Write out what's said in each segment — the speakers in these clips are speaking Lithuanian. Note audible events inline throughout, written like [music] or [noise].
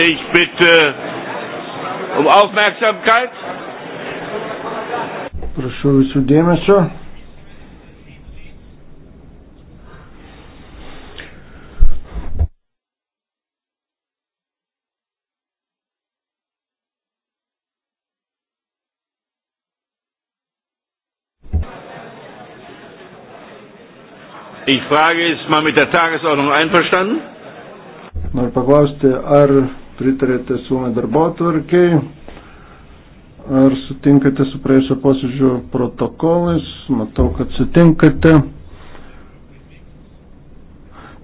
Ich bitte um Aufmerksamkeit. Prašau visų dėmesio. Ich frage, ist man mit der Tagesordnung einverstanden? Noriu paklausti, ar pritarėte siūlomai darbo tvarkiai. Ar sutinkate su praėjusio posėdžio protokolais? Matau, kad sutinkate.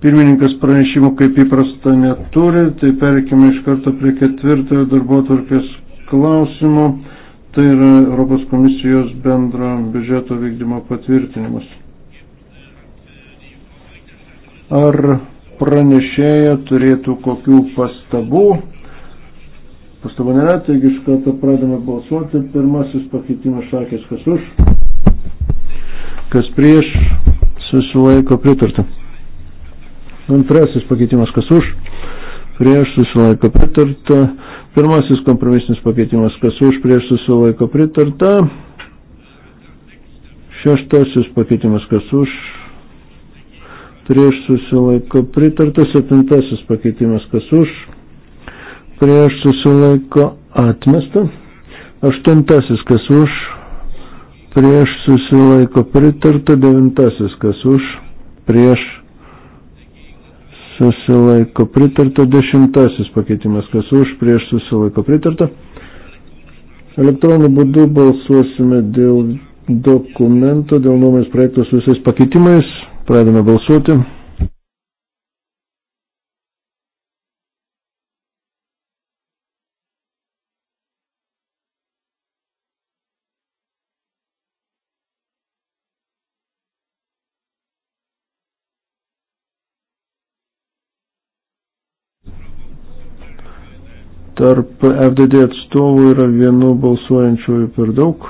Pirmininkas pranešimų kaip įprasta neturi, tai perkime iš karto prie ketvirtojo darbo tvarkės klausimo. Tai yra Europos komisijos bendro biudžeto vykdymo patvirtinimas. Ar pranešėja turėtų kokių pastabų. Pastabų nėra, taigi iš karto pradame balsuoti. Pirmasis pakeitimas šakės, kas už, kas prieš, susilaiko pritarta. Antrasis pakeitimas, kas už, prieš, susilaiko pritarta. Pirmasis kompromisinis pakeitimas, kas už, prieš, susilaiko pritarta. Šeštasis pakeitimas, kas už, prieš susilaiko pritarta, septintasis pakeitimas kas už, prieš susilaiko atmesta, aštuntasis kas už, prieš susilaiko pritarta, devintasis kas už, prieš susilaiko pritarta, dešimtasis pakeitimas kas už, prieš susilaiko pritarta. Elektroniniu būdu balsuosime dėl dokumento, dėl nuomonės projektos visais pakeitimais. Pradame balsuoti. Tarp FDD atstovų yra vienu balsuojančiuoju per daug.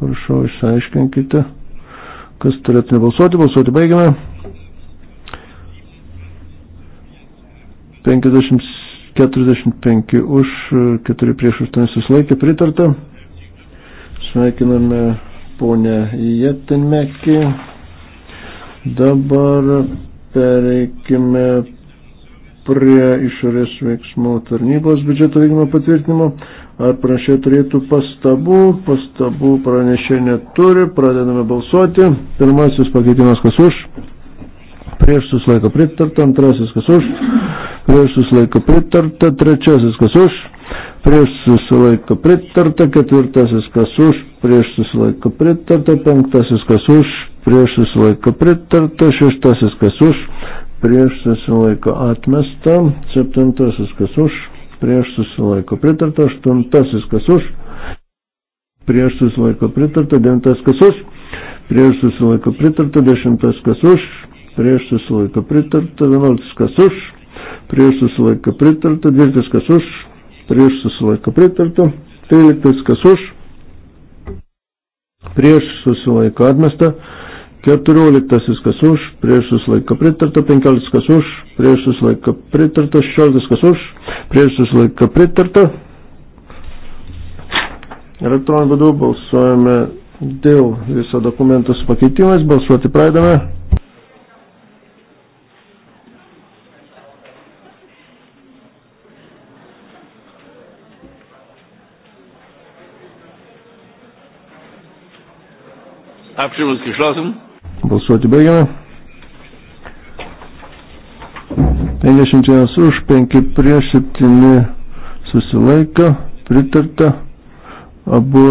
Prašau, išaiškinkite. Kas turėtume balsuoti? Balsuoti baigiame. 50, 45 už, 4 prieš 8 susilaikė pritarta. Sveikiname ponę Jetinmekį. Dabar pereikime prie išorės veiksmų tarnybos biudžeto vykdymo patvirtinimo. Ar pranešė turėtų pastabų? Pastabų pranešė neturi. Pradedame balsuoti. Pirmasis pakeitimas kas už? Prieš susilaiko pritarta. Antrasis kas už? Prieš susilaiko pritarta. Trečiasis kas už? Prieš susilaiko pritarta. Ketvirtasis kas už? Prieš susilaiko pritarta. Penktasis kas už? Prieš susilaiko pritarta. Šeštasis kas už? prieš susilaiko atmesta, septintasis kas už, prieš susilaiko pritarta, aštuntasis kas už, prieš susilaiko pritarta, devintas kas už, prieš susilaiko pritarta, dešimtas kas už, prieš susilaiko pritarta, vienuoliktas kas už, prieš susilaiko pritarta, dvyliktas kas už, prieš susilaiko pritarta, tryliktas kas už, prieš susilaiko atmesta, 14 kas už, prieš susilaiką pritarta, 15 kas už, prieš susilaiką pritarta, 16 kas už, prieš susilaiką pritarta. Elektroniniu būdu balsuojame dėl viso dokumento su pakeitimais, balsuoti pradame. Abstimmung ist geschlossen. Balsuoti baigiame. 51 už, 5 prieš, 7 susilaiko, pritarta, abu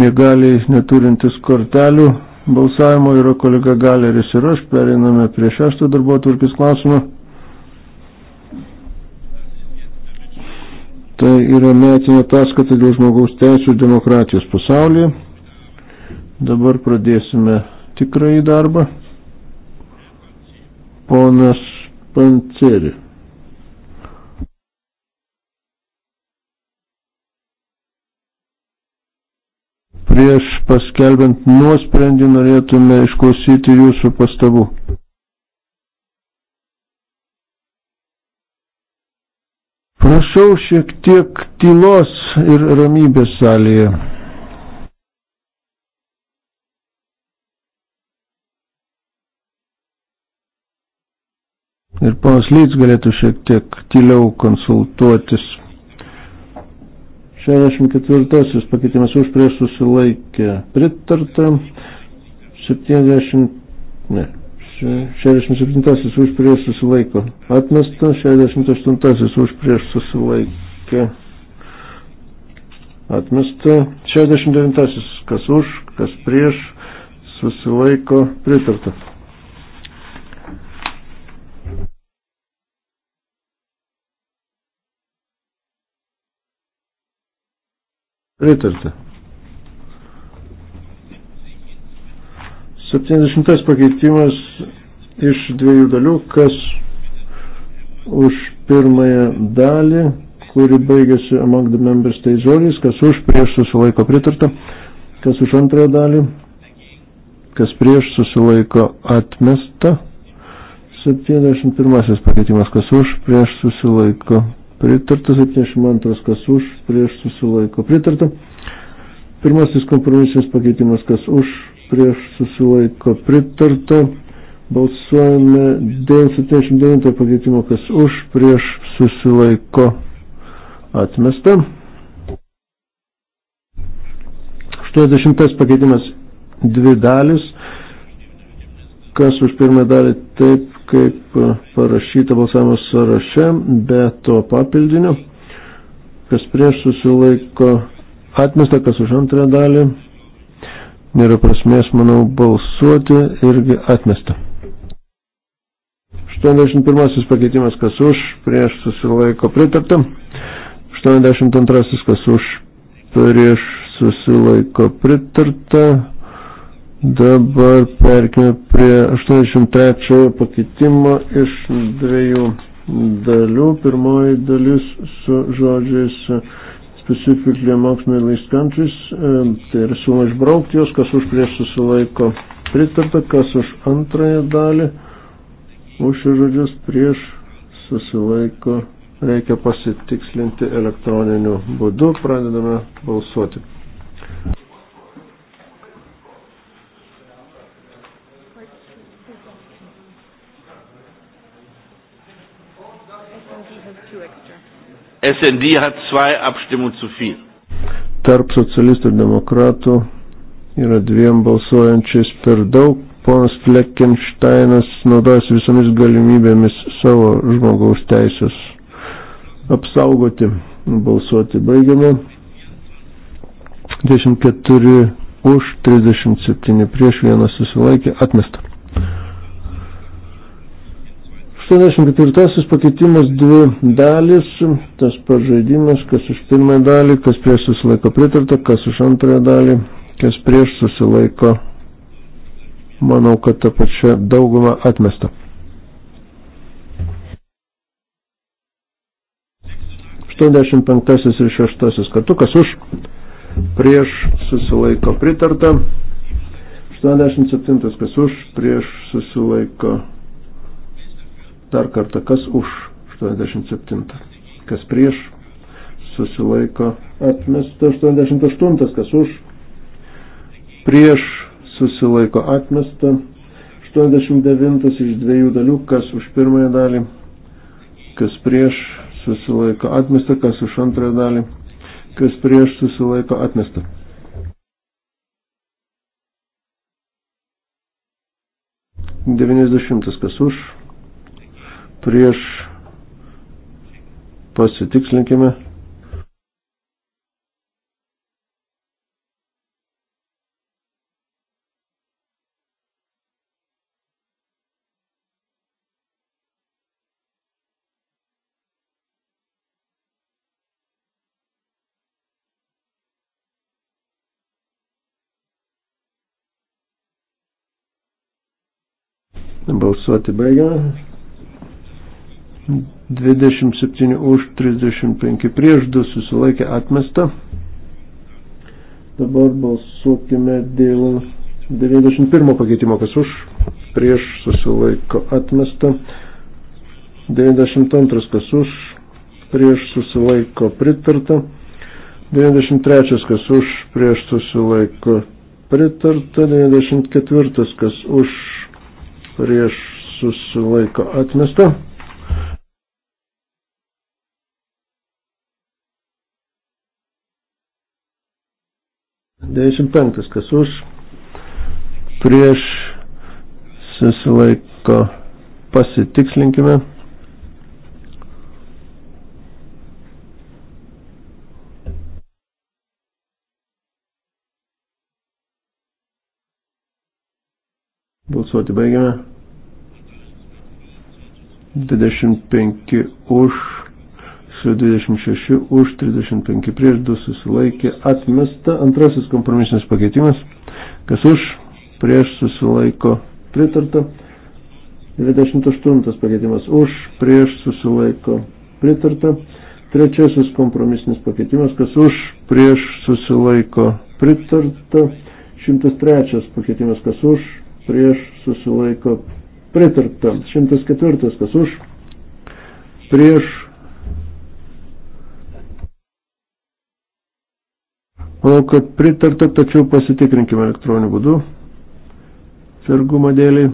mėgaliai neturintis kortelių balsavimo yra kolega Galeris ir aš, pereiname prie šešto darbo turkis klausimą. Tai yra metinė ataskaita dėl žmogaus teisų ir demokratijos pasaulyje. Dabar pradėsime tikrąjį darbą. Ponas Panceri. Prieš paskelbent nuosprendį norėtume išklausyti jūsų pastabų. Prašau šiek tiek tylos ir ramybės salėje. Ir ponas Lyts galėtų šiek tiek tyliau konsultuotis. 64 pakeitimas už prieš susilaikė pritarta. 70, ne, 67 už prieš susilaiko atmesta, 68 už prieš susilaikė atmesta, 69 kas už, kas prieš susilaiko pritarta. Pritarta. 70 pakeitimas iš dviejų dalių, kas už pirmąją dalį, kuri baigėsi among the member states žodis, kas už prieš susilaiko pritarta, kas už antrąją dalį, kas prieš susilaiko atmesta. 71 pakeitimas, kas už prieš susilaiko Pritarta 72, kas už, prieš susilaiko. Pritarta. Pirmasis kompromisinis pakeitimas, kas už, prieš susilaiko. Pritarta. Balsuojame dėl 79 pakeitimo, kas už, prieš susilaiko. Atmesta. 80 pakeitimas dvi dalis. Kas už pirmą dalį taip kaip parašyta balsavimo sąraše, be to papildinio, kas prieš susilaiko atmesta, kas už antrąją dalį, nėra prasmės, manau, balsuoti irgi atmesta. 81 pakeitimas, kas už, prieš susilaiko pritarta. 82 kas už, prieš susilaiko pritarta. Dabar perkime prie 83 pakeitimo iš dviejų dalių. Pirmoji dalis su žodžiais e, specifically among Middle East countries, e, tai yra siūloma išbraukti jos, kas už prieš susilaiko pritarta, kas už antrąją dalį, už šios žodžius prieš susilaiko reikia pasitikslinti elektroniniu būdu, pradedame balsuoti. SND hat zwei Abstimmungen zu viel. Tarp socialistų ir demokratų yra dviem balsuojančiais per daug. Ponas Fleckensteinas naudojasi visomis galimybėmis savo žmogaus teisės apsaugoti. Balsuoti baigiame. 24 už, 37 prieš, vienas susilaikė, atmesta. 84 pakeitimas dvi dalis, tas pažaidimas, kas už pirmąją dalį, kas prieš susilaiko pritarta, kas už antrąją dalį, kas prieš susilaiko, manau, kad ta pačia dauguma atmesta. 85 ir 6 kartu, kas už, prieš susilaiko pritarta, 87 kas už, prieš susilaiko pritarta. Dar kartą, kas už 87, kas prieš, susilaiko atmesta 88, kas už, prieš, susilaiko atmesta 89 iš dviejų dalių, kas už pirmąją dalį, kas prieš, susilaiko atmesta, kas už antrąją dalį, kas prieš, susilaiko atmesta. Devyniasdešimtas kas už prieš pasitikslinkime. Balsuoti baigiame. 27 už 35 prieš 2 susilaikė atmesta. Dabar balsuokime dėl 91 pakeitimo, kas už prieš susilaiko atmesta. 92 kas už prieš susilaiko pritarta. 93 kas už prieš susilaiko pritarta. 94 kas už prieš susilaiko atmesta. 95. Kas už? Prieš susilaiko pasitikslinkime. Balsuoti baigiame. 25 už 26 už 35 prieš 2 susilaikė atmesta. Antrasis kompromisinis pakeitimas, kas už prieš susilaiko pritarta. 28 pakeitimas už prieš susilaiko pritarta. Trečiasis kompromisinis pakeitimas, kas už prieš susilaiko pritarta. 103 pakeitimas, kas už prieš susilaiko pritarta. 104 kas už prieš Manau, kad pritarta, tačiau pasitikrinkime elektroniniu būdu. Sergumo dėliai.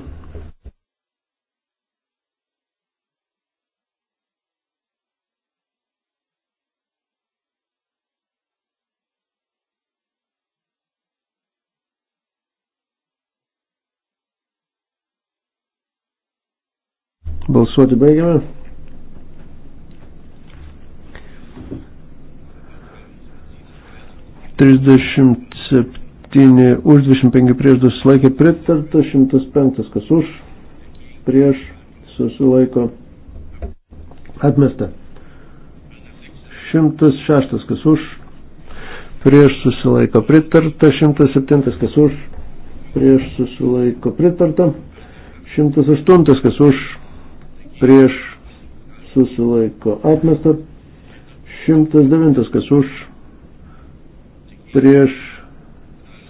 Balsuoti baigiame. 37 už, 25 prieš, 2 susilaikė pritarta, 105 kas už, prieš, susilaiko atmesta. 106 kas už, prieš susilaiko pritarta, 107 kas už, prieš susilaiko pritarta, 108 kas už, prieš susilaiko atmesta, 109 kas už, prieš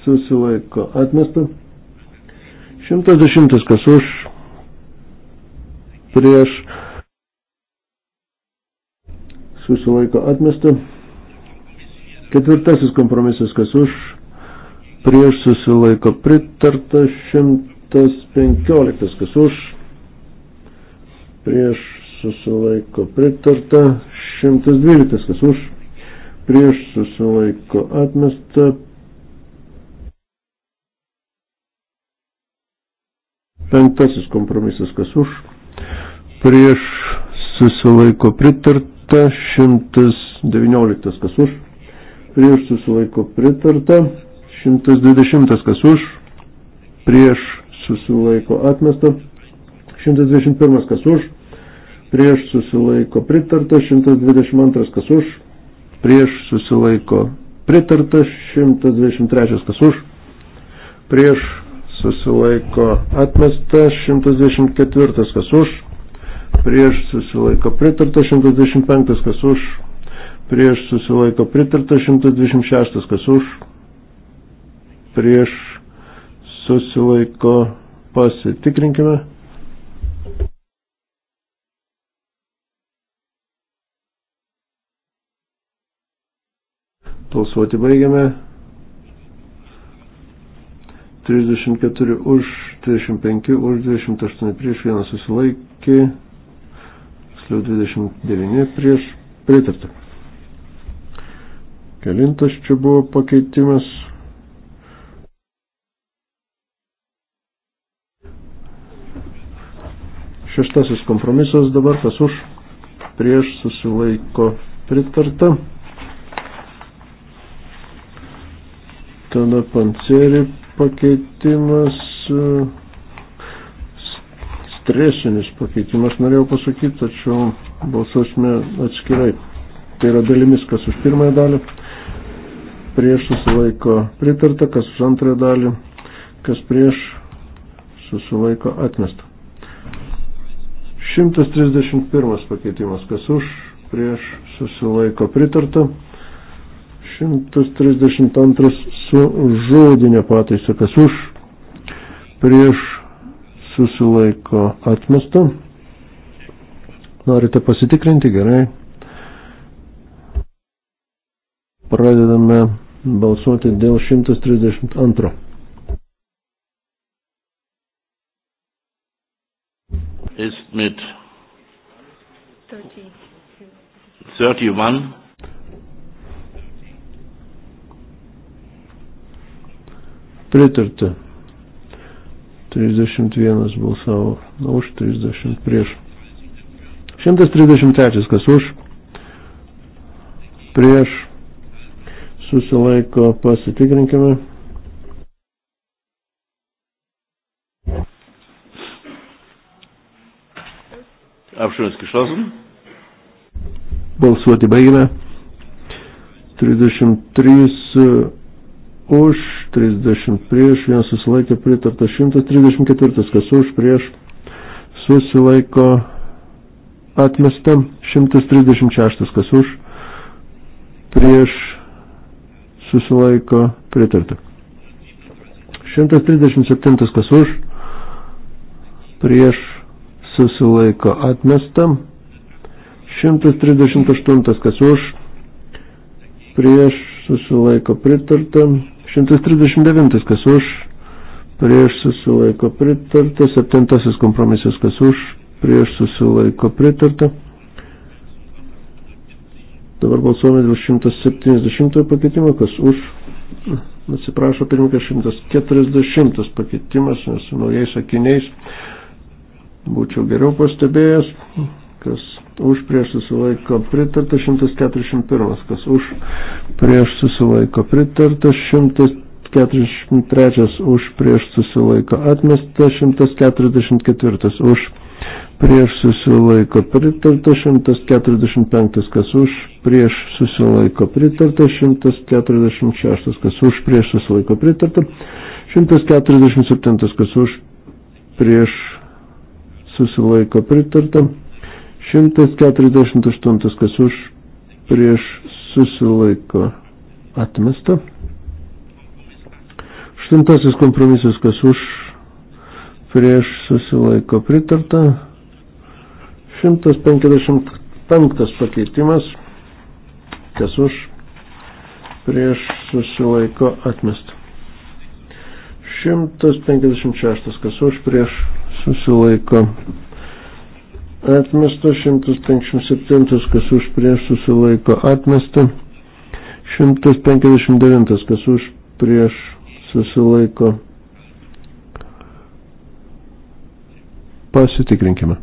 susilaiko atmesta. 110 kas už prieš susilaiko atmesta. Ketvirtasis kompromisas kas už prieš susilaiko pritarta. 115 kas už prieš susilaiko pritarta. 112 kas už prieš susilaiko atmesta. Penktasis kompromisas kas už, prieš susilaiko pritarta, 119 kas už, prieš susilaiko pritarta, 120 kas už, prieš susilaiko atmesta, 121 kas už, prieš susilaiko pritarta, 122 kas už, prieš susilaiko pritarta, 123 kas už, prieš susilaiko atmesta, 124 kas už, prieš susilaiko pritarta, 125 kas už, prieš susilaiko pritarta, 126 kas už, prieš susilaiko pasitikrinkime. Balsuoti baigiame. 34 už, 35 už, 28 prieš, vienas susilaikė, tiksliau 29 prieš, pritarta. Kelintas čia buvo pakeitimas. Šeštasis kompromisas dabar, kas už, prieš susilaiko pritarta. Tada panceri pakeitimas, e, stresinis pakeitimas, norėjau pasakyti, tačiau balsuosime atskirai. Tai yra dalimis, kas už pirmąją dalį, prieš susilaiko pritarta, kas už antrąją dalį, kas prieš susilaiko atmesta. 131 pakeitimas, kas už, prieš susilaiko pritarta. 132 su žodinė pataisa, kas už, prieš susilaiko atmesta. Norite pasitikrinti gerai. Pradedame balsuoti dėl 132. Ist mit 30. 31 Pritarta. 31 balsavo už, 30 prieš. 133 kas už, prieš, susilaiko pasitikrinkime. Apšilas kišlasim. Balsuoti baigime. 33 už, 30 prieš, vienas susilaikė pritarta, 134, kas už, prieš, susilaiko atmesta, 136, kas už, prieš, susilaiko pritarta. 137, kas už, prieš, susilaiko atmesta, 138, kas už, prieš, susilaiko pritarta. 139 kas už, prieš susilaiko pritarta. 7 kompromisas kas už, prieš susilaiko pritarta. Dabar balsuojame dėl 170 pakeitimo, kas už, atsiprašo pirmininkas, 140 pakeitimas, nes su naujais sakiniais būčiau geriau pastebėjęs, kas už prieš susilaiko pritarta 141, kas už prieš susilaiko pritarta 143, už prieš susilaiko atmesta 144, už prieš susilaiko pritarta 145, kas už prieš susilaiko pritarta 146, kas už prieš susilaiko pritarta 147, kas už prieš susilaiko pritarta 148 kas už prieš susilaiko atmesta. Aštuntasis kompromisas kas už prieš susilaiko pritarta. 155 pakeitimas kas už prieš susilaiko atmesta. 156 kas už prieš susilaiko atmesta atmesta, 157 kas už prieš susilaiko atmesta, 159 kas už prieš susilaiko. Pasitikrinkime.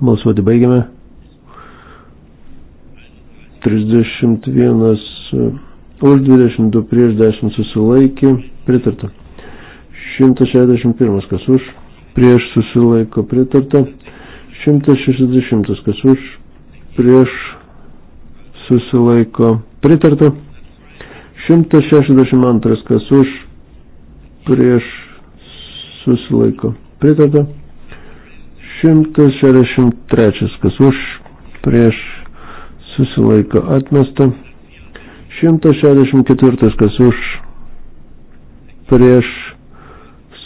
Balsuoti baigiame. 31 už 22 prieš 10 susilaikė, pritarta. 161 kas už, prieš susilaiko pritarta. 160 kas už, prieš susilaiko pritarta. 162 kas už, prieš susilaiko pritarta. 163 kas už, prieš susilaiko atmesta. 164 kas už prieš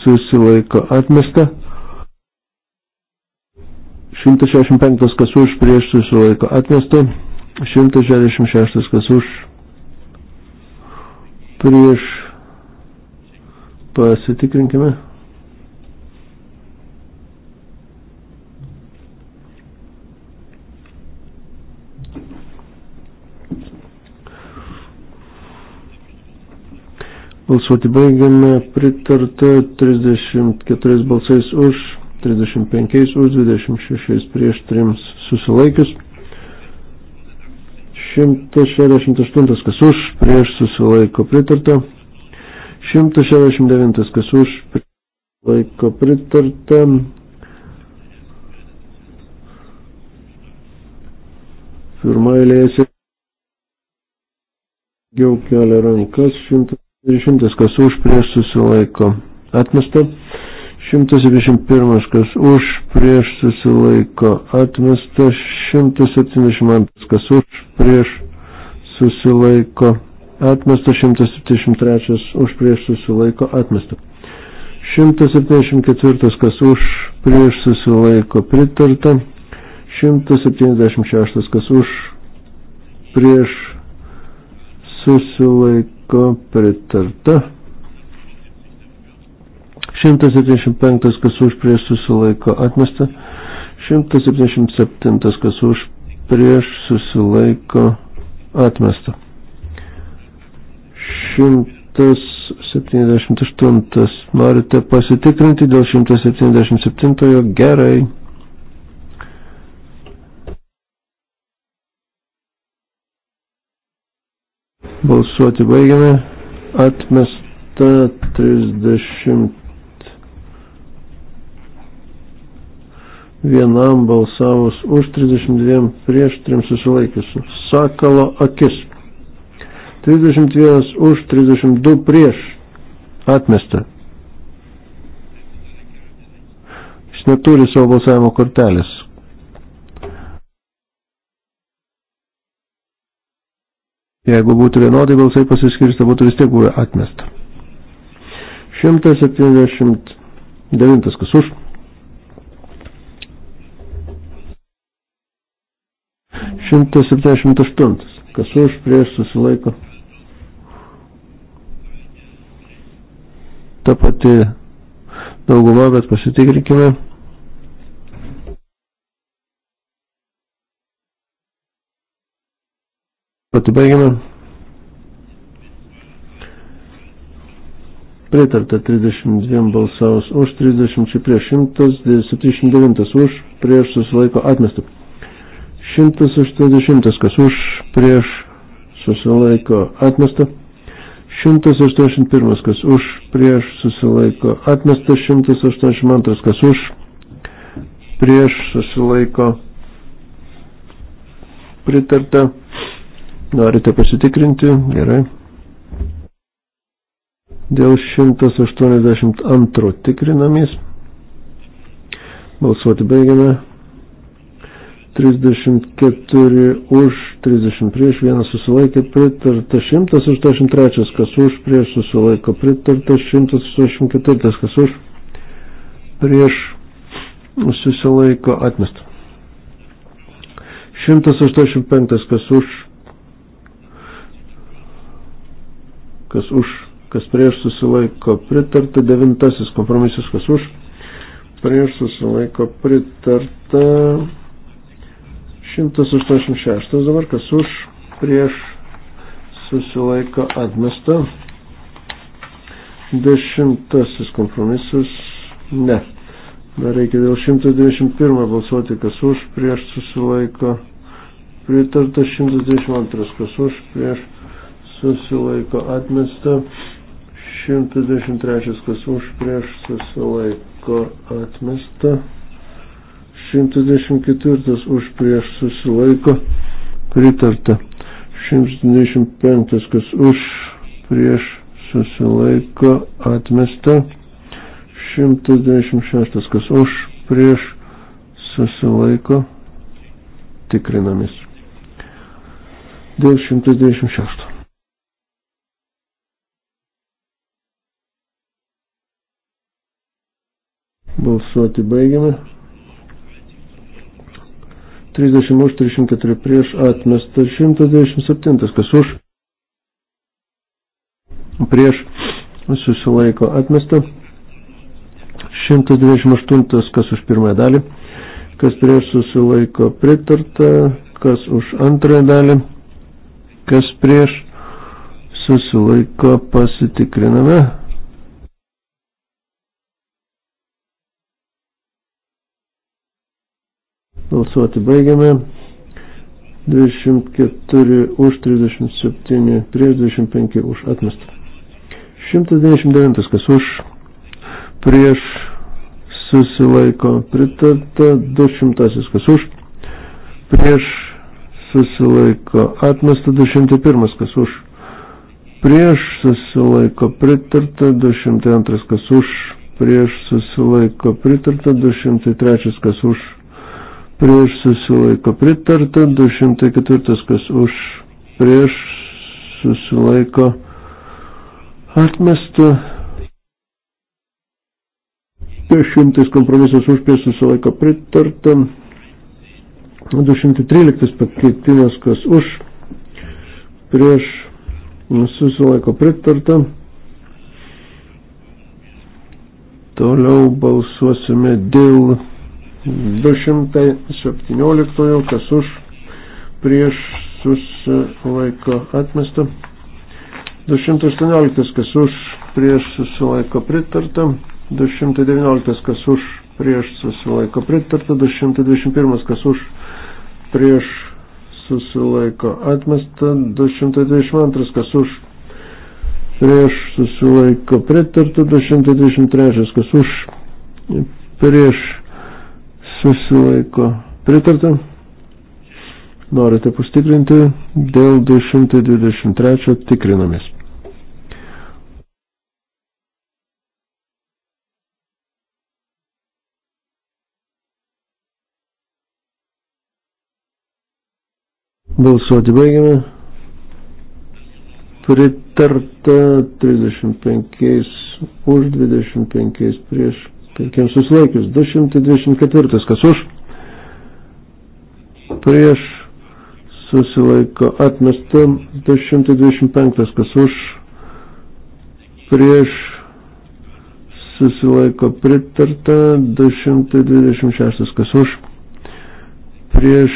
susilaiko atmesta. 165 kas už prieš susilaiko atmesta. 166 kas už prieš pasitikrinkime. Balsuoti baigiame pritarta 34 balsais už, 35 už, 26 prieš 3 susilaikius. 168 kas už, prieš susilaiko pritarta. 169 kas už, prieš susilaiko pritarta. 1 eilėje jau kelia rankas 100. 100 kas už prieš susilaiko atmesta. 171 kas už prieš susilaiko atmesta. 172 kas už prieš susilaiko atmesta. 173 už prieš susilaiko atmesta. 174 kas už prieš susilaiko pritarta. 176 kas už prieš susilaiko susilaiko pritarta. 175 kas už prieš susilaiko atmesta. 177 kas už prieš susilaiko atmesta. 178 norite pasitikrinti dėl 177 gerai. Balsuoti baigiame. Atmesta 30. Vienam balsavus už 32 prieš 3 susilaikiusius. Sakalo akis. 31 už 32 prieš. Atmesta. Jis neturi savo balsavimo kortelės. Jeigu būtų vienodai balsai pasiskirsta, būtų vis tiek buvę atmesta. 179 kas už. 178 kas už prieš susilaiko. Ta pati dauguma, bet pasitikrinkime. Pati baigiame. Pritarta 32 balsavus už, 30 prieš 179 už, prieš susilaiko atmestą. 180 kas už, prieš susilaiko atmestą. 181 kas už, prieš susilaiko atmestas, 182 kas už, prieš susilaiko pritarta. Norite pasitikrinti? Gerai. Dėl 182 tikrinamės. Balsuoti baigiame. 34 už, 30 prieš, vienas susilaikė pritarta, 183 kas už, prieš susilaiko pritarta, 184 kas už, prieš susilaiko atmesta. 185 kas už, kas už, kas prieš susilaiko pritarta, devintasis kompromisas, kas už, prieš susilaiko pritarta, 186 dabar, kas už, prieš susilaiko atmesta, dešimtasis kompromisas, ne. Dar reikia dėl 121 balsuoti, kas už, prieš susilaiko, pritarta 122, kas už, prieš susilaiko atmesta, 123 kas už prieš susilaiko atmesta, 124 už prieš susilaiko pritarta, 125 kas už prieš susilaiko atmesta, 126 kas už prieš susilaiko tikrinamis. Dėl 126. Balsuoti baigiame. 30 už, 34 prieš, atmestas 127, kas už, prieš, susilaiko atmesta, 128, kas už pirmąją dalį, kas prieš susilaiko pritarta, kas už antrąją dalį, kas prieš susilaiko pasitikriname. Balsuoti baigiame. 24 už 37, prieš 25 už atmestą. 199 kas už, prieš susilaiko pritarta, 200 kas už, prieš susilaiko atmestą, 201 kas už, prieš susilaiko pritarta, 202 kas už, prieš susilaiko pritarta, 203 kas už prieš susilaiko pritarta, 204 kas už prieš susilaiko atmesta, 100 kompromisas už prieš susilaiko pritarta, 213 pakeitimas kas už prieš susilaiko pritarta. Toliau balsuosime dėl 217, kas už prieš susilaiko atmesta. 218, kas už prieš susilaiko pritarta. 219, kas už prieš susilaiko pritarta. 221, kas už prieš susilaiko atmesta. 222, kas už prieš susilaiko pritarta. 223, kas už prieš susilaiko pritarta. Norite pustikrinti dėl 223 tikrinamės. Balsuoti baigiame. Pritarta 35 už 25 prieš Tarkim, susilaikius 224, kas už, prieš susilaiko atmesta 225, kas už, prieš susilaiko pritarta 226, kas už, prieš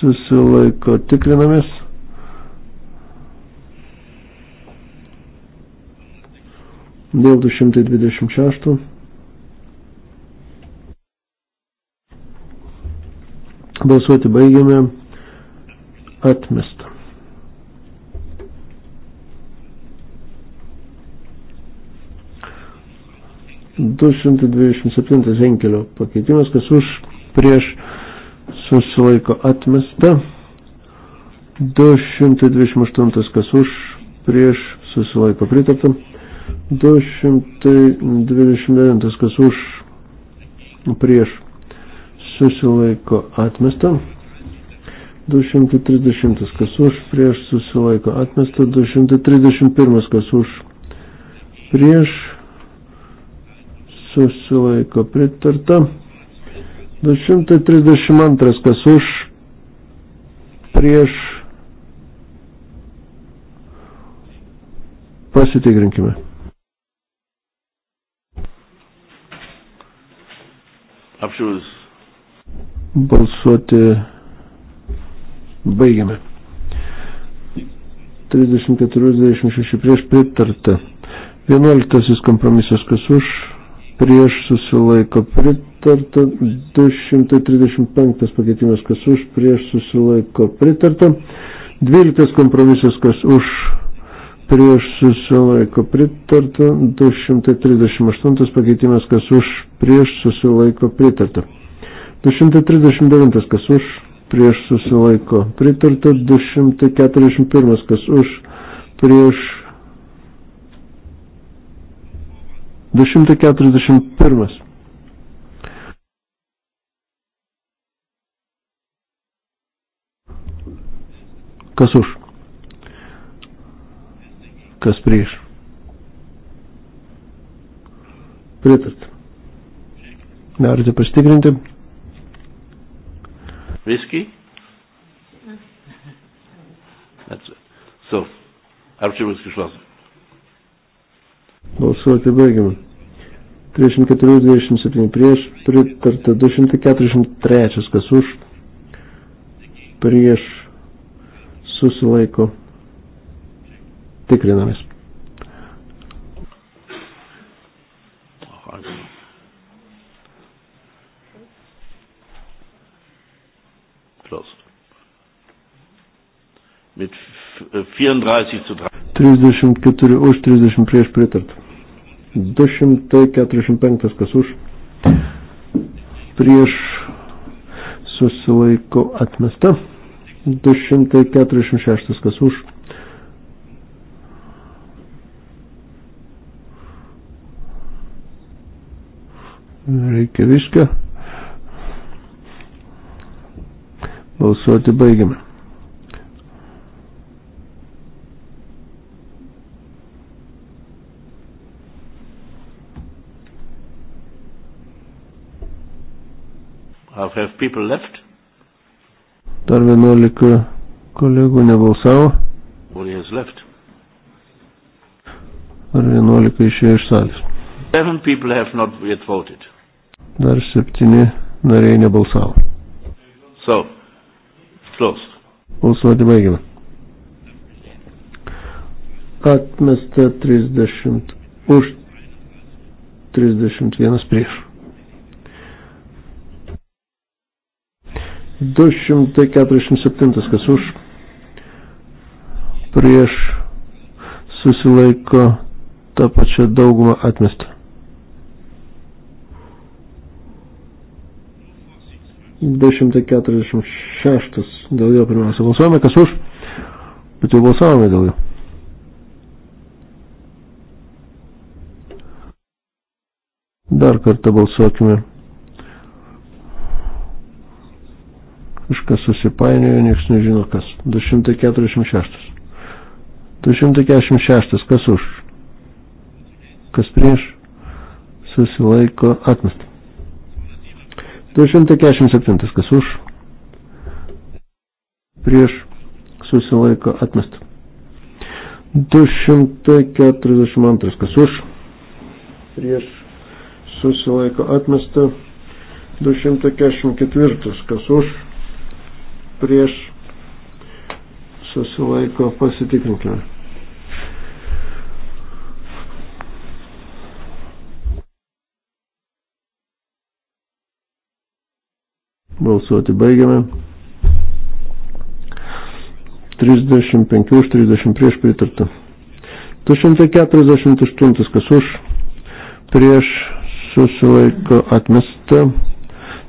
susilaiko tikrinamės. Dėl 226. Balsuoti baigiame. Atmesta. Du šimtai dvidešimt septintas Henkelio pakeitimas, kas už prieš susilaiko atmesta. 228 kas už, prieš susilaiko pritarta. 229 kas už, prieš susilaiko atmesta. 230 kas už, prieš susilaiko atmesta, 231 kas už, prieš susilaiko pritarta, 232 kas už, prieš pasitikrinkime. Apšiūs Balsuoti baigiame. 34-26 prieš pritarta. 11 kompromisas kas už, prieš susilaiko pritarta. 235 pakeitimas kas už, prieš susilaiko pritarta. 12 kompromisas kas už, prieš susilaiko pritarta. 238 pakeitimas kas už, prieš susilaiko pritarta. 239 kas už, prieš susilaiko pritarta, 241 kas už, prieš 241. Kas už? Kas prieš? Pritart. Norite pasitikrinti? Whisky? So, apšėmas išlasu. Balsuoti baigiamą. 34-27 prieš, pritarta 243, kas už, prieš, susilaiko, tikrinamės. mit 34 zu 34 už 30 prieš pritart. 245 kas už prieš susilaiko atmesta. 246 kas už. Reikia viską. Balsuoti baigiame. people left. Dar 11 kolegų nebalsavo. One has left. Ar 11 išėjo iš salės. Seven people have not yet voted. Dar septyni nariai nebalsavo. So, closed. Balsuoti baigiame. Atmesta 30 už 31 prieš. 247 kas už prieš susilaiko tą pačią daugumą atmestą. 246 dėl jo pirmiausia balsuojame, kas už, bet jau balsavome dėl jo. Dar kartą balsuokime. Kažkas susipainiojo, nieks nežino kas. 246. 246. Kas už? Kas prieš? Susilaiko atmestą. 247. Kas už? Prieš susilaiko atmestą. 242. Kas už? Prieš susilaiko atmestą. 244. Kas už? prieš susilaiko pasitikrinkime. Balsuoti baigiame. 35 už 30 prieš pritarta. 248 kas už prieš susilaiko atmesta.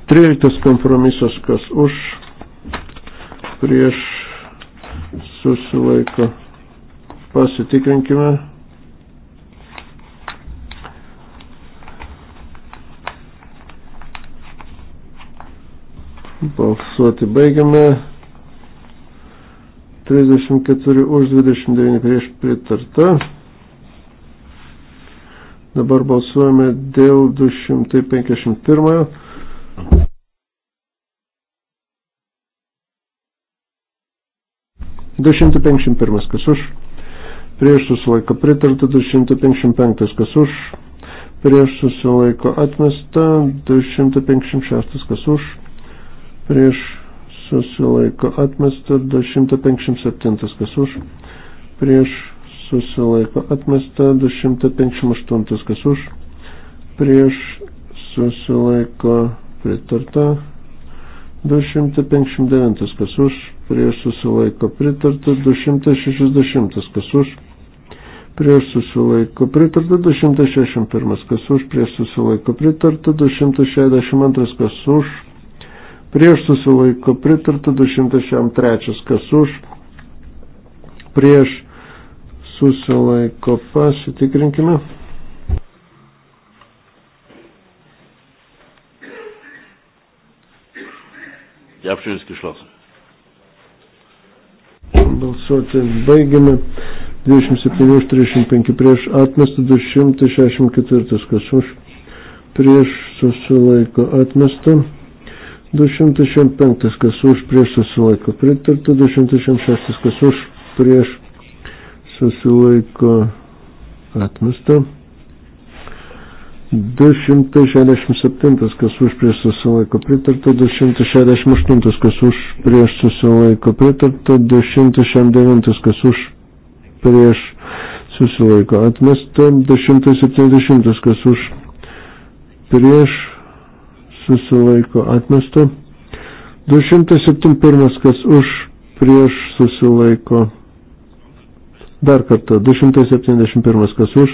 13 kompromisas kas už prieš susilaiko. Pasitikrinkime. Balsuoti baigiame. 34 už 29 prieš pritarta. Dabar balsuojame dėl 251. 251 kas už, prieš susilaiko pritarta 255 kas už, prieš susilaiko atmesta 256 kas už, prieš susilaiko atmesta 257 kas už, prieš susilaiko atmesta 258 kas už, prieš susilaiko pritarta 259 kas už, prieš susilaiko pritarta, 260 kas už, prieš susilaiko pritarta, 261 kas už, prieš susilaiko pritarta, 262 kas už, prieš susilaiko pritarta, 263 kas už, prieš susilaiko pasitikrinkime. Die Abstimmung ist geschlossen. Balsuoti baigiame. 27 už 35 prieš atmestą 264 kas už prieš susilaiko atmestą 265 kas už prieš susilaiko pritarta 266 kas už prieš susilaiko atmestą 267, kas už prieš susilaiko pritarta, 268, kas už prieš susilaiko pritarta, 269, kas už prieš susilaiko atmesta, 270, kas už prieš susilaiko atmesta, 271, kas už prieš susilaiko. Dar kartą, 271, kas už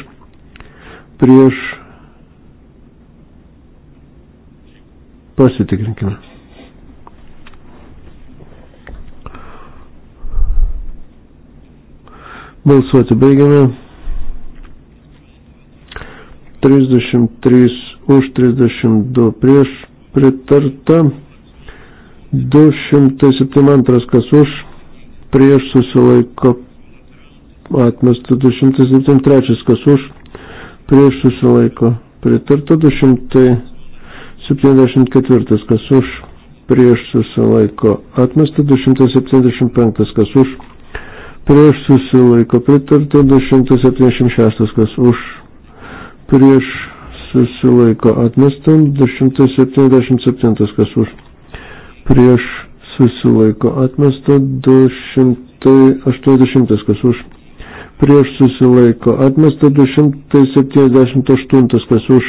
prieš Pasitikrinkime. Balsuoti baigiame. 33 už 32 prieš pritarta. 272 kas už prieš susilaiko atmesta 273 kas už prieš susilaiko pritarta 200 74. Kas už prieš susilaiko atmesta. 275. Kas už prieš susilaiko pritarta. 276. Kas už prieš susilaiko atmesta. 277. Kas už prieš susilaiko atmesta. 280. Kas už prieš susilaiko atmesta. 278. Kas už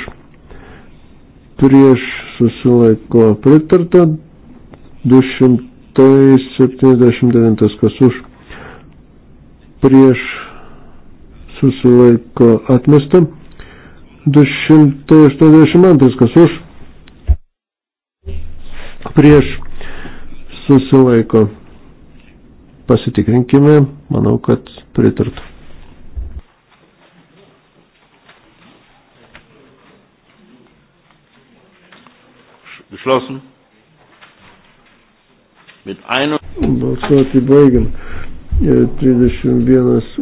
prieš susilaiko pritarta, 279 kas už, prieš susilaiko atmesta, 282 kas už, prieš susilaiko. Pasitikrinkime, manau, kad pritartų. Geschlossen. Mit einem. Balsuoti baigiam. 31 e,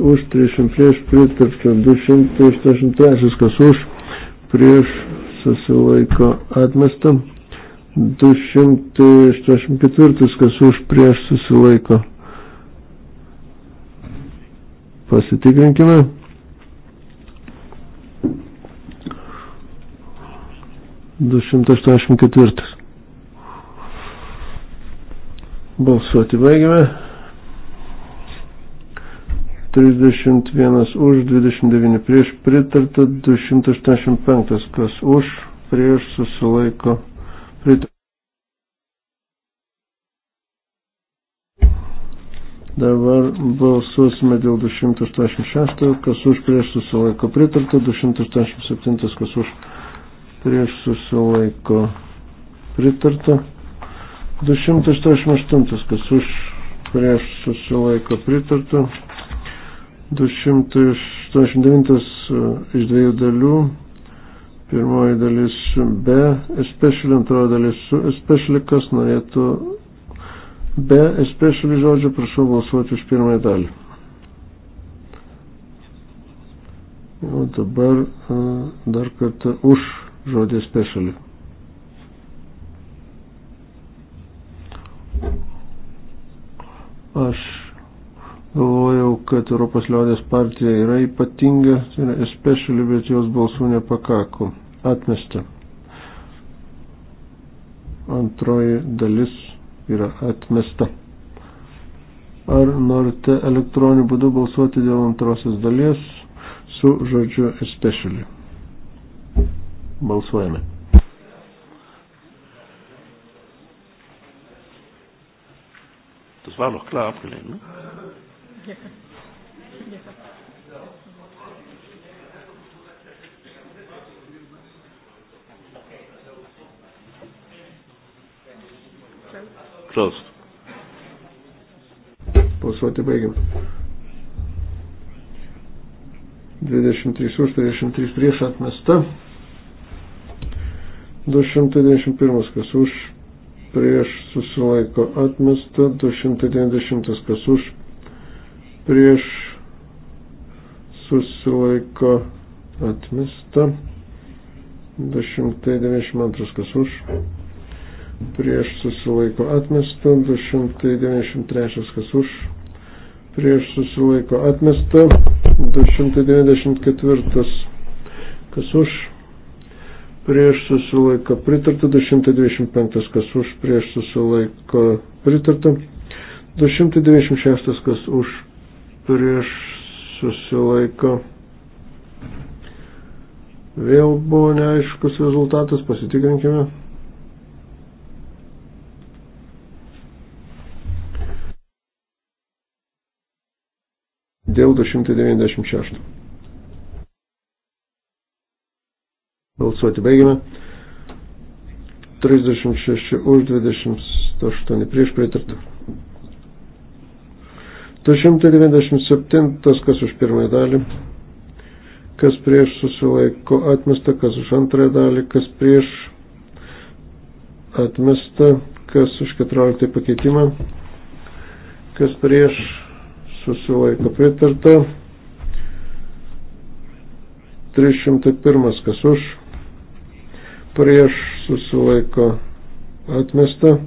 už, 30 prieš pritarta, 283 kas už, prieš susilaiko atmesta, 284 kas už, prieš susilaiko. Pasitikrinkime. 284. Balsuoti baigime. 31 už, 29 prieš, pritarta 285, kas už, prieš, susilaiko, pritarta. Dabar balsuosime dėl 286, kas už prieš susilaiko pritarta, 287, kas už prieš susilaiko pritarta. 288, kas už prieš susilaiko pritarta. 289 e, iš dviejų dalių. Pirmoji dalis be, especially antroji dalis su, especially kas norėtų be, especially žodžio, prašau balsuoti už pirmąją dalį. O dabar e, dar kartą už žodį specialį. Aš galvojau, kad Europos liaudės partija yra ypatinga, tai yra especially, bet jos balsų nepakako. Atmesta. Antroji dalis yra atmesta. Ar norite elektroniniu būdu balsuoti dėl antrosios dalies su žodžiu especially? Balsuojame. Das war doch klar abgelehnt, ne? Ja. Ja. Closed. Balsuoti baigiam. 23 už 33 prieš atmestą. 291 kas už, prieš susilaiko atmesta, 290 kas už, prieš susilaiko atmesta, 292 kas už, prieš susilaiko atmesta, 293 kas už, prieš susilaiko atmesta, 294 kas už prieš susilaiko pritarta, 225 kas už, prieš susilaiko pritarta, 296 kas už, prieš susilaiko. Vėl buvo neaiškus rezultatas, pasitikrinkime. Dėl 296. Balsuoti baigime. 36 už 28 prieš pritartą. 297, kas už pirmąją dalį, kas prieš susilaiko atmesta, kas už antrąją dalį, kas prieš atmesta, kas už 14 pakeitimą, kas prieš susilaiko pritarta. 301, kas už prieš susilaiko atmesta.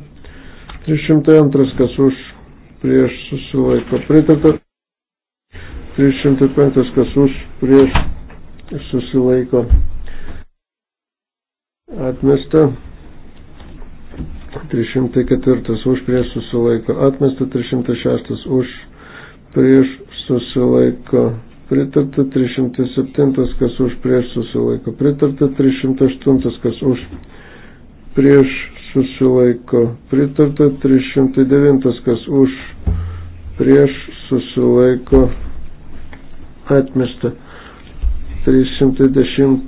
302 kas už prieš susilaiko pritarta. 305 kas už prieš susilaiko atmesta. 304 už prieš susilaiko atmesta. 306 už prieš susilaiko atmesta pritarta 307, kas už prieš susilaiko, pritarta 308, kas už prieš susilaiko, pritarta 309, kas už prieš susilaiko, atmesta 310,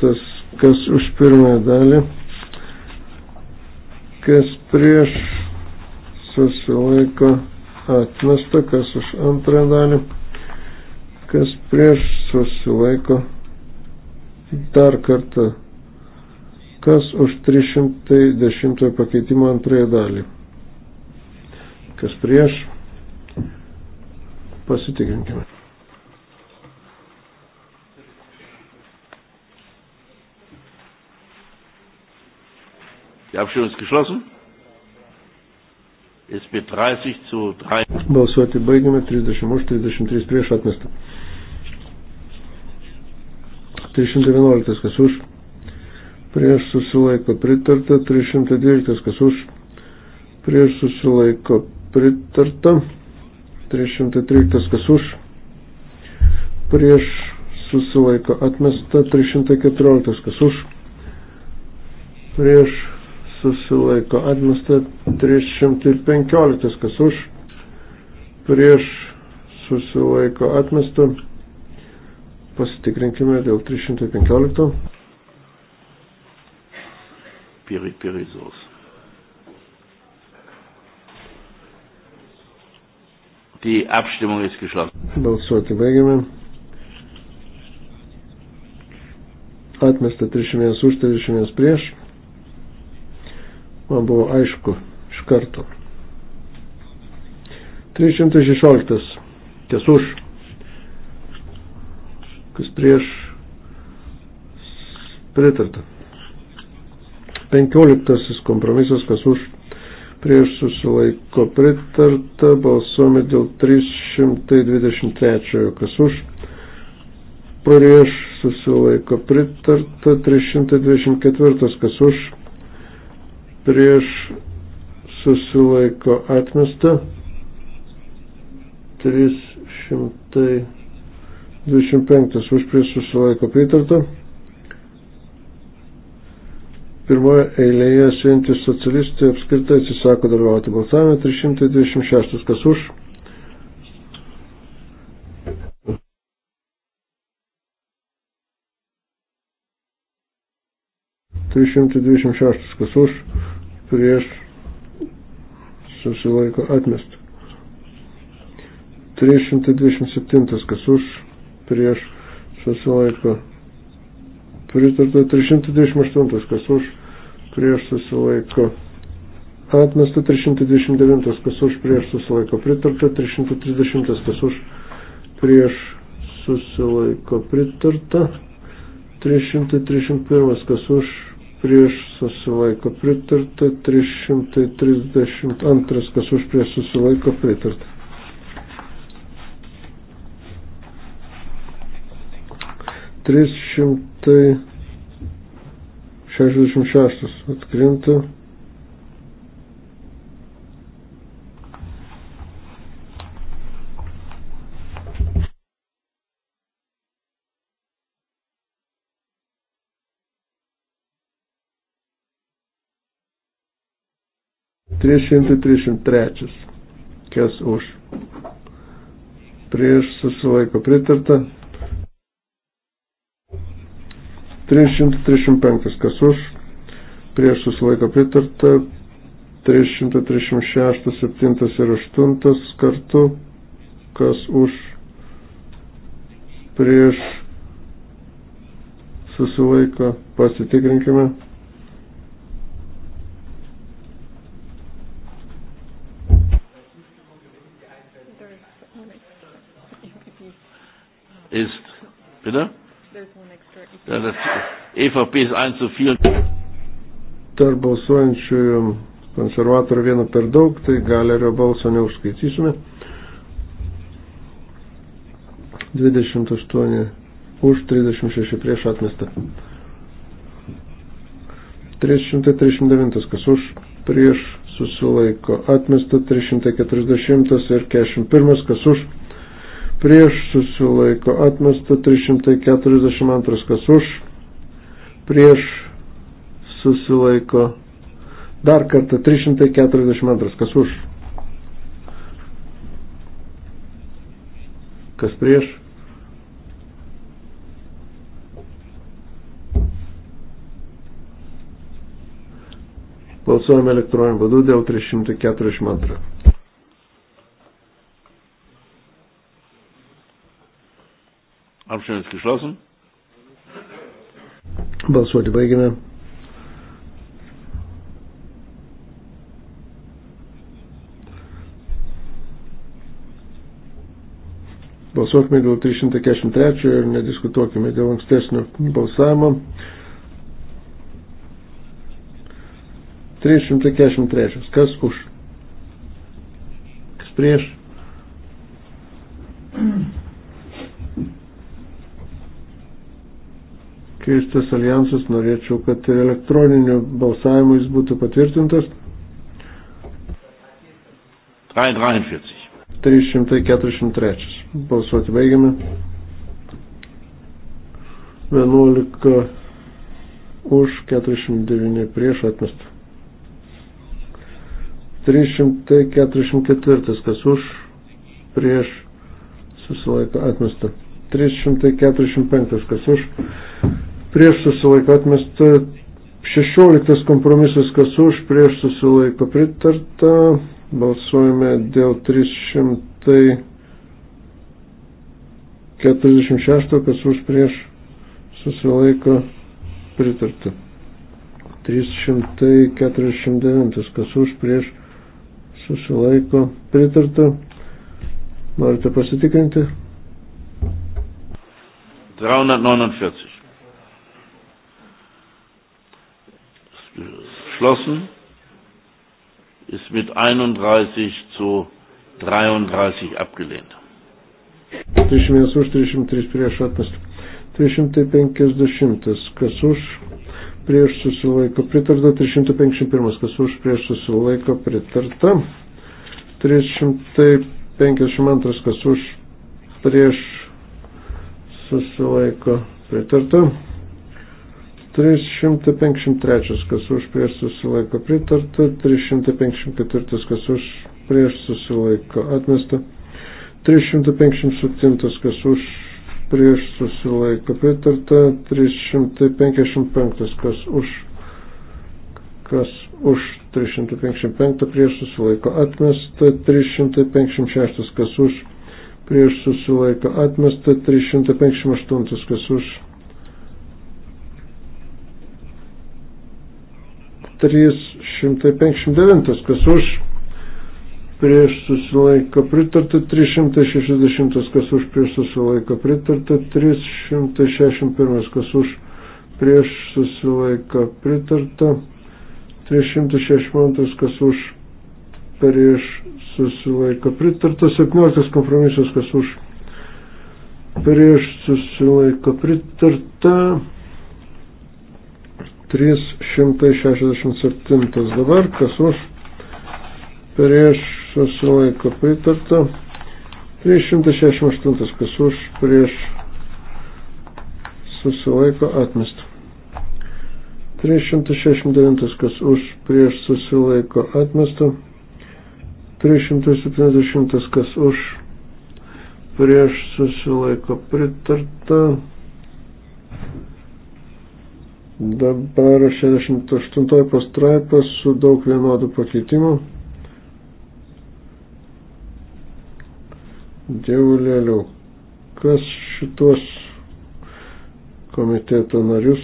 kas už pirmąją dalį, kas prieš susilaiko, atmesta, kas už antrąją dalį kas prieš susilaiko dar kartą, kas už 310 pakeitimo antrąją dalį, kas prieš pasitikrinkime. Die Abstimmung ist geschlossen. Ist mit 30 zu 3. Balsuoti baigėme 30 už 33 prieš atmestą. 311 kas už, prieš susilaiko pritarta, 312 kas už, prieš susilaiko pritarta, 313 kas už, prieš susilaiko atmesta, 314 kas už, prieš susilaiko atmesta, 315 kas už, prieš susilaiko atmesta. Pasitikrinkime dėl 315. Piri Pirizos. Die Abstimmung ist geschlossen. Balsuoti baigiame. Atmesta 300 už, 300 prieš. Man buvo aišku iš karto. 316. Ties už kas prieš pritarta. Penkioliktasis kompromisas, kas už prieš susilaiko pritarta, balsuome dėl 323, kas už prieš susilaiko pritarta, 324, kas už prieš susilaiko atmesta, 300. 25 už prieš susilaiko pritarta. Pirmoje eilėje sėjantis socialistai apskritai atsisako dalyvauti balsavime 326 kas už. Trys šimtai dvidešimt šeštas kas už, prieš susilaiko atmestą. 327 kas už prieš susilaiko pritarta 328, kas už prieš susilaiko atmesta 329, kas už prieš susilaiko pritarta 330, kas už prieš susilaiko pritarta 331, kas už prieš susilaiko pritarta 332, kas už prieš susilaiko pritarta. 366 atkrinta. Trys šimtai trisdešimt trečias. Kas už? Prieš susilaiko pritarta. 335 kas už, prieš susilaiko pritarta, 336, 7 ir 8 kartu, kas už, prieš susilaiko, pasitikrinkime. Ist, bitte? Ja, das äh, EVP ist ein zu viel. Tarp balsuojančiųjų konservatorių vieno per daug, tai galerio balso neužskaitysime. 28 už 36 prieš atmestą. 339 kas už prieš susilaiko atmestą, 340 ir 41 kas už prieš susilaiko atmesta 342, kas už, prieš susilaiko dar kartą 342, kas už, kas prieš. Balsuojame elektroniniu būdu dėl 342. Abstimmung ist geschlossen. Balsuoti baigime. Balsuokime dėl 343 ir nediskutuokime dėl ankstesnio balsavimo. 343. Kas už? Kas prieš? keistas alijansas, norėčiau, kad ir elektroniniu balsavimu jis būtų patvirtintas. 343. 343. Balsuoti baigiame. 11 už 49 prieš atmestą. 344, kas už prieš susilaiko atmestą. 345, kas už prieš susilaiko atmesta 16 kompromisas, kas už, prieš susilaiko pritarta, balsuojame dėl 346, kas už, prieš susilaiko pritarta. 349, kas už, prieš susilaiko pritarta. Norite pasitikrinti? 349. geschlossen. Ist mit 31 zu 33 abgelehnt. 31 už, 303 prieš atmestą. 350. Kas už, prieš susilaiko pritarta. 351. Kas už, prieš susilaiko pritarta. 352. Kas už, prieš susilaiko pritarta. 353 kas už prieš susilaiko pritarta, 354 kas už prieš susilaiko atmesta, 357 kas už prieš susilaiko pritarta, 355 kas už kas už 355 prieš susilaiko atmesta, 356 kas už prieš susilaiko atmesta, 358 kas už 359, kas už, prieš susilaiko pritarta 360, kas už, prieš susilaiko pritarta 361, kas už, prieš susilaiko pritarta 362, kas už, prieš susilaiko pritarta 17 kompromisas, kas už, prieš susilaiko pritarta 367. Dabar kas už prieš susilaiko pritarta. 368. Kas už prieš susilaiko atmesta. 369. Kas už prieš susilaiko atmesta. 370. Kas už prieš susilaiko pritarta. Dabar 68 pastraipas su daug vienodų pakeitimų. Dievulėliau, kas šitos komiteto narius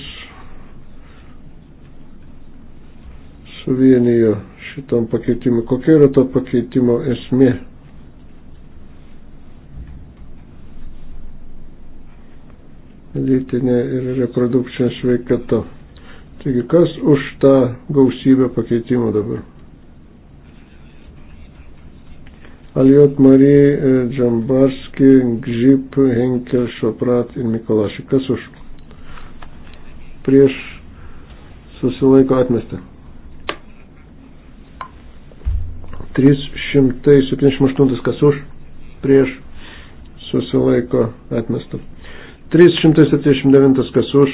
suvienijo šitam pakeitimui? Kokia yra to pakeitimo esmė? lytinė ir reprodukcinė sveikata. Taigi kas už tą gausybę pakeitimų dabar? Aliot Marija, e, Džambarski, Gžip, Henkel, Šoprat ir Mikolaši. Kas už? Prieš susilaiko atmestą. 378 kas už, prieš susilaiko atmestą. 379 kas už,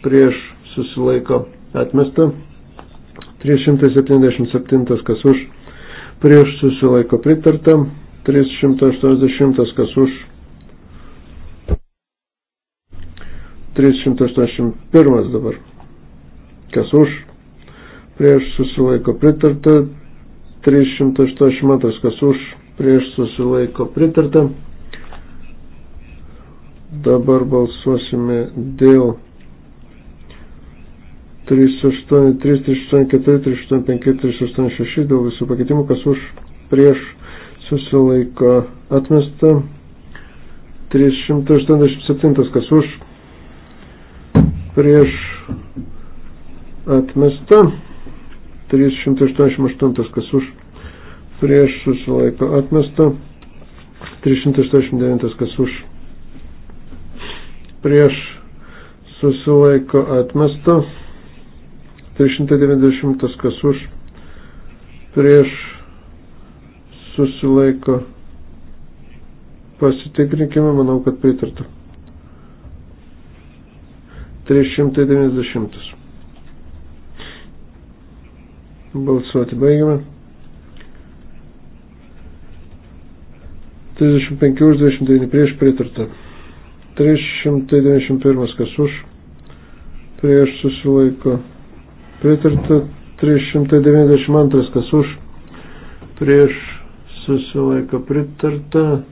prieš susilaiko atmesta. 377 kas už, prieš susilaiko pritarta. 380 kas už. 381 dabar. Kas už, prieš susilaiko pritarta. 382 kas už, prieš susilaiko pritarta. Dabar balsuosime dėl 383, 384, 385, 386 dėl visų pakeitimų, kas už prieš susilaiko atmesta. 387, kas už prieš atmesta. 388, kas už prieš susilaiko atmesta. 389, kas už prieš susilaiko atmesta. 390 kas už prieš susilaiko pasitikrinkime, manau, kad pritarta. 390. Balsuoti baigiame. 35 už 29 prieš pritarta. 391 kas už, prieš susilaiko pritarta, 392 kas už, prieš susilaiko pritarta,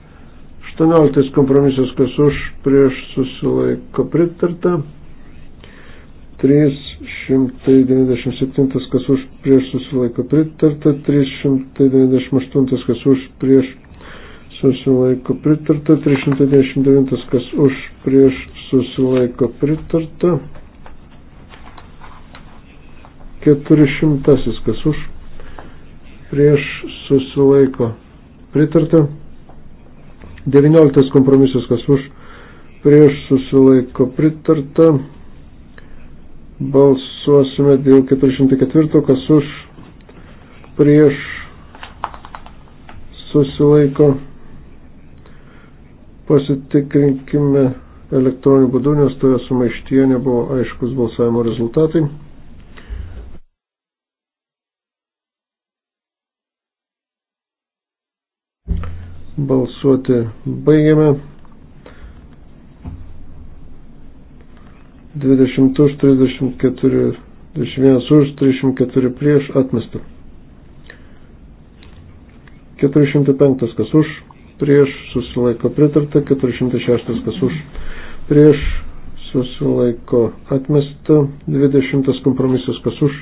18 kompromisas kas už, prieš susilaiko pritarta. 397 kas už prieš susilaiko pritarta, 398 kas už prieš susilaiko pritarta, 329 kas už prieš susilaiko pritarta, 400 kas už prieš susilaiko pritarta, 19 kompromisas kas už prieš susilaiko pritarta, balsuosime dėl 404 kas už prieš susilaiko pritarta Pasitikrinkime elektroniniu būdu, nes toje sumaištyje nebuvo aiškus balsavimo rezultatai. Balsuoti baigiame. 20 už 34, 21 už 34 prieš atmestą. 405 kas už prieš susilaiko pritarta, 406 kas už prieš susilaiko atmesta, 20 kompromisas kas už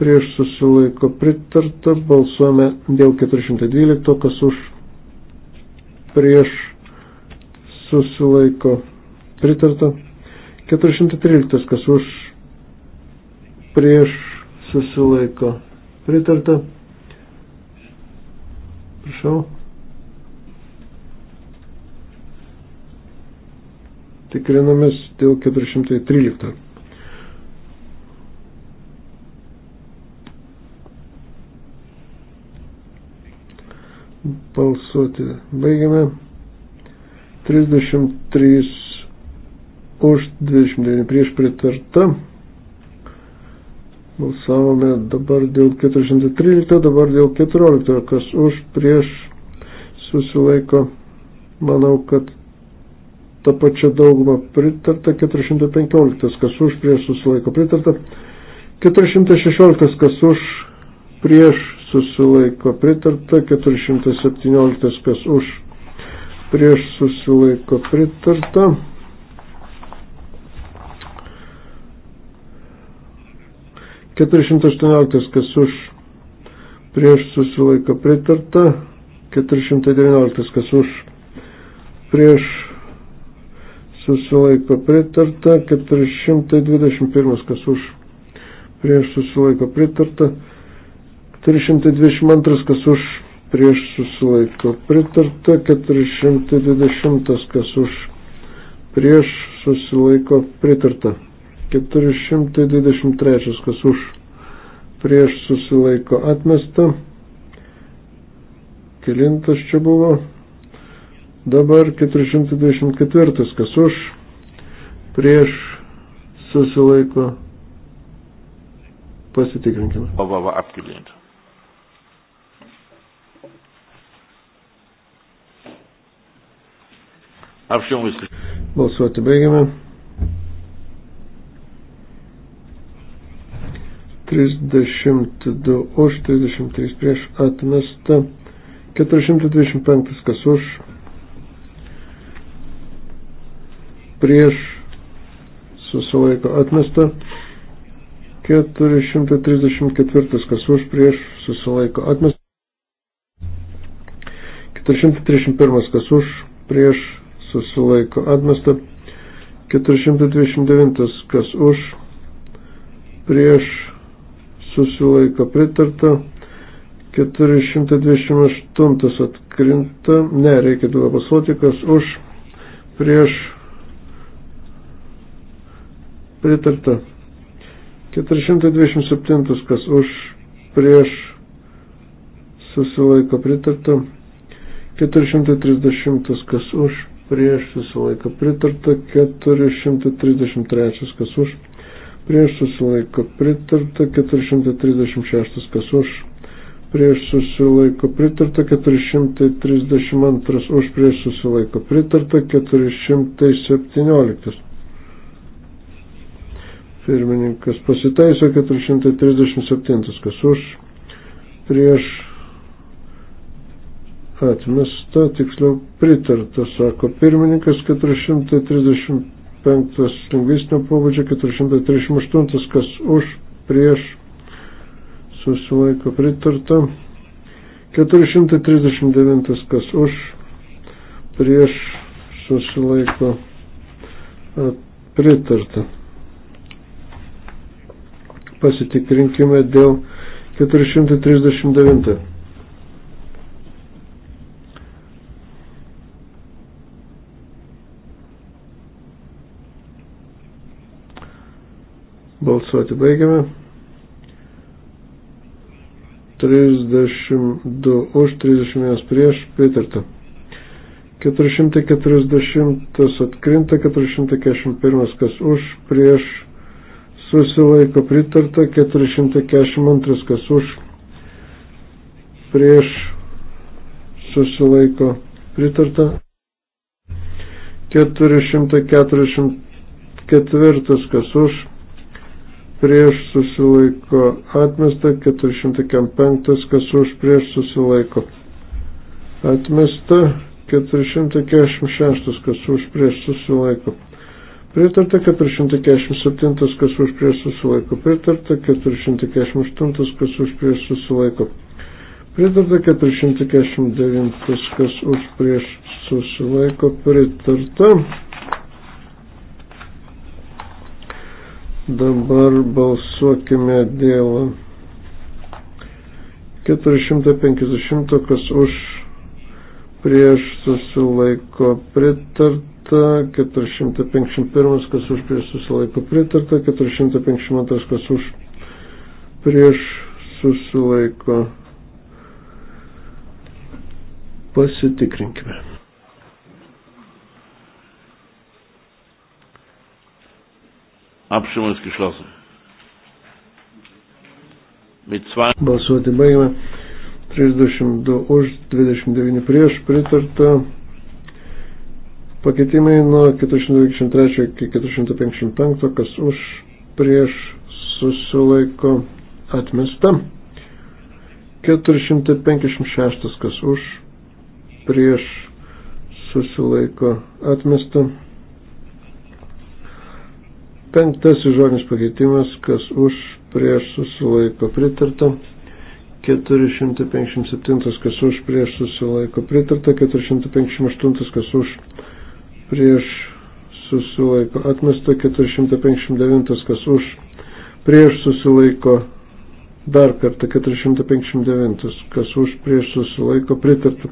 prieš susilaiko pritarta, balsuojame dėl 412 kas už prieš susilaiko pritarta, 413 kas už prieš susilaiko pritarta. Prašau. tikrinamės dėl 413. Balsuoti. Baigiame. 33 už 29 prieš pritarta. Balsavome dabar dėl 413, dabar dėl 14, kas už prieš susilaiko. Manau, kad ta pačia dauguma pritarta 415, kas už prieš susilaiko pritarta, 416, kas už prieš susilaiko pritarta, 417, kas už prieš susilaiko pritarta. Keturišimtas aštuonioliktas, kas už prieš susilaiko pritarta, keturišimtas devynioliktas, kas už prieš susilaiko pritarta, 421 kas už prieš susilaiko pritarta, 422 kas už prieš susilaiko pritarta, 420 kas už prieš susilaiko pritarta, 423 kas už prieš susilaiko atmesta, kilintas čia buvo. Dabar 424, kas už, prieš susilaiko. Pasitikrinkime. Pavava apgilinti. Apšjungus. Balsuoti baigiame. 32 už, 33 prieš atmesta, 425 kas už prieš susilaiko atmesta. 434 kas už prieš susilaiko atmesta. 431 kas už prieš susilaiko atmesta. 429 kas už prieš susilaiko pritarta. 428 atkrinta. Ne, reikia duoda pasuoti, kas už prieš pritarta. 427 kas už prieš susilaiko pritarta. 430 kas už prieš susilaiko pritarta. 433 kas už prieš susilaiko pritarta. 436 kas už prieš susilaiko pritarta 432, už prieš susilaiko pritarta 417. Pirmininkas pasitaiso 437, kas už, prieš atmesta, tiksliau pritarta, sako pirmininkas 435 lingvistinio pobūdžio, 438 kas už, prieš susilaiko pritarta, 439 kas už, prieš susilaiko pritarta pasitikrinkime dėl 439. Balsuoti baigiame. 32 už, 31 prieš, pritarta. 440 atkrinta, 441 kas už, prieš, susilaiko pritarta 442, kas už, prieš susilaiko pritarta 444, kas už, prieš susilaiko atmesta 445, kas už, prieš susilaiko atmesta 446, kas už, prieš susilaiko Pritarta 447, kas už prieš susilaiko. Pritarta 448, kas už prieš susilaiko. Pritarta 449, kas už prieš susilaiko. Pritarta. Dabar balsuokime dėl 450, kas už prieš susilaiko. Pritarta pritarta, 451 kas už prieš susilaiko pritarta, 452 kas už prieš susilaiko. Pasitikrinkime. Abstimmung ist geschlossen. Mit zwei Balsuoti baigime. 32 už, 29 prieš pritarta. Pakeitimai nuo 423 iki 455, kas už prieš susilaiko atmesta. 456, kas už prieš susilaiko atmesta. Penktasis žodinis pakeitimas, kas už prieš susilaiko pritarta. 457, kas už prieš susilaiko pritarta. 458, kas už prieš susilaiko atmesta 459, kas už prieš susilaiko dar kartą 459, kas už prieš susilaiko pritarta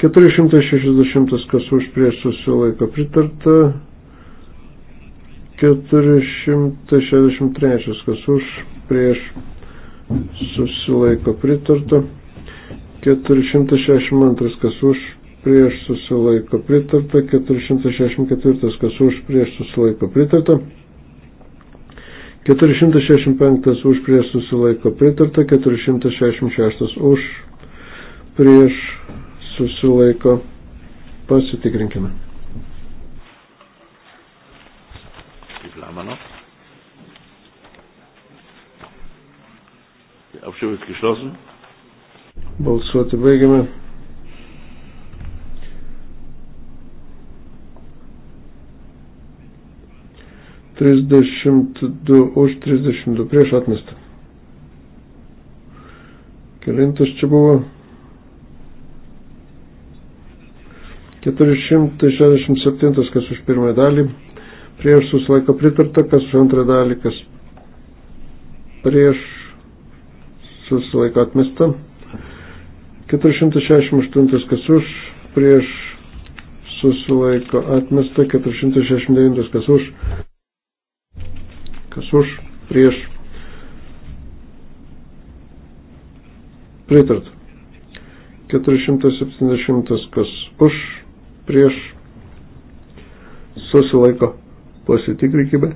460, kas už prieš susilaiko pritarta 463, kas už prieš susilaiko pritarta 462, kas už prieš susilaiko pritarta, 464 kas už prieš susilaiko pritarta, 465 už prieš susilaiko pritarta, 466 už prieš susilaiko pasitikrinkime. Die Abstimmung ist geschlossen. Balsuoti baigiame. 32 už 32 prieš atmestą. Kelintas čia buvo. 467, kas už pirmąją dalį, prieš susilaiko pritarta, kas už antrą dalį, kas prieš susilaiko atmesta. 468, kas už, prieš susilaiko atmesta, 469, kas už kas už, prieš, pritart. 470 kas už, prieš, susilaiko, pasitikrinkime.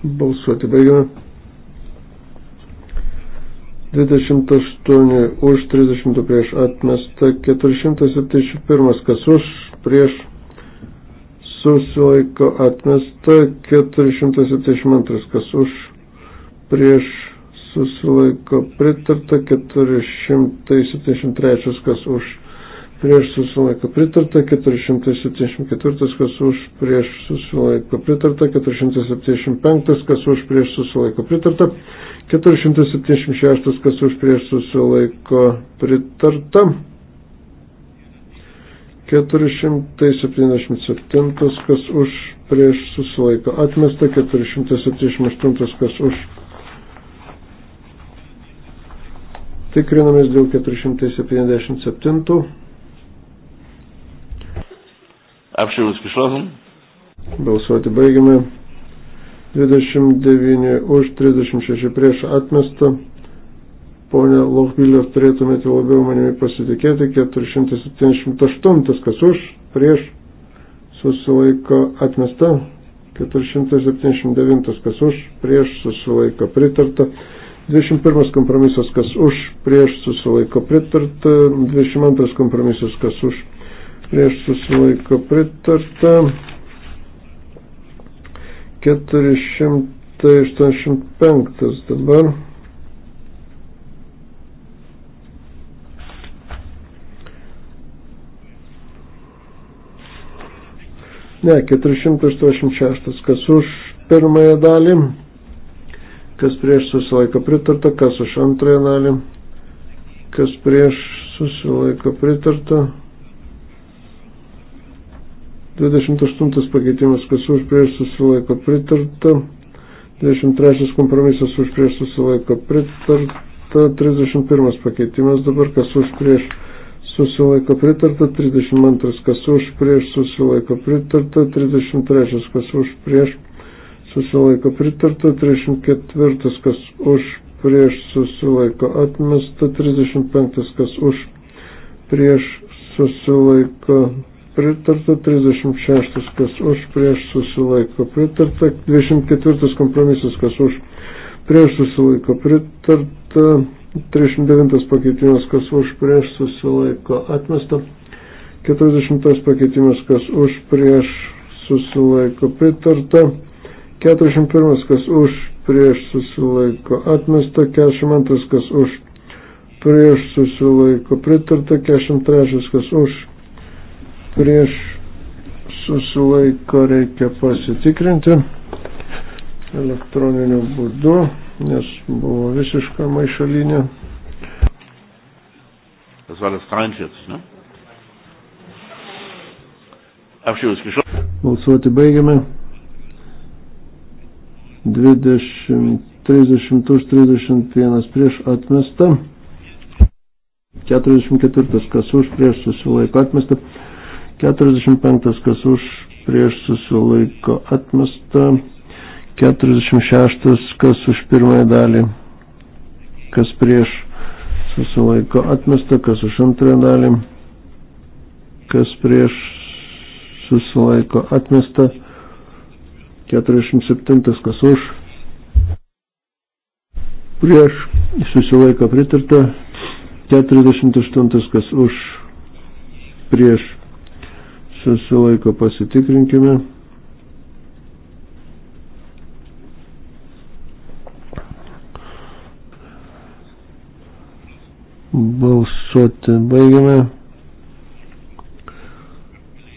Balsuoti baigiame. 28 už 30 prieš atmesta, 471 kas už, prieš susilaiko atmesta 472, kas už prieš susilaiko pritarta 473, kas už prieš susilaiko pritarta 474, kas už prieš susilaiko pritarta 475, kas už prieš susilaiko pritarta 476, kas už prieš susilaiko pritarta 477, kas už prieš susilaiko atmesta, 478, kas už. Tikrinamės dėl 477. Apšėvus kišlausim. Balsuoti baigiame. 29 už 36 prieš atmestą. Pone Lokvilio, turėtumėte labiau manimi pasitikėti. 478, kas už, prieš, susilaiko atmesta. 479, kas už, prieš, susilaiko pritarta. 21 kompromisas, kas už, prieš, susilaiko pritarta. 22 kompromisas, kas už, prieš, susilaiko pritarta. 485 dabar. Ne, 486. Kas už pirmąją dalį, kas prieš susilaiko pritarta, kas už antrąją dalį, kas prieš susilaiko pritarta. 28 pakeitimas, kas už prieš susilaiko pritarta. 23 kompromisas už prieš susilaiko pritarta. 31 pakeitimas dabar, kas už prieš susilaiko pritarta susilaiko pritarta, 32 kas už prieš susilaiko pritarta, 33 kas už prieš susilaiko pritarta, 34 kas už prieš susilaiko atmesta, 35 kas už prieš susilaiko pritarta, 36 kas už prieš susilaiko pritarta, 24 kompromisas kas už prieš susilaiko pritarta. 39 pakeitimas, kas už prieš susilaiko atmesta. 40 pakeitimas, kas už prieš susilaiko pritarta. 41 kas už prieš susilaiko atmesta. 42 kas už prieš susilaiko pritarta. 43 kas už prieš susilaiko reikia pasitikrinti elektroniniu būdu nes buvo visiška maišalinė. Das war das 43, ne? Apšyvus kišau. Balsuoti baigiame. 20, 30 už 31 prieš atmestą. 44 kas už prieš susilaiko atmestą. 45 kas už prieš susilaiko atmestą. 46, kas už pirmąją dalį, kas prieš susilaiko atmesta, kas už antrąją dalį, kas prieš susilaiko atmesta, 47, kas už, prieš susilaiko pritarta, 48, kas už, prieš susilaiko pasitikrinkime. Balsuoti baigiame.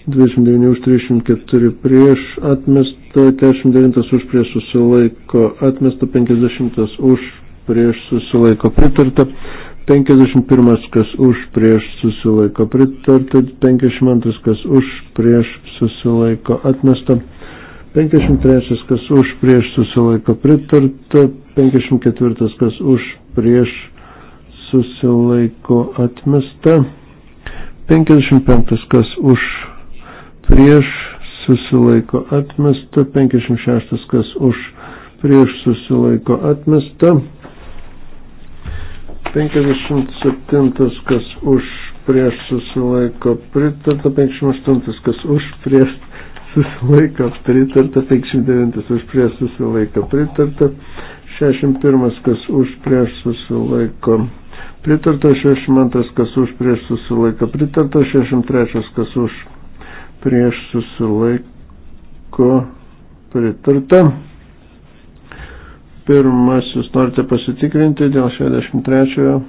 29 už 34 prieš atmesta, 49 už prieš susilaiko atmesta, 50 už prieš susilaiko pritarta, 51 kas už prieš susilaiko pritarta, 52 kas už prieš susilaiko atmesta, 53 kas už prieš susilaiko pritarta, 54 kas už prieš susilaiko atmesta. 55 kas už prieš susilaiko atmesta. 56 kas už prieš susilaiko atmesta. 57 kas už prieš susilaiko pritarta. 58 kas už prieš susilaiko pritarta. 59 už prieš susilaiko pritarta. 61 kas už prieš susilaiko pritarta. Pritarta 62, kas už prieš susilaiko. Pritarta 63, kas už prieš susilaiko. Pritarta. Pirmasis norite pasitikrinti dėl 63.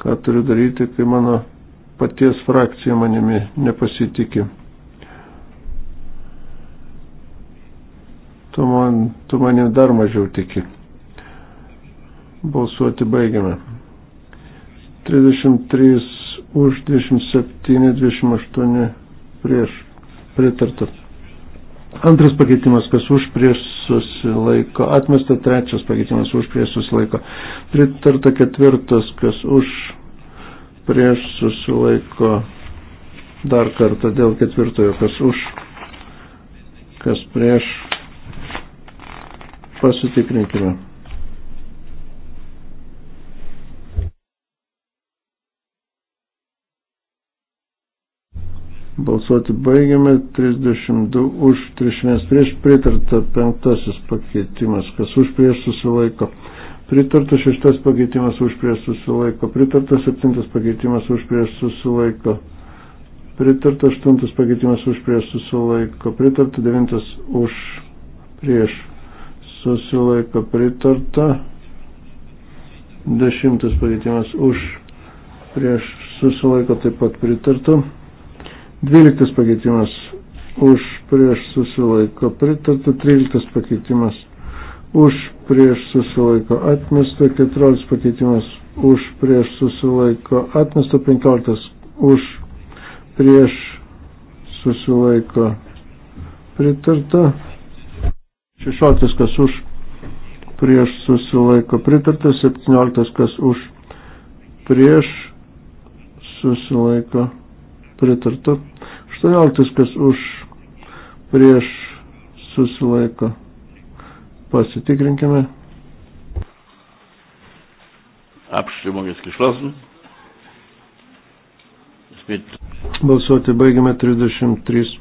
Ką turiu daryti, kai mano paties frakcija manimi nepasitikė. Tu, man, tu manim dar mažiau tiki. Balsuoti baigiame. 33 už 27, 28 prieš pritarta. Antras pakeitimas, kas už prieš susilaiko. Atmesta trečias pakeitimas, už prieš susilaiko. Pritarta ketvirtas, kas už prieš susilaiko. Dar kartą dėl ketvirtojo, kas už, kas prieš. Pasitikrinkime. Balsuoti baigiame. 32 už, 31 prieš pritarta. Penktasis pakeitimas. Kas už prieš susilaiko? Pritarta šeštas pakeitimas už prieš susilaiko. Pritarta septintas pakeitimas už prieš susilaiko. Pritarta aštuntas pakeitimas už prieš susilaiko. Pritarta devintas už prieš susilaiko. Pritarta dešimtas pakeitimas už prieš susilaiko taip pat pritarta. 12 pakeitimas už prieš susilaiko pritarta, 13 pakeitimas už prieš susilaiko atmesta, 14 pakeitimas už prieš susilaiko atmesta, 15 už prieš susilaiko pritarta, 16 kas už prieš susilaiko pritarta, 17 kas už prieš susilaiko pritarta pritarta. 18 kas už prieš susilaiko. Pasitikrinkime. Abstimmung ist geschlossen. Balsuoti baigiame 33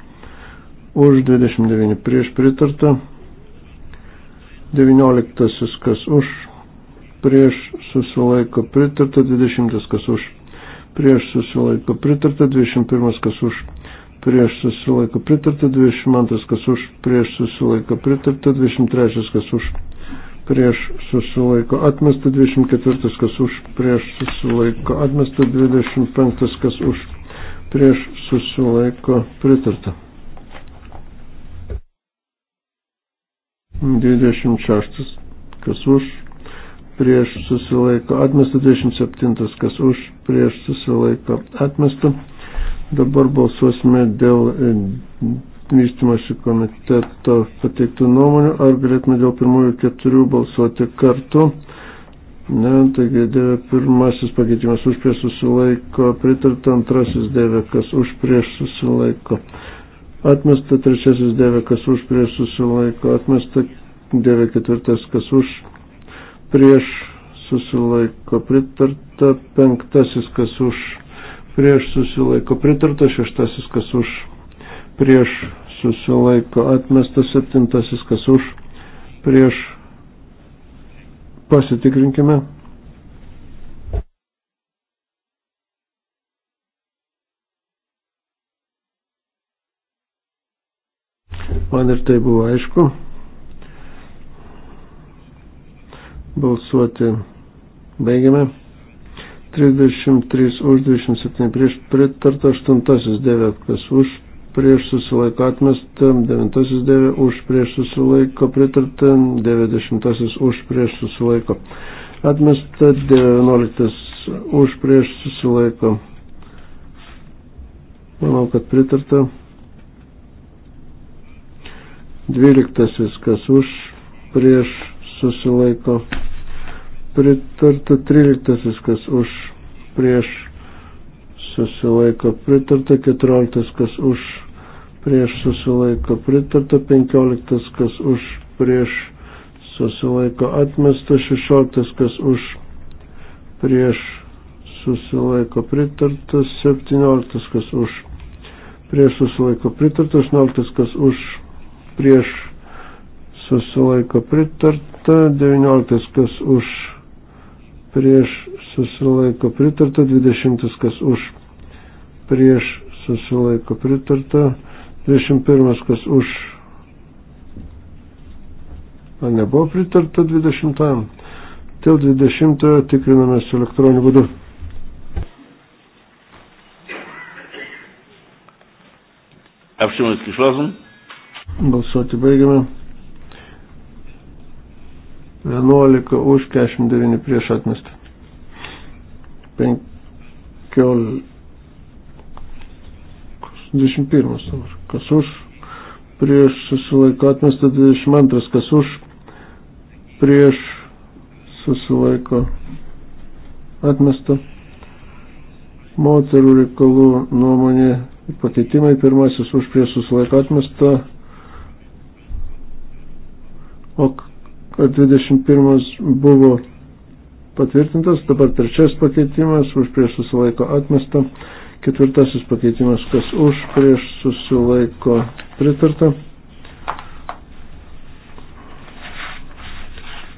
už 29 prieš pritarta. 19 kas už prieš susilaiko pritarta, 20 kas už prieš susilaiko pritarta, 21 kas už, prieš susilaiko pritarta, 22 kas už, prieš susilaiko pritarta, 23 kas už, prieš susilaiko atmesta, 24 kas už, prieš susilaiko atmesta, 25 kas už, prieš susilaiko pritarta. 26 kas už, prieš susilaiko atmestą, 27 kas už prieš susilaiko atmestą. Dabar balsuosime dėl e, vystimosi komiteto pateiktų nuomonių, ar galėtume dėl pirmųjų keturių balsuoti kartu. Ne, taigi dėvė pirmasis pakeitimas už prieš susilaiko, pritarta antrasis dėvė, kas už prieš susilaiko. Atmesta trečiasis dėvė, kas už prieš susilaiko, atmesta dėvė ketvirtas, kas už prieš susilaiko pritarta, penktasis kas už, prieš susilaiko pritarta, šeštasis kas už, prieš susilaiko atmestas, septintasis kas už, prieš pasitikrinkime. Man ir tai buvo aišku. Balsuoti baigiame. 33 už 27 prieš pritarta 8 dėvė, kas už prieš susilaiko atmesta, 9 dėvė už prieš susilaiko pritarta, 90 už prieš susilaiko atmesta, 11 už prieš susilaiko. Manau, kad pritarta. 12 kas už prieš susilaiko pritarta 13, kas už prieš susilaiko pritarta 14, kas už prieš susilaiko pritarta 15, kas už prieš susilaiko atmesta 16, kas už prieš susilaiko pritarta 17, kas už prieš susilaiko pritarta 18, kas už prieš susilaiko pritarta, 19 kas už, prieš susilaiko pritarta, 20 kas už, prieš susilaiko pritarta, 21 kas už, ar nebuvo pritarta 20. Dėl 20 tikrinamės elektroniniu būdu. Apšimas išlasom. Balsuoti baigiame. 11 už 49 prieš atmestą. 15. 21. Kas už? Prieš susilaiko atmestą 22. Kas už? Prieš susilaiko atmestą. Moterų reikalų nuomonė pakeitimai. Pirmasis už prieš susilaiko atmestą. Ok 21 buvo patvirtintas, dabar trečias pakeitimas už prieš susilaiko atmesta, ketvirtasis pakeitimas kas už prieš susilaiko pritarta.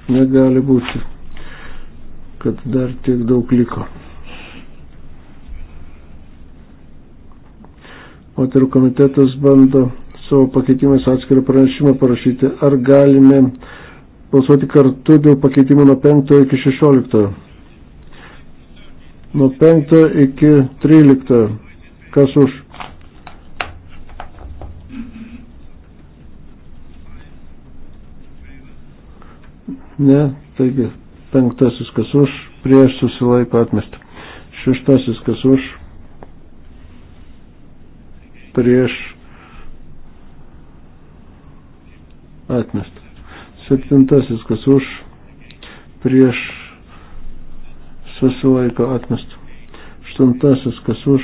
Negali būti, kad dar tiek daug liko. Moterų komitetas bando savo pakeitimais atskirą pranešimą parašyti, ar galime balsuoti kartu dėl pakeitimų nuo 5 iki 16. Nuo 5 iki 13. Kas už? Ne, taigi penktasis kas už, prieš susilaiko atmestą. Šeštasis kas už, prieš atmestą. Septintasis, kas už, prieš susilaiko atmestų. Aštuntasis, kas už,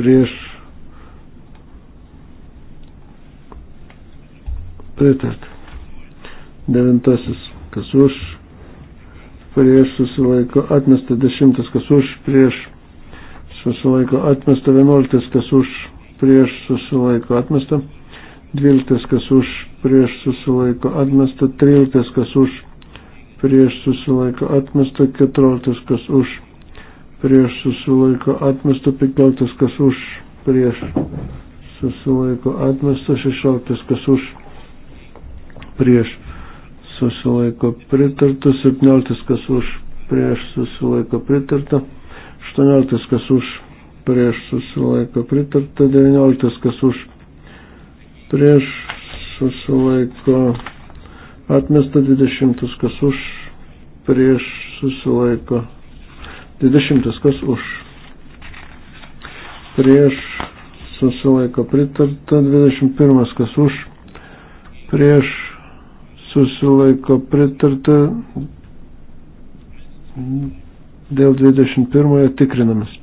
prieš pritart. Devintasis, kas už, prieš susilaiko atmestą. Dešimtas, kas už, prieš susilaiko atmestą. Vienuoliktas, kas už, prieš susilaiko atmestą. 12 kas už prieš susilaiko atmesta, 13 kas už prieš susilaiko atmesta, 14 kas už prieš susilaiko atmesta, 15 kas už prieš susilaiko atmesta, 16 kas už prieš susilaiko pritarta, 17 kas už prieš susilaiko pritarta, 18 kas už prieš susilaiko pritarta, 19 kas už prieš susilaiko pritarta prieš susilaiko atmesta 20, kas už, prieš susilaiko 20, kas už, prieš susilaiko pritarta 21, kas už, prieš susilaiko pritarta dėl 21 tikrinamas.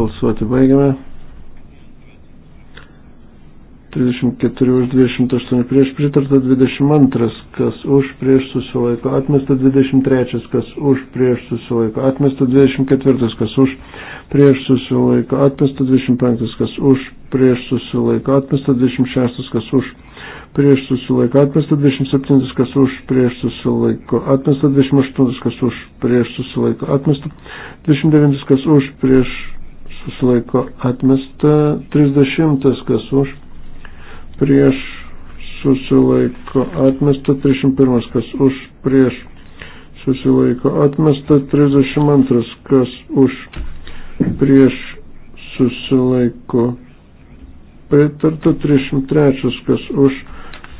Balsuoti baigiame. 34 už 28 prieš pritarta 22, kas už prieš susilaiko atmesta 23, kas už prieš susilaiko atmesta 24, kas už prieš susilaiko atmesta 25, kas už prieš susilaiko atmesta 26, kas už prieš susilaiko atmesta 27, kas už prieš susilaiko atmesta 28, kas už prieš susilaiko atmesta 29, kas už prieš susilaiko atmesta, 30 kas už, prieš susilaiko atmesta, 31 kas už, prieš susilaiko atmesta, 32 kas už, prieš susilaiko pritarta, 303 kas už,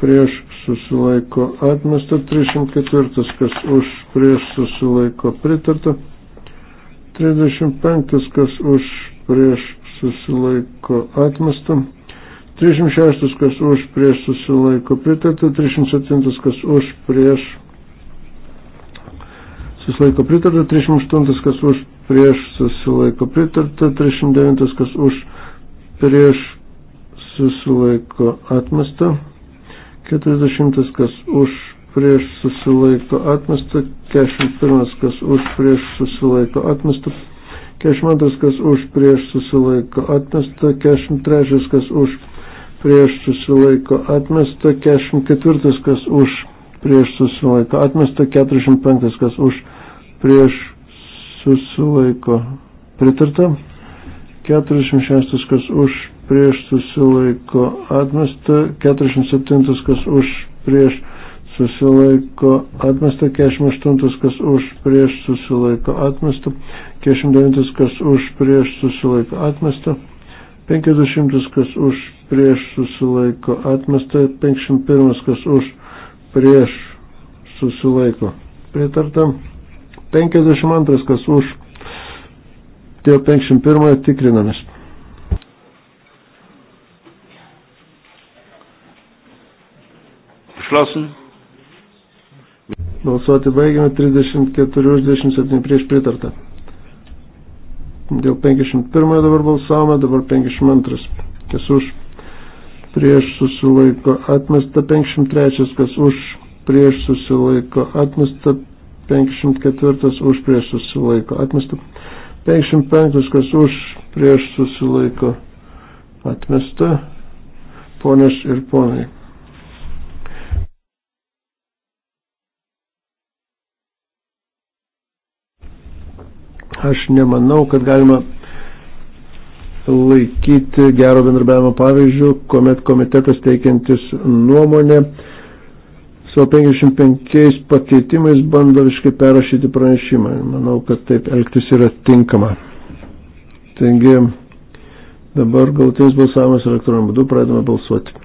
prieš susilaiko atmesta, 304 kas už, prieš susilaiko pritarta. 35 kas už prieš susilaiko atmestą. 36 kas už prieš susilaiko pritarta, 37 kas už prieš susilaiko pritarta, 38 kas už prieš susilaiko pritarta, 39 kas už prieš susilaiko atmesta, 40 kas už prieš susilaiko atmesta, 41 kas už prieš susilaiko atmesta. 42 kas už prieš susilaiko atmesta, 43 kas už prieš susilaiko atmesta, 44 kas už prieš susilaiko atmesta, 45 kas už prieš susilaiko pritarta, 46 kas už prieš susilaiko atmesta, 47 kas už prieš susilaiko atmesta, 48 kas už prieš susilaiko atmesta. 49 kas už prieš susilaiko atmesta, 50 kas už prieš susilaiko atmesta, 51 kas už prieš susilaiko pritarta, 52 kas už, dėl 51 tikrinamės. Geschlossen. Balsuoti baigiame 34 už 27 prieš pritartą. Dėl 51 dabar balsavome, dabar 52. Kas už? Prieš susilaiko atmesta 53. Kas už? Prieš susilaiko atmesta 54. Už prieš susilaiko atmesta 55. Kas už? Prieš susilaiko atmesta. Ponios ir ponai. Aš nemanau, kad galima laikyti gero bendrabiavimo pavyzdžių, kuomet komitetas teikiantis nuomonę savo 55 pakeitimais bando visiškai perrašyti pranešimą. Manau, kad taip elgtis yra tinkama. Taigi, dabar galtinis balsavimas elektroniniu būdu, pradedame balsuoti.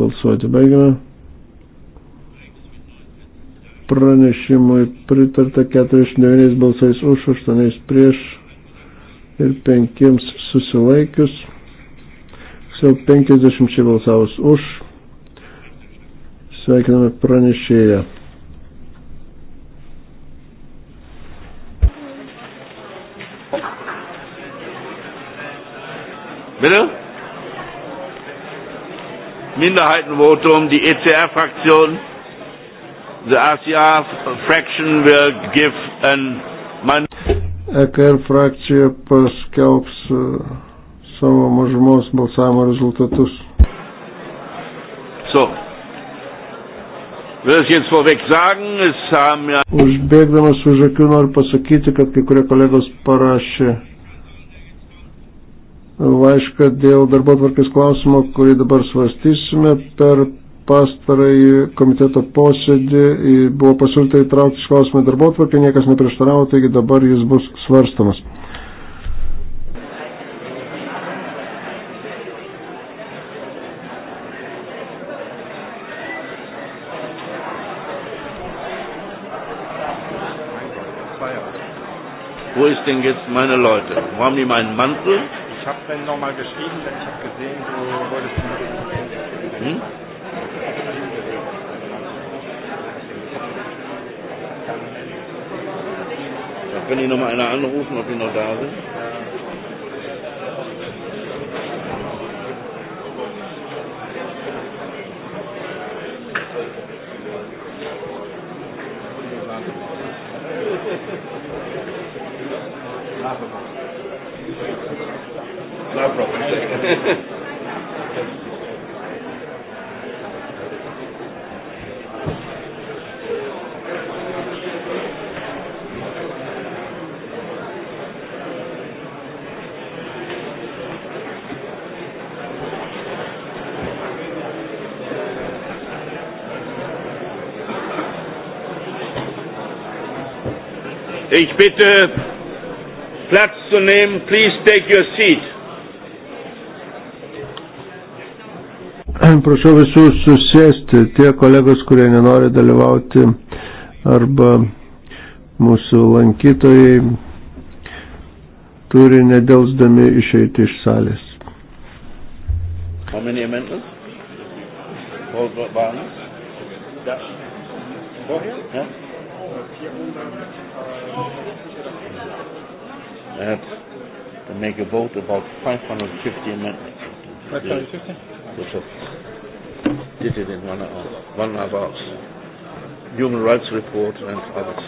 Balsuoti baigiame pranešimui pritarta 49 balsais už, 8 prieš ir 5 susilaikius. Jau 50 balsavus už. Sveikiname pranešėją. Bitte? Minderheitenvotum, die ECR-Fraktion the RCR fraction will give an money. EKR er frakcija paskelbs e, savo mažumos balsavimo rezultatus. So. Užbėgdamas už akių noriu pasakyti, kad kai kurie kolegos parašė e, laišką dėl darbo tvarkės klausimo, kurį dabar svarstysime per pastarąjį komiteto posėdį buvo pasiūlyta įtraukti šį klausimą darbo tvarkį, niekas neprieštaravo, taigi dabar jis bus svarstamas. Wo ist denn jetzt meine Leute? Wo haben die meinen Mantel? Ich habe dann nochmal geschrieben, denn ich habe gesehen, du wolltest... Hm? Wenn die nochmal einer anrufen, ob die noch da sind. No problem. [laughs] Ich bitte, Platz zu nehmen. Please take your seat. Prašau visus susėsti, tie kolegos, kurie nenori dalyvauti, arba mūsų lankytojai turi nedelsdami išeiti iš salės. How many amendments? Vorher? Ja? Uh, to make a vote about 550 amendments. 550? Yes, sir. Did it in one hour. One and a half hours. Human rights report and others.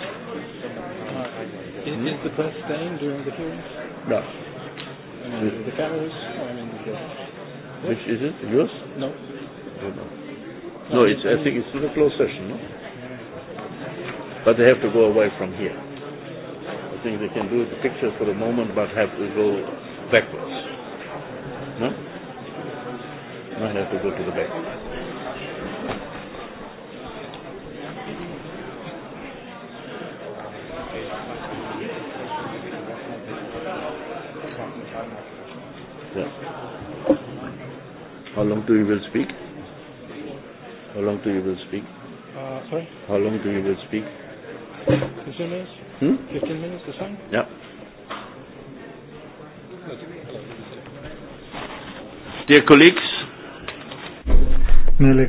Is, hmm? is the press staying during the hearings? No. I mean, the cameras? I mean, the... Which is it? Yours? No. I don't know. No, it's, I think it's in a closed session, no? But they have to go away from here thing they can do with the pictures for the moment, but have to go backwards. No? I have to go to the back. Yeah. How long do you will speak? How long do you will speak? Uh, sorry? How long do you will speak? 15 minutes? Hmm? 15 minutes is fine? Yeah. Dear colleagues. Mėly.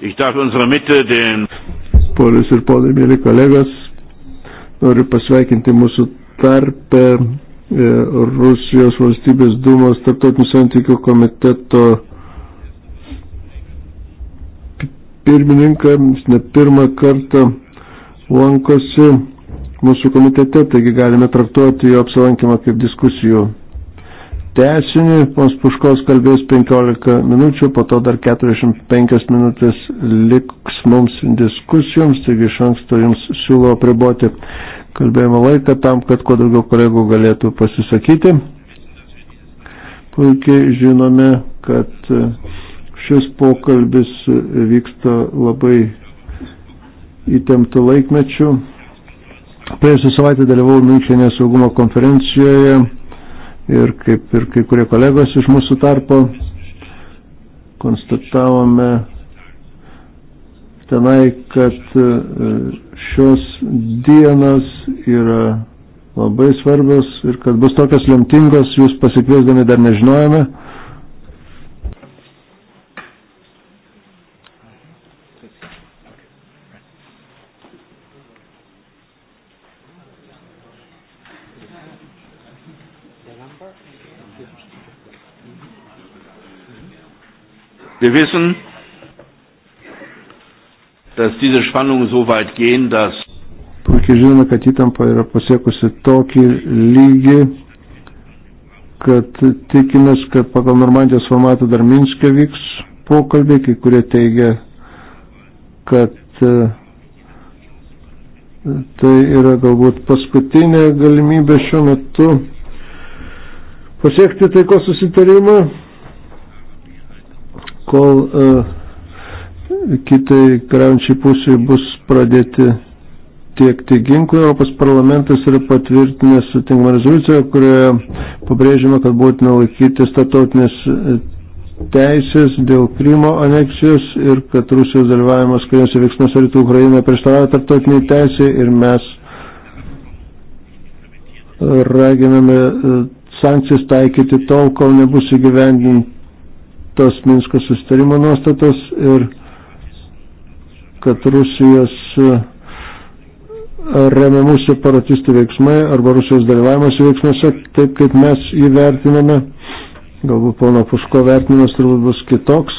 Ich darf unserer Mitte den. Polius ir ponai, mėly kolegos, noriu pasveikinti mūsų tarpę eh, Rusijos valstybės dūmos tarptautinių santykių komiteto pirmininką, jis ne pirmą kartą lankosi mūsų komitete, taigi galime traktuoti jo apsilankymą kaip diskusijų tesinį. Pons Puškos kalbės 15 minučių, po to dar 45 minutės liks mums diskusijoms, taigi iš anksto jums siūlo apriboti kalbėjimo laiką tam, kad kuo daugiau kolegų galėtų pasisakyti. Puikiai žinome, kad uh, Šis pokalbis e, vyksta labai įtemptų laikmečių. Praėjusią savaitę dalyvau Münchenė saugumo konferencijoje ir kaip ir kai kurie kolegos iš mūsų tarpo konstatavome tenai, kad e, šios dienos yra labai svarbios ir kad bus tokios lemtingos, jūs pasikviesdami dar nežinojame. Wir wissen, dass diese Spannungen so weit gehen, dass Puikiai žinome, kad įtampa yra pasiekusi tokį lygį, kad tikimės, kad pagal Normandijos formatą dar Minske vyks pokalbiai, kai kurie teigia, kad e, tai yra galbūt paskutinė galimybė šiuo metu pasiekti taikos susitarimą kol uh, kitai karančiai pusiai bus pradėti tiekti ginklų. Europos parlamentas yra patvirtinęs atitinkamą rezoliuciją, kurioje pabrėžiama, kad būtina laikytis tarptautinės e, teisės dėl Krymo aneksijos ir kad Rusijos dalyvavimas karinėse veiksmuose rytų Ukrainoje prieštarauja tarptautiniai teisė ir mes e, raginame sankcijas taikyti tol, kol nebus įgyvendinti tos Minsko sustarimo nuostatos ir kad Rusijos e, remiamų separatistų veiksmai arba Rusijos dalyvavimas veiksmuose, taip kaip mes jį vertiname, galbūt pono Puško vertinimas turbūt bus kitoks,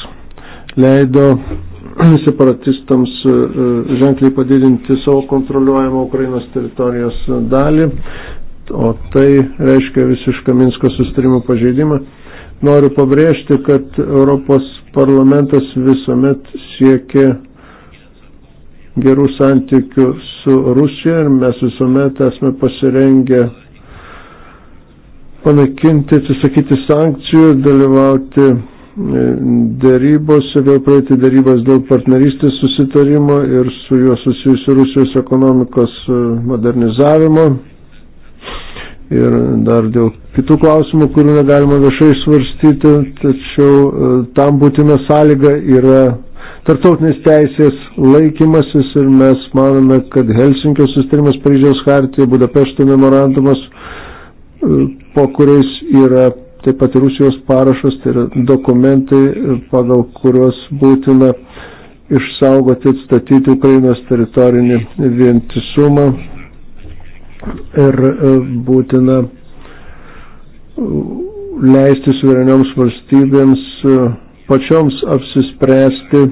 leido [clears throat] separatistams e, e, ženkliai padidinti savo kontroliuojamą Ukrainos teritorijos dalį, o tai reiškia visišką Minsko sustarimo pažeidimą. Noriu pabrėžti, kad Europos parlamentas visuomet siekia gerų santykių su Rusija ir mes visuomet esame pasirengę panaikinti, atsisakyti sankcijų ir dalyvauti e, dėrybose, vėl praeiti dėrybas dėl partnerystės susitarimo ir su juo susijusiu Rusijos ekonomikos e, modernizavimo ir dar dėl kitų klausimų, kurių negalima viešai svarstyti, tačiau e, tam būtina sąlyga yra tartautinės teisės laikymasis ir mes manome, kad Helsinkio sustarimas Paryžiaus hartija, Budapešto memorandumas, e, po kuriais yra taip pat Rusijos parašas, tai yra dokumentai, e, pagal kuriuos būtina išsaugoti, atstatyti Ukrainos teritorinį vientisumą, ir e, būtina e, leisti suverenioms valstybėms e, pačioms apsispręsti,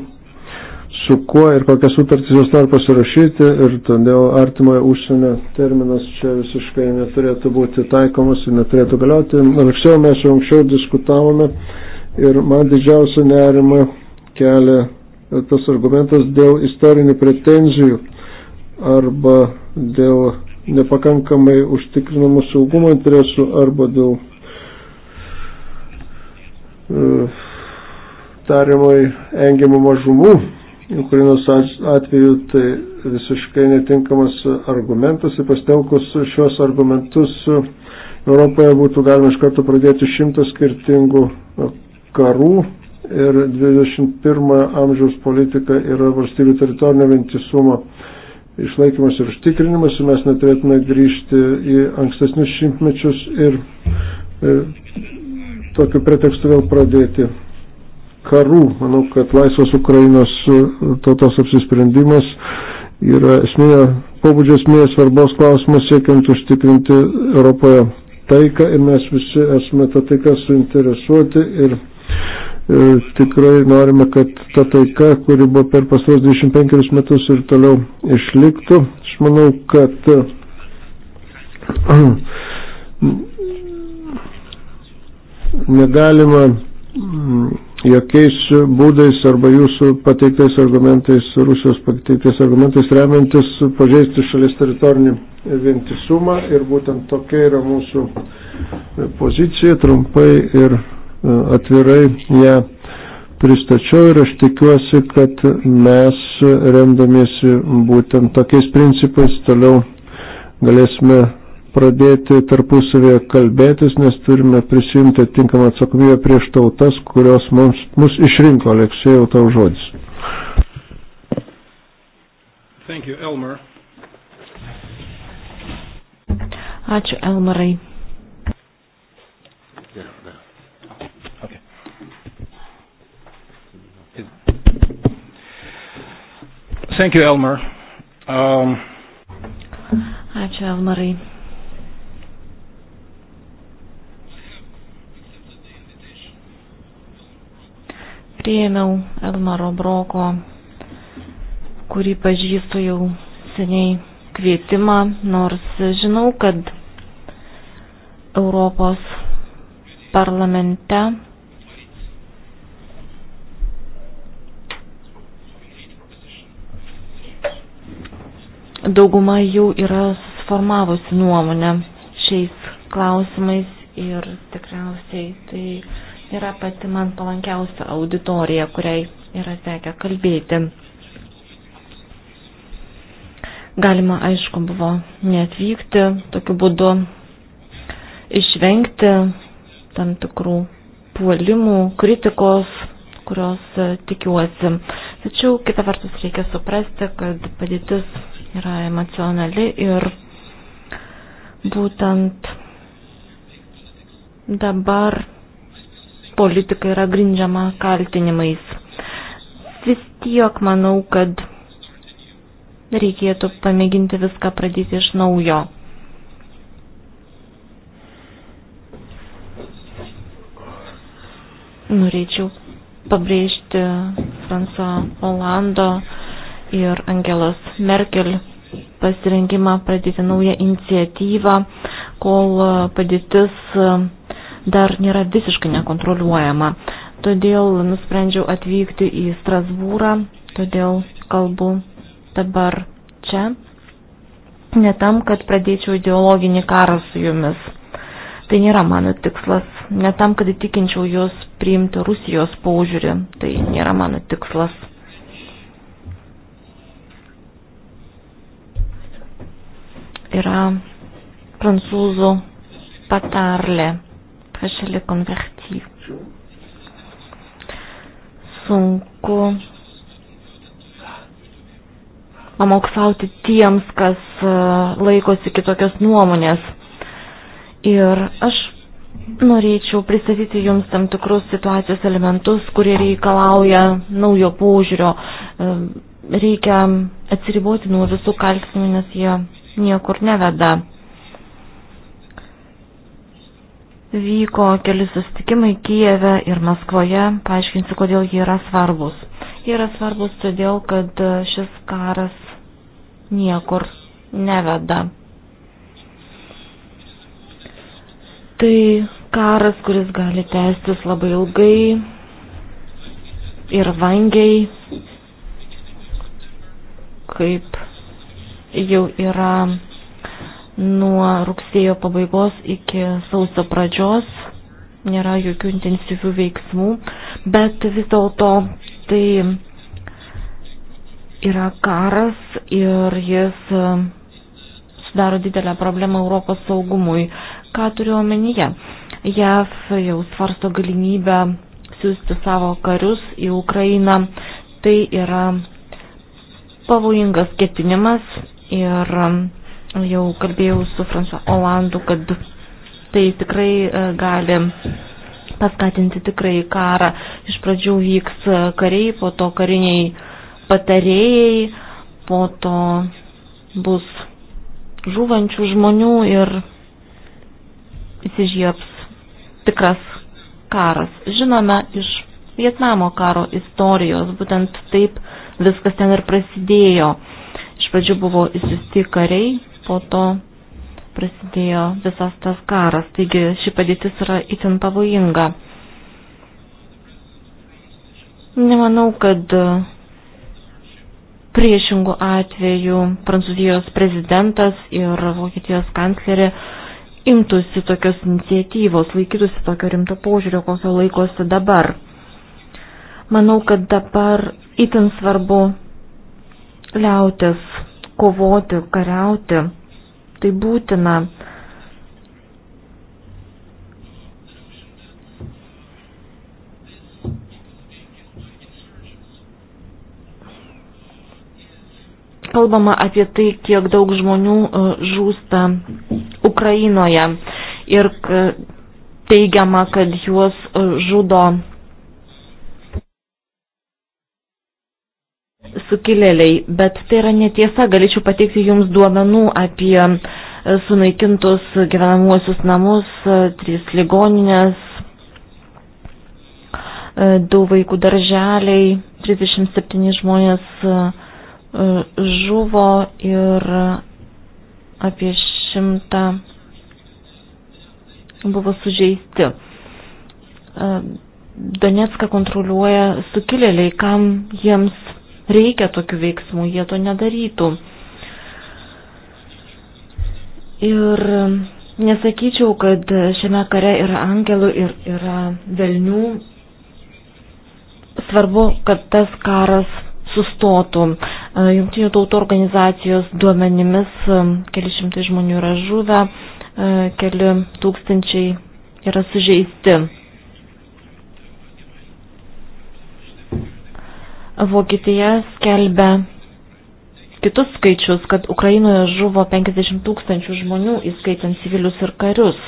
su kuo ir kokias sutartys jos nori pasirašyti ir todėl artimoje užsienio terminas čia visiškai neturėtų būti taikomas ir neturėtų galioti. Anksčiau mes jau anksčiau diskutavome ir man didžiausia nerima kelia tas argumentas dėl istorinių pretenzijų arba dėl nepakankamai užtikrinamų saugumo interesų arba dėl e, tariamai engiamų mažumų. Ukrainos atveju tai visiškai netinkamas argumentas ir pastelkus šios argumentus Europoje būtų galima iš karto pradėti šimtą skirtingų karų ir 21 amžiaus politika yra valstybių teritorinio vientisumo išlaikymas ir užtikrinimas ir mes neturėtume grįžti į ankstesnius šimtmečius ir, ir e, tokiu pretekstu vėl pradėti karų. Manau, kad laisvas Ukrainos e, tautos apsisprendimas yra esminė, pobūdžio esminė svarbos klausimas siekiant užtikrinti Europoje taiką ir mes visi esame tą taiką suinteresuoti ir tikrai norime, kad ta taika, kuri buvo per pasos 25 metus ir toliau išliktų. Aš manau, kad [clears throat] negalima mm, jokiais būdais arba jūsų pateiktais argumentais, Rusijos pateiktais argumentais remiantis pažeisti šalies teritorinį vientisumą ir būtent tokia yra mūsų pozicija trumpai ir atvirai ją pristačiau ir aš tikiuosi, kad mes remdamiesi būtent tokiais principais toliau galėsime pradėti tarpusavėje kalbėtis, nes turime prisimti tinkamą atsakomybę prieš tautas, kurios mums, mus išrinko, Aleksėjau, tau žodis. Thank you, Elmer. Ačiū, Elmarai. Thank you, Elmer. Um... Ačiū, Elmarai. Priėmiau Elmaro Broko, kurį pažįstu jau seniai kvietimą, nors žinau, kad Europos parlamente dauguma jų yra susiformavusi nuomonę šiais klausimais ir tikriausiai tai yra pati man palankiausia auditorija, kuriai yra tekę kalbėti. Galima, aišku, buvo neatvykti, tokiu būdu išvengti tam tikrų puolimų, kritikos, kurios e, tikiuosi Tačiau kita vertus reikia suprasti, kad padėtis yra emocionali ir būtent dabar politika yra grindžiama kaltinimais. Vis tiek manau, kad reikėtų pamėginti viską pradėti iš naujo. Norėčiau pabrėžti Franso Olando ir Angelos Merkel pasirengimą pradėti naują iniciatyvą, kol padėtis dar nėra visiškai nekontroliuojama. Todėl nusprendžiau atvykti į Strasbūrą, todėl kalbu dabar čia, ne tam, kad pradėčiau ideologinį karą su jumis. Tai nėra mano tikslas, ne tam, kad įtikinčiau jūs priimti Rusijos paužiūrį. Tai nėra mano tikslas. Yra prancūzų patarlė, prašelė konvertyv. Sunku pamokslauti tiems, kas e, laikosi kitokios nuomonės. Ir aš Norėčiau pristatyti Jums tam tikrus situacijos elementus, kurie reikalauja naujo paužiūrio. Reikia atsiriboti nuo visų kaltinimų, nes jie niekur neveda. Vyko keli sustikimai Kijeve ir Maskvoje, paaiškinsiu, kodėl jie yra svarbus. Jie yra svarbus todėl, kad šis karas niekur neveda. Tai karas, kuris gali tęstis labai ilgai ir vangiai, kaip jau yra nuo rugsėjo pabaigos iki sausio pradžios, nėra jokių intensyvių veiksmų, bet vis dėlto tai yra karas ir jis sudaro didelę problemą Europos saugumui. Ką turiu omenyje? JAV jau svarsto galimybę siūsti savo karius į Ukrainą. Tai yra pavojingas ketinimas ir um, jau kalbėjau su Fransu Olandu, kad tai tikrai e, gali paskatinti tikrai karą. Iš pradžių vyks e, kariai, po to kariniai patarėjai, po to bus žuvančių žmonių ir įsižiebs tikras karas. Žinome iš Vietnamo karo istorijos, būtent taip viskas ten ir prasidėjo. Iš pradžių buvo įsiusti kariai, po to prasidėjo visas tas karas, taigi ši padėtis yra itin pavojinga. Nemanau, kad priešingų atvejų Prancūzijos prezidentas ir Vokietijos kanclerė imtųsi tokios iniciatyvos, laikytųsi tokio rimto požiūrio, kokio laikosi dabar. Manau, kad dabar itin svarbu liautis, kovoti, kariauti. Tai būtina. kalbama apie tai, kiek daug žmonių e, žūsta Ukrainoje ir teigiama, kad juos e, žudo sukilėliai, bet tai yra netiesa, galėčiau pateikti jums duomenų apie e, sunaikintus gyvenamuosius namus, e, trys ligoninės, du vaikų darželiai, 37 žmonės žuvo ir apie šimtą buvo sužeisti. E, Donetską kontroliuoja sukilėliai, kam jiems reikia tokių veiksmų, jie to nedarytų. Ir nesakyčiau, kad šiame kare yra angelų ir yra velnių. Svarbu, kad tas karas sustotų. E, Jungtinių tautų organizacijos duomenimis e, keli šimtai žmonių yra žuvę, e, keli tūkstančiai yra sužeisti. Vokietija skelbia kitus skaičius, kad Ukrainoje žuvo 50 tūkstančių žmonių, įskaitant civilius ir karius.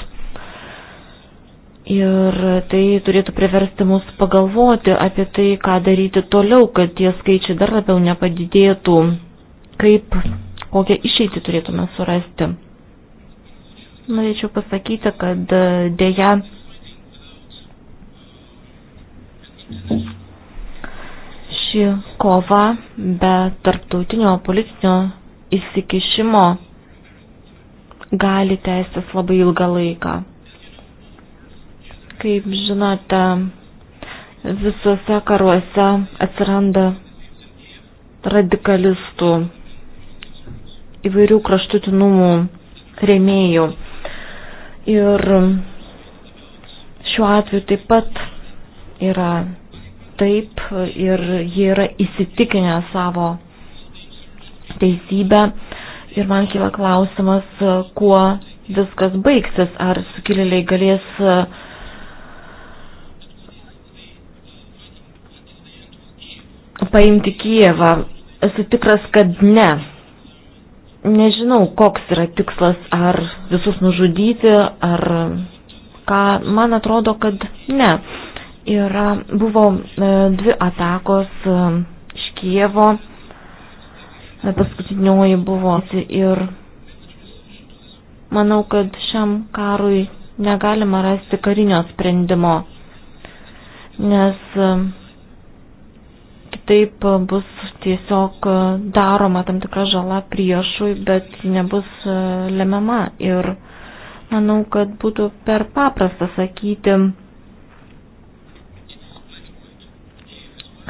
Ir tai turėtų priversti mus pagalvoti apie tai, ką daryti toliau, kad tie skaičiai dar labiau nepadidėtų, kaip, kokią išeitį turėtume surasti. Norėčiau pasakyti, kad dėja ši kova be tarptautinio politinio įsikišimo gali tęstis labai ilgą laiką. Kaip žinote, visose karuose atsiranda radikalistų, įvairių kraštutinumų rėmėjų. Ir šiuo atveju taip pat yra taip ir jie yra įsitikinę savo teisybę. Ir man kyla klausimas, kuo viskas baigsis, ar sukilėliai galės uh, paimti Kijevą. Esu tikras, kad ne. Nežinau, koks yra tikslas, ar visus nužudyti, ar ką. Man atrodo, kad ne. Yra, buvo e, dvi atakos e, iš Kijevo. E, paskutinioji buvo ir manau, kad šiam karui negalima rasti karinio sprendimo, nes taip e, bus tiesiog e, daroma tam tikra žala priešui, bet nebus e, lemiama. Ir manau, kad būtų per paprasta sakyti,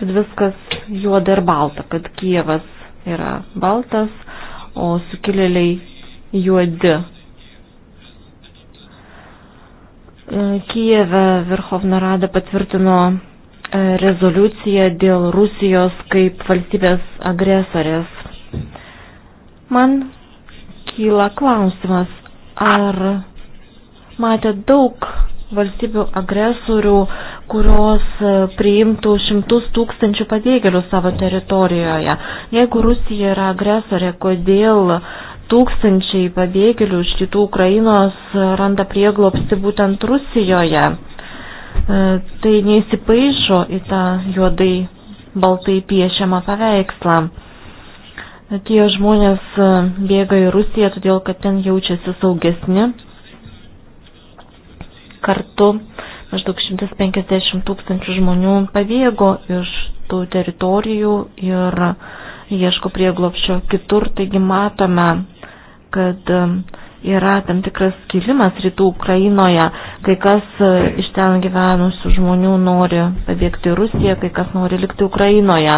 kad viskas juoda ir balta, kad Kievas yra baltas, o sukilėliai juodi. Kijeve Verhovna Rada patvirtino rezoliuciją dėl Rusijos kaip valstybės agresorės. Man kyla klausimas, ar matė daug valstybių agresorių, kurios priimtų šimtus tūkstančių pabėgėlių savo teritorijoje. Jeigu Rusija yra agresorė, kodėl tūkstančiai pabėgėlių iš kitų Ukrainos randa prieglopsti būtent Rusijoje? E, tai neįsipaišo į tą juodai baltai piešiamą paveikslą. E, tie žmonės e, bėga į Rusiją, todėl kad ten jaučiasi saugesni. Kartu maždaug 150 tūkstančių žmonių pabėgo iš tų teritorijų ir ieško prieglopščio kitur, taigi matome, kad uh, yra tam tikras skilimas rytų Ukrainoje. Kai kas e, iš ten gyvenusių žmonių nori pabėgti į Rusiją, kai kas nori likti Ukrainoje.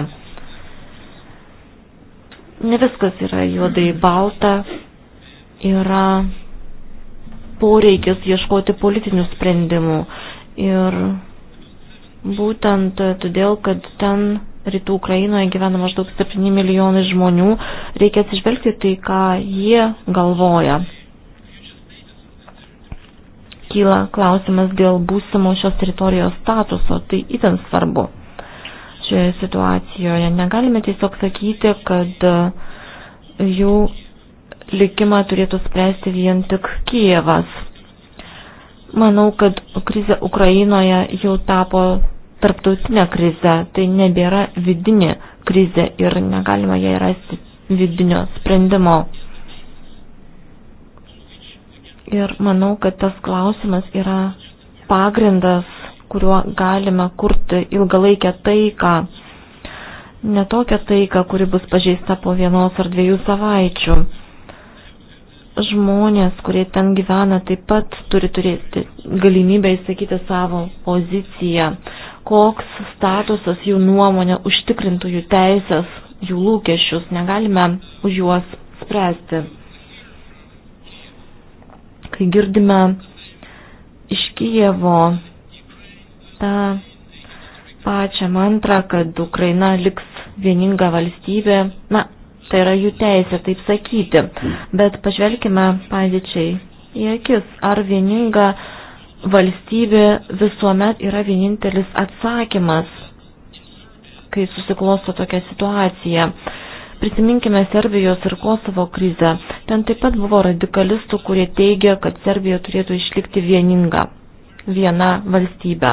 Ne viskas yra juodai balta, yra poreikis ieškoti politinių sprendimų. Ir būtent e, todėl, kad ten rytų Ukrainoje gyvena maždaug 7 milijonai žmonių, reikia atsižvelgti tai, ką jie galvoja kyla klausimas dėl būsimo šios teritorijos statuso, tai itin svarbu šioje situacijoje. Negalime tiesiog sakyti, kad e, jų likimą turėtų spręsti vien tik Kijevas. Manau, kad krizė Ukrainoje jau tapo tarptautinė krize, tai nebėra vidinė krizė ir negalima jai rasti vidinio sprendimo. Ir manau, kad tas klausimas yra pagrindas, kuriuo galime kurti ilgalaikę taiką. Ne tokią taiką, kuri bus pažeista po vienos ar dviejų savaičių. Žmonės, kurie ten gyvena, taip pat turi turėti galimybę įsakyti savo poziciją, koks statusas jų nuomonė užtikrintų jų teisės, jų lūkesčius, negalime už juos spręsti kai girdime iš Kijevo tą pačią mantrą, kad Ukraina liks vieninga valstybė, na, tai yra jų teisė taip sakyti, bet pažvelkime padėčiai į akis, ar vieninga valstybė visuomet yra vienintelis atsakymas, kai susiklosto tokia situacija. Prisiminkime Serbijos ir Kosovo krizę. Ten taip pat buvo radikalistų, kurie teigia, kad Serbija turėtų išlikti vieninga, viena valstybė.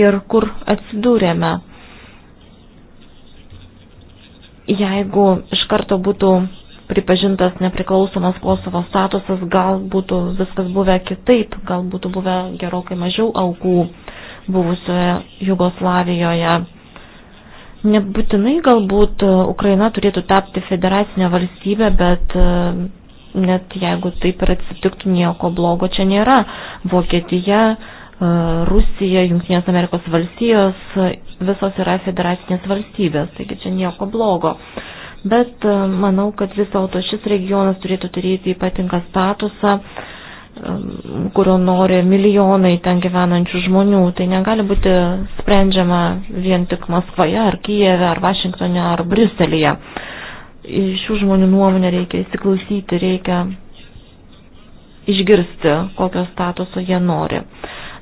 Ir kur atsidūrėme? Jeigu iš karto būtų pripažintas nepriklausomas Kosovo statusas, gal būtų viskas buvę kitaip, gal būtų buvę gerokai mažiau aukų buvusioje Jugoslavijoje Nebūtinai galbūt e, Ukraina turėtų tapti federacinę valstybę, bet e, net jeigu taip ir atsitiktų, nieko blogo čia nėra. Vokietija, e, Rusija, Junktinės Amerikos valstijos, visos yra federacinės valstybės, taigi čia nieko blogo. Bet manau, kad vis dėlto šis regionas turėtų turėti ypatingą statusą Um, kurio nori milijonai ten gyvenančių žmonių. Tai negali būti sprendžiama vien tik Maskvoje ar Kijeve ar Vašingtone ar Briuselėje. Į šių žmonių nuomonę reikia įsiklausyti, reikia išgirsti, kokio statuso jie nori.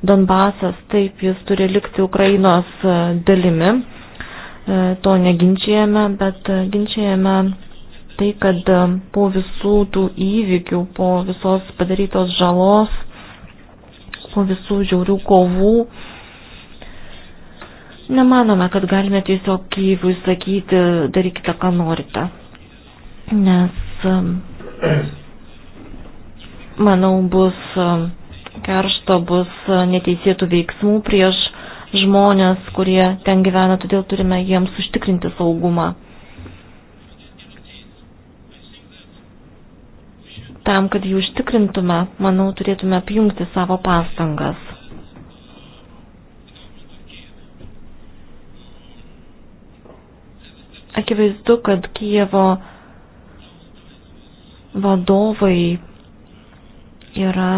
Donbasas, taip, jis turi likti Ukrainos dalimi, e, to neginčijame, bet e, ginčijame tai, kad e, po visų tų įvykių, po visos padarytos žalos, po visų žiaurių kovų, nemanome, kad galime tiesiog Kyivui sakyti, darykite, ką norite. Nes, e, manau, bus e, keršto, bus neteisėtų veiksmų prieš žmonės, kurie ten gyvena, todėl turime jiems užtikrinti saugumą. Tam, kad jų užtikrintume, manau, turėtume apjungti savo pastangas. Akivaizdu, kad Kijevo vadovai yra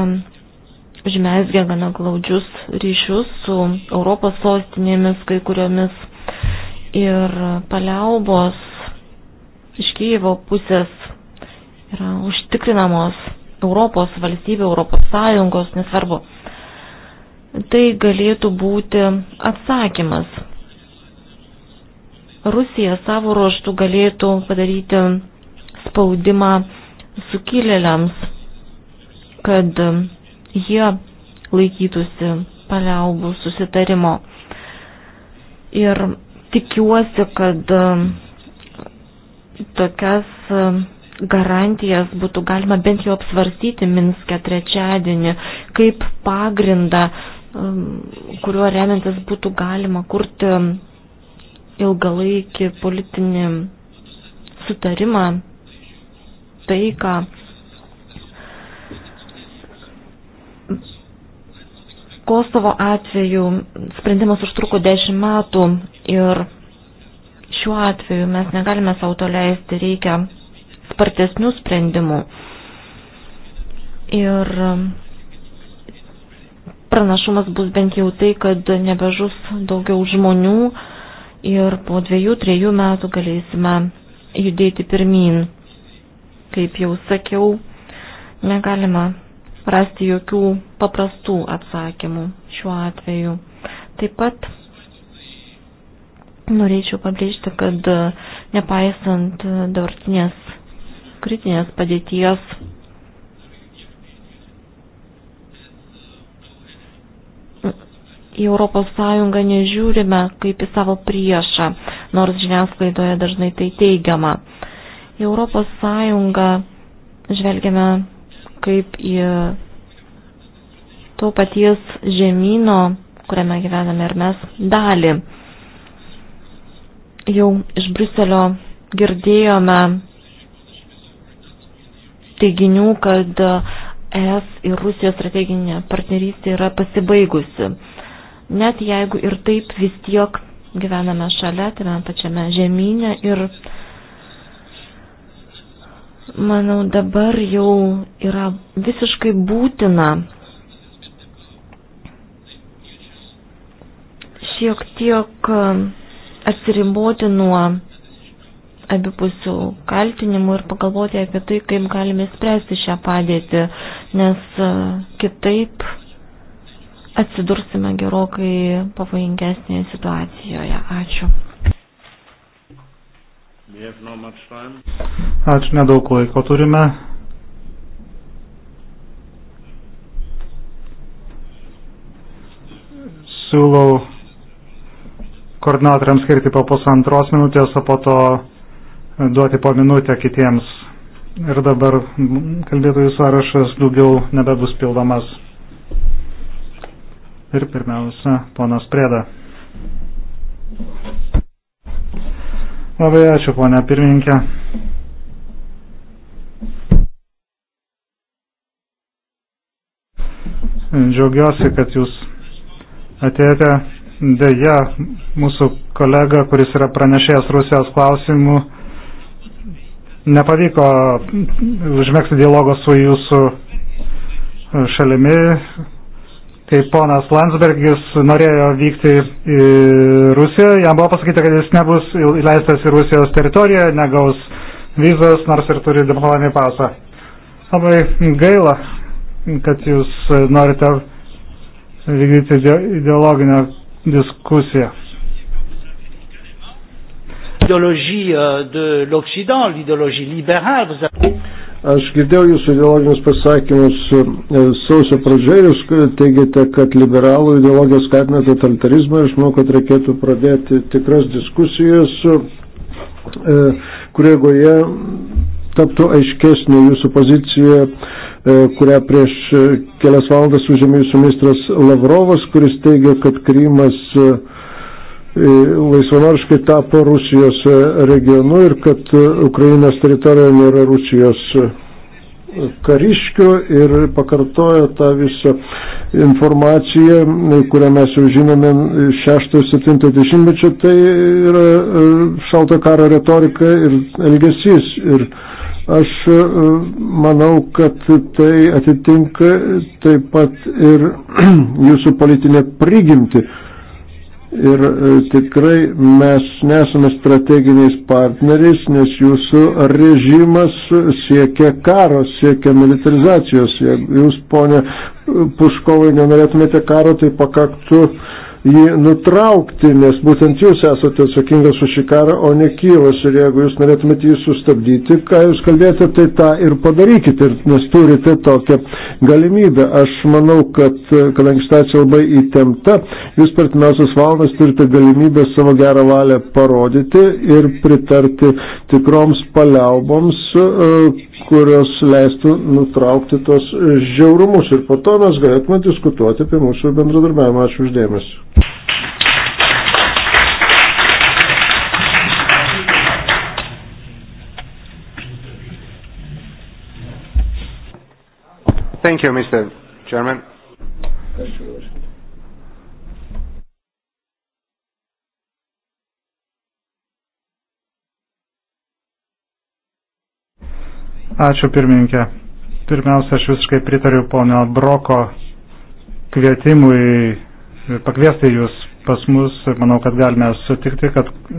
užmesgę gana glaudžius ryšius su Europos sostinėmis kai kuriomis ir paliaubos iš Kyivo pusės yra užtikrinamos Europos valstybių, Europos Sąjungos, nesvarbu. Tai galėtų būti atsakymas. Rusija savo ruoštų galėtų padaryti spaudimą sukilėliams, kad jie laikytųsi paliaubų susitarimo. Ir tikiuosi, kad tokias garantijas būtų galima bent jau apsvarstyti Minske trečiadienį kaip pagrindą, um, kuriuo remiantis būtų galima kurti ilgalaikį politinį sutarimą, taiką. Kosovo atveju sprendimas užtruko dešimt metų ir šiuo atveju mes negalime savo to leisti, reikia spartesnių sprendimų. Ir um, pranašumas bus bent jau tai, kad nebežus daugiau žmonių ir po dviejų, trejų metų galėsime judėti pirmin. Kaip jau sakiau, negalima rasti jokių paprastų atsakymų šiuo atveju. Taip pat norėčiau pabrėžti, kad nepaisant dabartinės kritinės padėties. Į Europos Sąjungą nežiūrime kaip į savo priešą, nors žiniasklaidoje dažnai tai teigiama. Į Europos Sąjungą žvelgiame kaip į to paties žemynų, kuriame gyvename ir mes, dalį. Jau iš Briuselio girdėjome teiginių, kad ES ir Rusijos strateginė partnerystė yra pasibaigusi. Net jeigu ir taip vis tiek gyvename šalia, tame tai pačiame žemynė ir manau dabar jau yra visiškai būtina šiek tiek atsiriboti nuo abipusių kaltinimų ir pagalvoti apie tai, kaip galime spręsti šią padėtį, nes e, kitaip atsidursime gerokai pavojingesnėje situacijoje. Ačiū. Ačiū nedaug laiko turime. Siūlau koordinatoriams skirti po pusantros minutės, o po to duoti po minutę kitiems. Ir dabar kalbėtojų sąrašas daugiau nebebus pildomas. Ir pirmiausia, ponas Prėda. Labai ačiū, ponia pirmininkė. Džiaugiuosi, kad jūs atėjote. Deja, mūsų kolega, kuris yra pranešėjęs Rusijos klausimų, nepavyko užmėgsti dialogo su jūsų šalimi, kai ponas Landsbergis norėjo vykti į Rusiją, jam buvo pasakyta, kad jis nebus įleistas į Rusijos teritoriją, negaus vizos, nors ir turi diplomatinį pasą. Labai gaila, kad jūs norite vykdyti ideologinę diskusiją l'idéologie euh, de l'Occident, l'idéologie libérale. Vous avez... Aš girdėjau jūsų ideologinius pasakymus e, sausio pradžioje, jūs teigiate, kad liberalų ideologija skatina totalitarizmą ir aš manau, kad reikėtų pradėti tikras diskusijas, e, kuriegoje taptų aiškesnė jūsų pozicija, e, kurią prieš kelias valandas užėmė jūsų ministras Lavrovas, kuris teigia, kad Krymas laisvanoriškai tapo Rusijos e, regionu ir kad e, Ukrainos teritorijoje nėra Rusijos e, kariškių ir pakartojo tą visą informaciją, kurią mes jau žinome 6-7 dešimtmečio, tai yra šalto karo retorika ir elgesys. Ir aš manau, kad tai atitinka taip pat ir [clears throat] jūsų politinė prigimti Ir e, tikrai mes nesame strateginiais partneriais, nes jūsų režimas siekia karo, siekia militarizacijos. Jeigu jūs, ponė Puškovai, nenorėtumėte karo, tai pakaktų uh, jį nutraukti, nes būtent jūs esate atsakingas už šį karą, o ne Kyivas. Ir jeigu jūs norėtumėte jį sustabdyti, ką jūs kalbėjote, tai tą ir padarykite, nes turite tokią galimybę. Aš manau, kad, kadangi situacija labai įtempta, jūs per timiausias valandas turite galimybę savo gerą valią parodyti ir pritarti tikroms paliauboms, kurios leistų nutraukti tos žiaurumus ir po to mes galėtume diskutuoti apie mūsų bendradarbiavimą. Ačiū uždėmesi. Thank you, Mr. Chairman. Thank you. Ačiū pirmininkė. Pirmiausia, aš visiškai pritariu ponio Broko kvietimui pakviesti jūs pas mus ir manau, kad galime sutikti, kad e,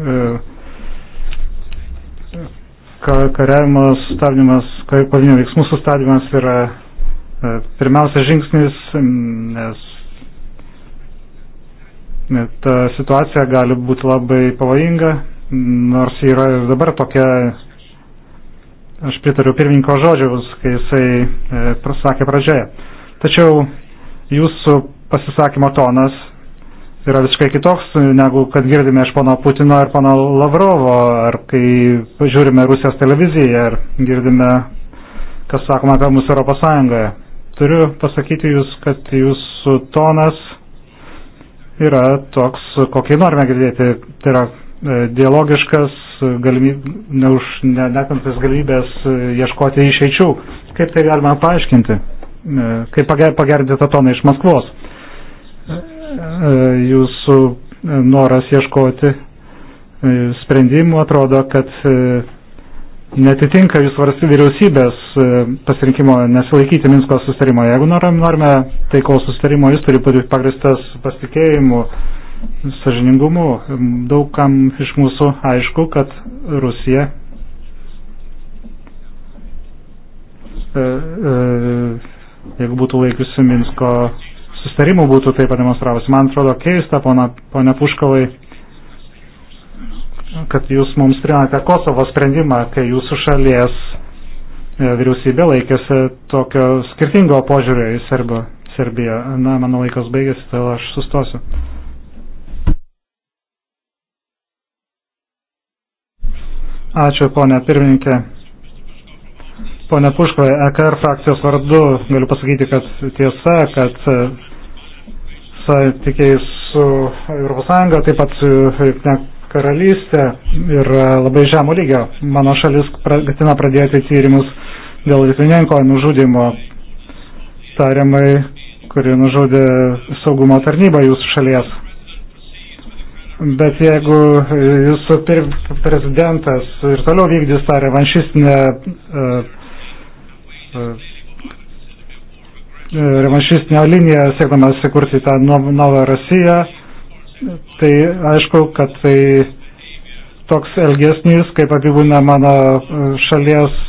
kariavimo sustabdymas, kovinių veiksmų sustabdymas yra e, pirmiausia žingsnis, nes ta situacija gali būti labai pavojinga, nors yra dabar tokia Aš pritariu pirmininko žodžiaus, kai jisai e, pasakė pradžioje. Tačiau jūsų pasisakymo tonas yra visiškai kitoks, negu kad girdime iš pono Putino ir pono Lavrovo, ar kai žiūrime Rusijos televiziją ir girdime, kas sakoma apie mūsų Europos Sąjungoje. Turiu pasakyti jūs, kad jūsų tonas yra toks, kokį norime girdėti. Tai yra e, dialogiškas, galimybės, neuž, ne, nekantis galimybės ieškoti išeičių. Kaip tai galima paaiškinti? E, kaip pagerinti tą toną iš Maskvos? E, e, jūsų noras ieškoti sprendimų atrodo, kad netitinka jūs varsti vyriausybės pasirinkimo nesilaikyti Minsko sustarimo. Jeigu norime, norime taikaus sustarimo, jis turi būti pagristas pasitikėjimu sažiningumu. Daugam iš mūsų aišku, kad Rusija e, e, jeigu būtų laikiusi Minsko sustarimų, būtų tai pademonstravusi. Man atrodo keista, ponia Puškovai, kad jūs mums primenate Kosovo sprendimą, kai jūsų šalies e, vyriausybė laikėsi tokio skirtingo požiūrio į Serbiją. Na, mano laikas baigėsi, tai aš sustosiu. Ačiū, ponė pirmininkė. Pone Puško, EKR frakcijos vardu galiu pasakyti, kad tiesa, kad e, santykiai su ES, taip pat su Junktinė karalystė yra labai žemo lygio. Mano šalis ketina pradėti tyrimus dėl Litvinenko nužudimo tariamai, kuri nužudė saugumo tarnybą jūsų šalies. Bet jeigu jūsų prezidentas ir toliau vykdys tą revanšistinę e, e, e, revanšistinę liniją, siekdamas įkurti tą Novą Rasiją, tai aišku, kad tai toks elgesnis, kaip apibūna mano šalies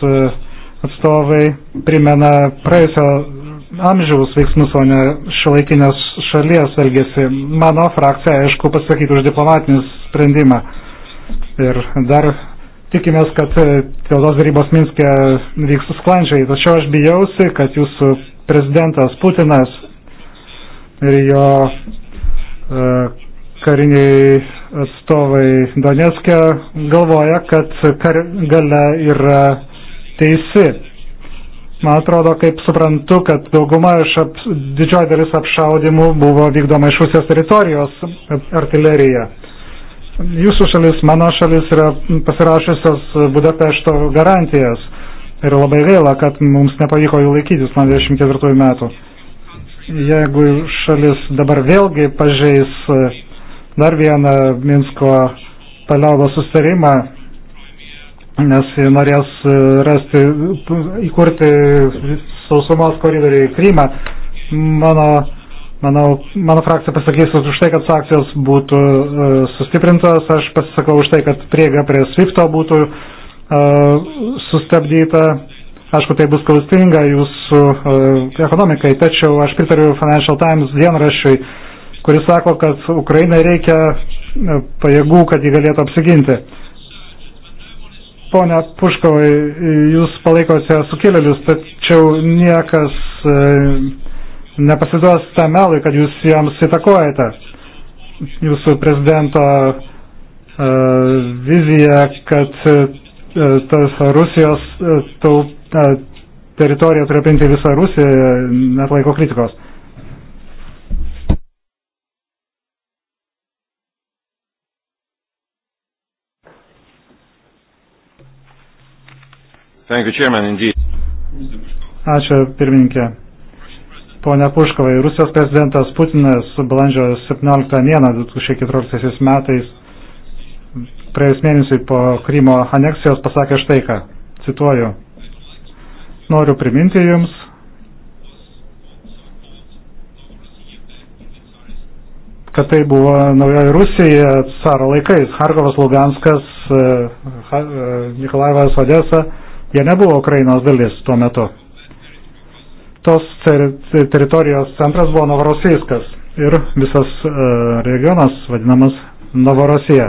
atstovai, primena praėjusio amžiaus veiksmus, o ne šiolaikinės šalies elgesį. Mano frakcija, aišku, pasakyti už diplomatinį sprendimą. Ir dar tikimės, kad e, tiesos darybos Minske vyks sklandžiai. Tačiau aš bijausi, kad jūsų prezidentas Putinas ir jo e, kariniai atstovai Donetskė galvoja, kad kar, gale yra teisi Man atrodo, kaip suprantu, kad dauguma iš ap, didžioji dalis apšaudimų buvo vykdoma iš Rusijos teritorijos artilerija. Jūsų šalis, mano šalis yra pasirašusios Budapešto garantijas ir labai gaila, kad mums nepavyko jų laikytis nuo 24 metų. Jeigu šalis dabar vėlgi pažeis dar vieną Minsko paliaubos sustarimą, nes norės e, rasti, įkurti sausumos koridorių į Krymą. Mano, manau, mano frakcija pasakys už tai, kad sankcijos būtų e, sustiprintos, aš pasisakau už tai, kad prieiga prie SWIFTO būtų uh, sustabdyta. Aišku, tai bus kaustinga jūsų uh, ekonomikai, tačiau aš pritariu Financial Times dienrašiui, kuris sako, kad Ukrainai reikia pajėgų, kad jį galėtų apsiginti. Pone Puškovai, jūs palaikote sukėlėlius, tačiau niekas e, nepasiduos tą melui, kad jūs jiems įtakojate. Jūsų prezidento e, vizija, kad e, tas Rusijos tau, teritorija turi apimti visą Rusiją, net laiko kritikos. Thank you, Chairman, indeed. Ačiū, pirmininkė. Pone Puškovai, Rusijos prezidentas Putinas balandžio 17 dieną 2014 metais praėjus mėnesiui po Krymo aneksijos pasakė štai ką. Cituoju. Noriu priminti jums, kad tai buvo naujoji Rusija caro laikais. Harkovas, Luganskas, e, e, Nikolajevas, Odesa Jie nebuvo Ukrainos dalis tuo metu. Tos teritorijos centras buvo Novorosijskas ir visas e, regionas vadinamas Novorosija.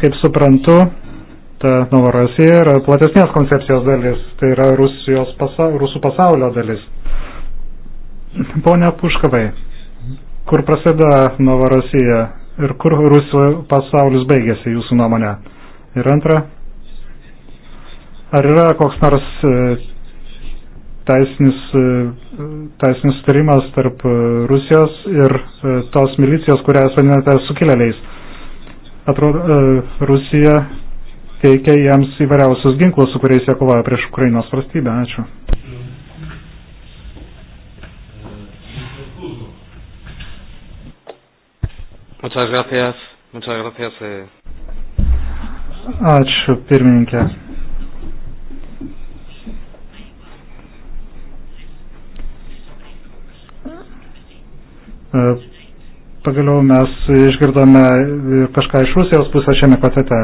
Kaip suprantu, ta Novorosija yra platesnės koncepcijos dalis, tai yra Rusijos pasa, Rusų pasaulio dalis. Pone Puškavai, kur prasideda Novorosija ir kur Rusų pasaulis baigėsi jūsų nuomonė? Ir antra, Ar yra koks nors e, teisinis, e, teisinis sutarimas tarp e, Rusijos ir tos milicijos, kurią vadinate sukilėliais? Atrodo, Rusija teikia jiems įvairiausius ginklus, su kuriais jie kovoja prieš Ukrainos valstybę. Ačiū. Muchas gracias. Muchas gracias. Eh. Ačiū, pirmininkė. E, pagaliau mes išgirdome kažką iš Rusijos pusės šiame patete.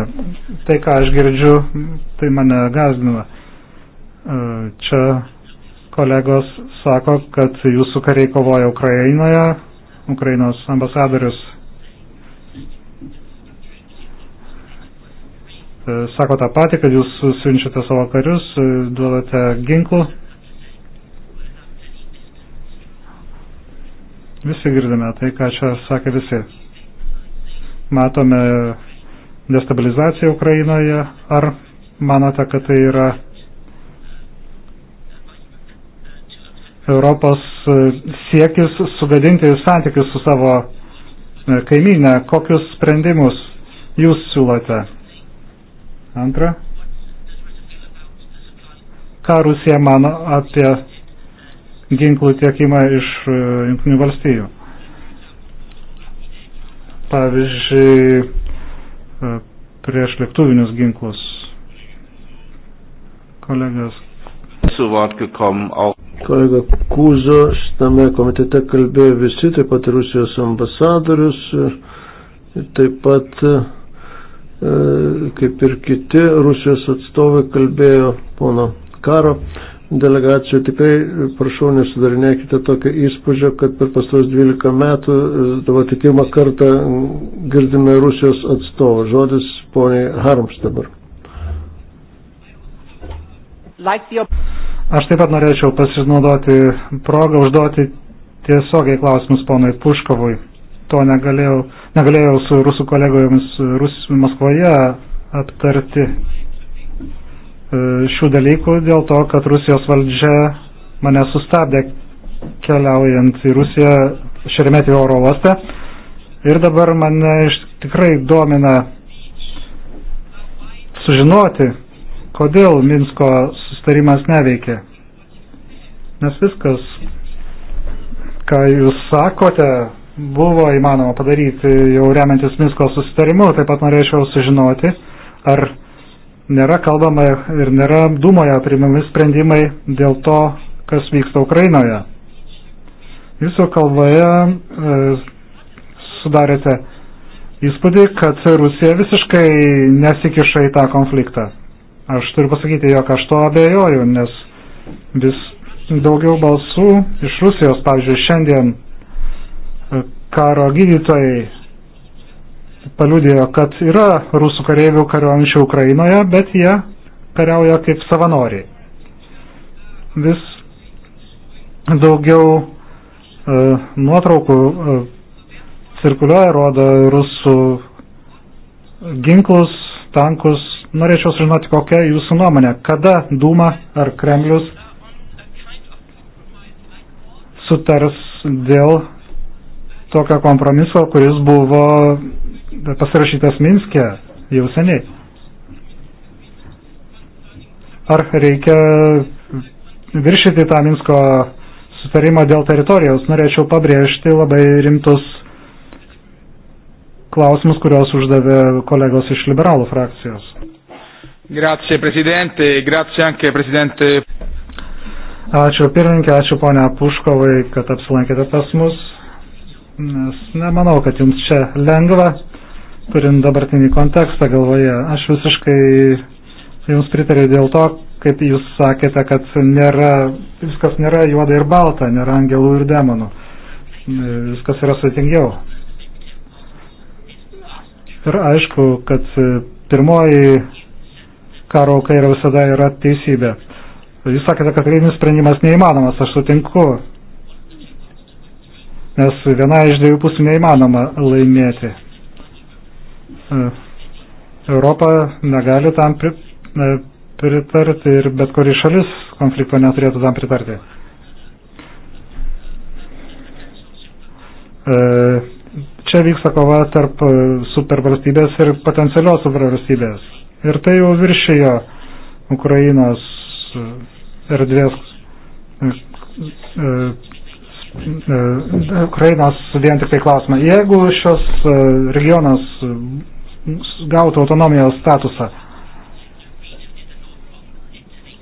Tai, ką aš girdžiu, tai mane gazdina. E, čia kolegos sako, kad jūsų kariai kovoja Ukrainoje, Ukrainos ambasadorius e, sako tą patį, kad jūs siunčiate savo karius, duodate ginklų Visi girdime tai, ką čia sakė visi. Matome destabilizaciją Ukrainoje. Ar manote, kad tai yra Europos siekis sugadinti santykius su savo e, kaimynę? Kokius sprendimus jūs siūlote? Antra. Ką Rusija mano apie ginklų tiekimą iš e, Junktinių valstijų. Pavyzdžiui, e, prieš lėktuvinius ginklus. Kolegas. Kolega Kūzo šitame komitete kalbėjo visi, taip pat Rusijos ambasadorius, e, taip pat kaip ir kiti Rusijos atstovai kalbėjo pono karo delegacijų. Tikrai prašau nesudarinėkite tokio įspūdžio, kad per pastos 12 metų e, dabar tik pirmą kartą girdime Rusijos atstovą. Žodis poniai Harms dabar. Aš taip pat norėčiau pasinaudoti progą užduoti tiesiogiai klausimus ponui Puškovui. To negalėjau, negalėjau su rusų kolegojomis Rus, Maskvoje aptarti E, šių dalykų dėl to, kad Rusijos valdžia mane sustabdė keliaujant į Rusiją Šeremetį oro uostą. Ir dabar mane iš tikrai domina sužinoti, kodėl Minsko sustarimas neveikia. Nes viskas, ką jūs sakote, buvo įmanoma padaryti jau remiantis Minsko sustarimu. Taip pat norėčiau sužinoti, ar nėra kalbama ir nėra dūmoje priimami sprendimai dėl to, kas vyksta Ukrainoje. Jūsų kalboje e, sudarėte įspūdį, kad Rusija visiškai nesikiša į tą konfliktą. Aš turiu pasakyti, jog aš to abejoju, nes vis daugiau balsų iš Rusijos, pavyzdžiui, šiandien e, karo gydytojai paliudėjo, kad yra rusų kareivių kariuomenčių Ukrainoje, bet jie kariauja kaip savanoriai. Vis daugiau e, nuotraukų e, cirkuliuoja, rodo rusų ginklus, tankus. Norėčiau sužinoti, kokia jūsų nuomonė, kada Dūma ar Kremlius sutars dėl tokio kompromiso, kuris buvo pasirašytas Minske jau seniai. Ar reikia viršyti tą Minsko sutarimą dėl teritorijos? Norėčiau pabrėžti labai rimtus klausimus, kuriuos uždavė kolegos iš liberalų frakcijos. Grazie, prezidente, grazie anche, prezidente. Ačiū pirmininkė, ačiū ponia Puškovai, kad apsilankėte pas mus, nes nemanau, kad jums čia lengva turint dabartinį kontekstą galvoje. Aš visiškai jums pritariu dėl to, kaip jūs sakėte, kad nėra, viskas nėra juoda ir balta, nėra angelų ir demonų. Viskas yra sudėtingiau. Ir aišku, kad pirmoji karo auka yra visada yra teisybė. Jūs sakėte, kad karinis sprendimas neįmanomas, aš sutinku. Nes viena iš dviejų pusių neįmanoma laimėti. Hmm. Europa negali tam e, pritarti ir bet kuri šalis konflikto neturėtų tam pritarti. E, čia vyksta kova tarp e, supervalstybės ir potencialios supervalstybės. Ir tai jau viršijo Ukrainos erdvės E, Ukrainos vien tik tai klausimą. Jeigu šios e, regionas gautų autonomijos statusą,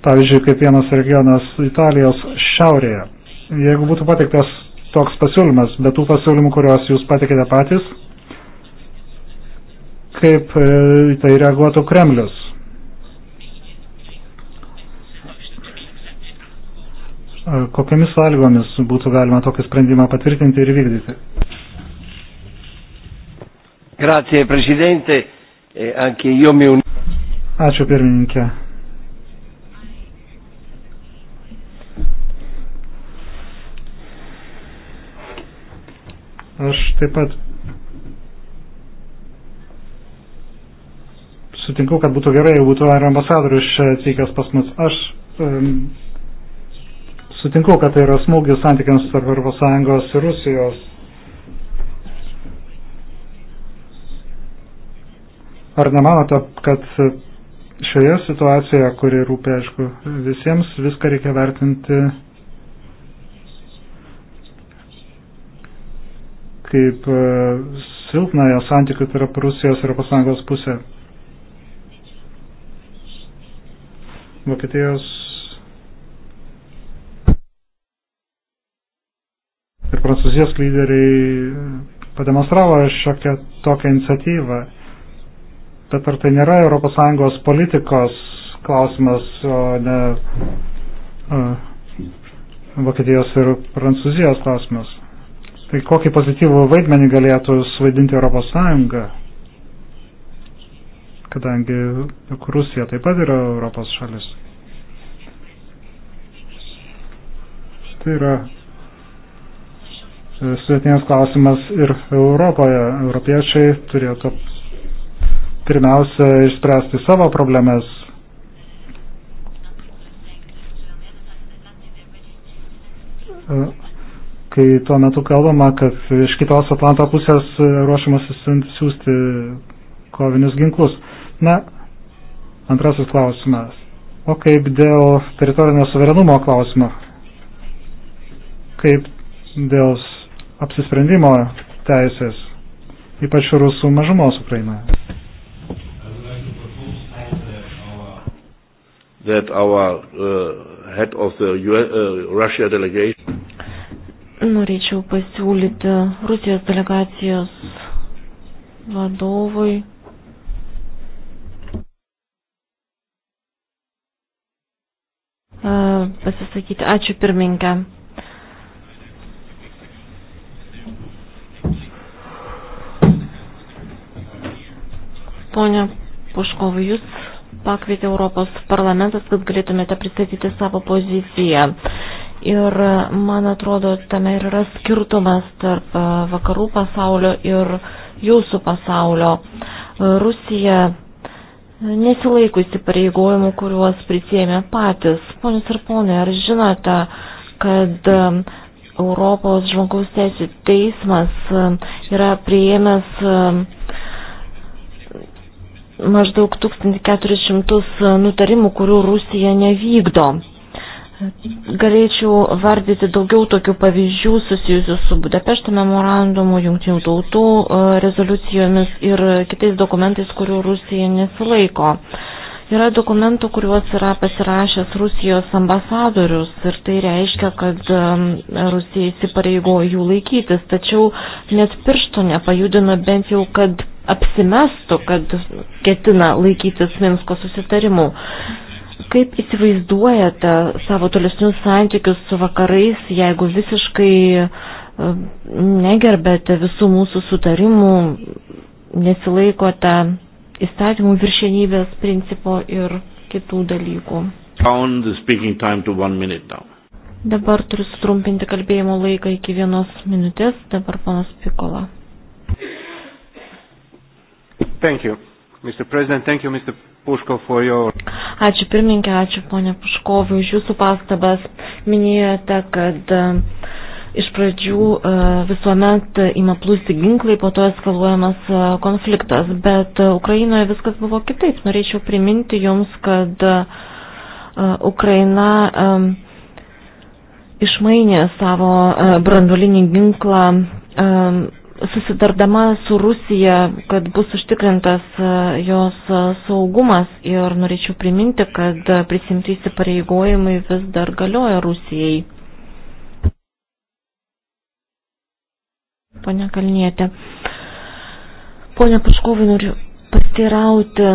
pavyzdžiui, kaip vienas regionas Italijos šiaurėje, jeigu būtų patiktas toks pasiūlymas, bet tų pasiūlymų, kuriuos jūs patikėte patys, kaip e, į tai reaguotų Kremlius. kokiamis sąlygomis būtų galima tokį sprendimą patvirtinti ir vykdyti. Grazie, Presidente. E anche io mi un... Ačiū pirmininkė. Aš taip pat sutinku, kad būtų gerai, jeigu būtų ambasadorius čia atvykęs pas mus. Aš um, Sutinku, kad tai yra smūgis santykiams tarp Europos Sąjungos ir Rusijos. Ar nemanote, kad šioje situacijoje, kuri rūpia, aišku, visiems, viską reikia vertinti kaip e, silpnąją santykių tarp Rusijos ir Europos Sąjungos pusę? Vokietijos ir prancūzijos lyderiai e, pademonstravo šiokią tokią iniciatyvą. Bet ar tai nėra ES politikos klausimas, o ne a, e, Vokietijos ir Prancūzijos klausimas? Tai kokį pozityvų vaidmenį galėtų suvaidinti ES? Kadangi Rusija taip pat yra Europos šalis. Tai yra sudėtinės klausimas ir Europoje. Europiečiai turėtų pirmiausia išspręsti savo problemas. Kai tuo metu kalbama, kad iš kitos Atlanto pusės ruošiamasi siūsti kovinius ginklus. Na, antrasis klausimas. O kaip dėl teritorinio suverenumo klausimo? Kaip dėl apsisprendimo teisės, ypač rusų mažumos Ukrainoje. That our uh, head of the US, uh, Russia delegation. Norėčiau pasiūlyti Rusijos delegacijos vadovui uh, pasisakyti. Ačiū pirmininkė. Pone Puškovai, jūs pakvietė Europos parlamentas, kad galėtumėte pristatyti savo poziciją. Ir man atrodo, tame ir yra skirtumas tarp e, vakarų pasaulio ir jūsų pasaulio. E, Rusija nesilaiko įsipareigojimų, kuriuos prisėmė patys. Ponius ir ponai, ar žinote, kad e, Europos žmogaus teisų teismas yra prieėmęs maždaug 1400 e, nutarimų, kurių Rusija nevykdo. Galėčiau vardyti daugiau tokių pavyzdžių susijusių su Budapešto memorandumu, jungtinių tautų e, rezoliucijomis ir kitais dokumentais, kurių Rusija nesilaiko. Yra dokumentų, kuriuos yra pasirašęs Rusijos ambasadorius ir tai reiškia, kad e, Rusija įsipareigo jų laikytis, tačiau net piršto nepajudino bent jau, kad apsimestų, kad ketina laikytis Minsko susitarimų. Kaip įsivaizduojate savo tolesnius santykius su vakarais, jeigu visiškai e, negerbėte visų mūsų sutarimų, nesilaikote įstatymų viršienybės principo ir kitų dalykų? Dabar turiu sutrumpinti kalbėjimo laiką iki vienos minutės, dabar panas Pikola. Thank you, Mr. President. Thank you, Mr. Puško, for your. Ačiū pirmininkė, ačiū ponė Puškovai už jūsų pastabas. Minėjote, kad e, iš pradžių e, visuomet ima plūsti ginklai, po to eskaluojamas e, konfliktas, bet Ukrainoje viskas buvo kitaip. Norėčiau priminti jums, kad Ukraina išmainė savo branduolinį ginklą susidardama su Rusija, kad bus užtikrintas e, jos e, saugumas ir norėčiau priminti, kad prisimti įsipareigojimai vis dar galioja Rusijai. Pone Kalnietė, pone Paškovai noriu pastirauti,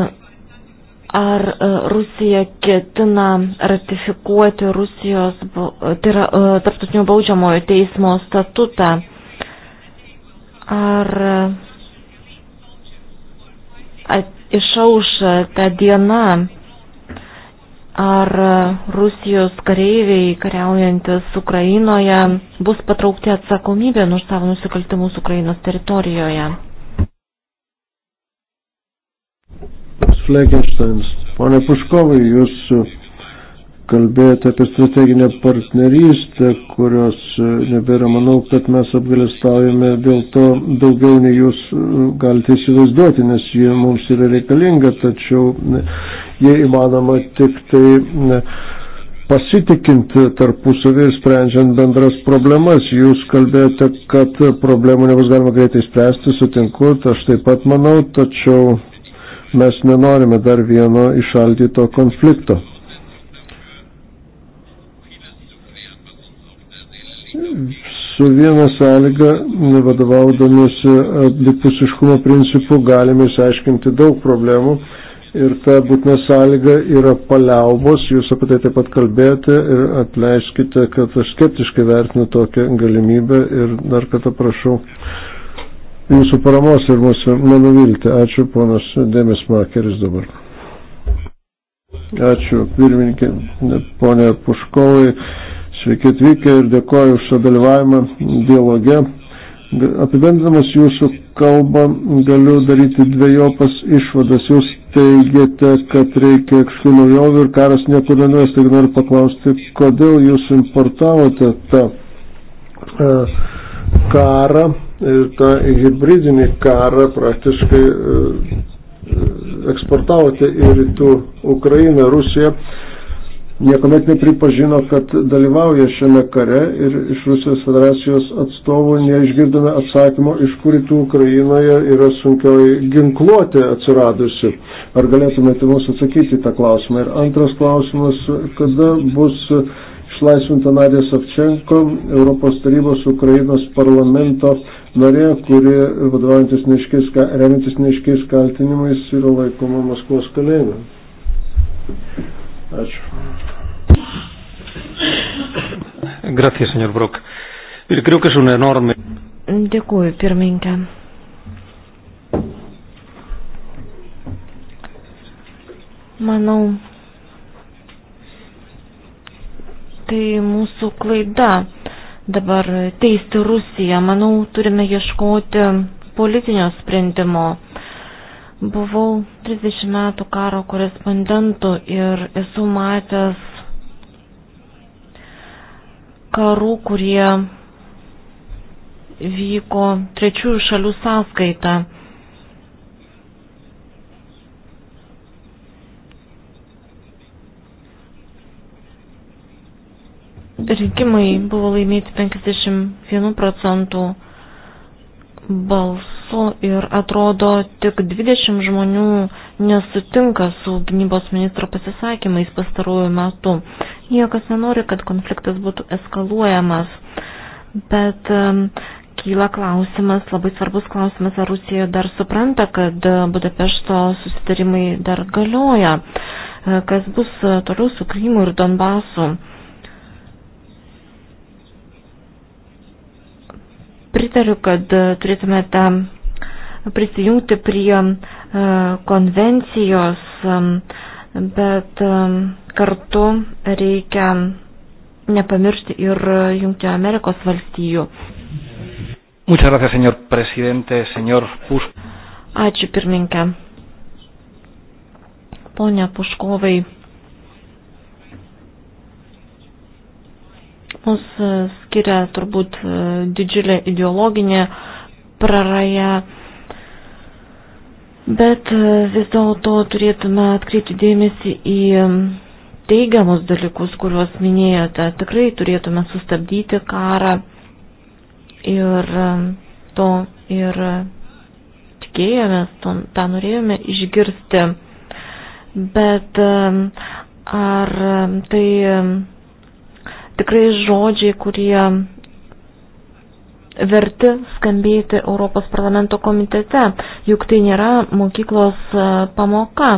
ar e, Rusija ketina ratifikuoti Rusijos, tai yra tarptautinio baudžiamojo teismo statutą Ar išauš ta diena, ar Rusijos kareiviai kariaujantis Ukrainoje bus patraukti atsakomybė už savo nusikaltimus Ukrainos teritorijoje? Fleckensteins. Pane Puškovai, jūs kalbėjote apie strateginę partnerystę, kurios e, nebėra, manau, kad mes apgalėstaujame dėl to daugiau nei jūs e, galite įsivaizduoti, nes ji mums yra reikalinga, tačiau jie įmanoma tik tai e, pasitikint tarpusavį ir sprendžiant bendras problemas. Jūs kalbėjote, kad problemų nebus galima greitai spręsti, sutinku, aš taip pat manau, tačiau mes nenorime dar vieno išaldyto konflikto. su viena sąlyga, vadovaudomėsi abipusiškumo principu, galime išaiškinti daug problemų. Ir ta būtina sąlyga yra paliaubos, jūs apie tai taip pat kalbėjote ir atleiskite, kad aš skeptiškai vertinu tokią galimybę ir dar kartą prašau jūsų paramos ir mūsų mano viltį. Ačiū ponas Dėmes Makeris dabar. Ačiū pirmininkė, ponė Puškovai Sveiki atvykę ir dėkoju už dalyvavimą dialoge. Apibendrinamas jūsų kalbą galiu daryti dviejopas išvadas. Jūs teigiate, kad reikia kažkokių naujovių ir karas niekur nenuės. Tik noriu paklausti, kodėl jūs importavote tą e, karą ir tą hybridinį karą praktiškai e, e, eksportavote į rytų Ukrainą, Rusiją. E, niekuomet nepripažino, kad dalyvauja šiame kare ir iš Rusijos federacijos atstovų neišgirdome atsakymo, iš kur rytų Ukrainoje yra sunkioji ginkluotė atsiradusi. Ar galėtumėte mums atsakyti tą klausimą? Ir antras klausimas, kada bus išlaisvinta Nadė Savčenko, Europos tarybos Ukrainos parlamento narė, kuri vadovaujantis neiškiais, remintis neiškiais kaltinimais yra laikoma Maskvos kalėjime. Ačiū. Gracias, señor Brock. Creo que es un enorme. Dėkuoju, pirmininkė. Manau, tai mūsų klaida dabar teisti Rusiją. Manau, turime ieškoti politinio sprendimo. Buvau 30 metų karo korespondentų ir esu matęs karų, kurie vyko trečiųjų šalių sąskaita. Rinkimai buvo laimėti 51 procentų balsų ir atrodo tik 20 žmonių nesutinka su gynybos ministro pasisakymais pastaruoju metu. Niekas nenori, kad konfliktas būtų eskaluojamas, bet kyla klausimas, labai svarbus klausimas, ar Rusija dar supranta, kad e, Budapešto susitarimai dar galioja, e, kas bus e, toliau su Krymu ir Donbasu. Pritariu, kad turėtumėte prisijungti prie konvencijos, bet Kartu reikia nepamiršti ir Junktinio Amerikos valstijų. Muchas gracias, señor presidente, señor Pusk. Ačiū pirmininkė. Pone Puškovai, mus skiria turbūt didžiulė ideologinė praraja, bet vis dėlto turėtume atkreipti dėmesį į teigiamus dalykus, kuriuos minėjote. Tikrai turėtume sustabdyti karą ir um, to ir tikėjomės, to, tą norėjome išgirsti. Bet um, ar um, tai tikrai žodžiai, kurie verti skambėti Europos parlamento komitete, juk tai nėra mokyklos uh, pamoka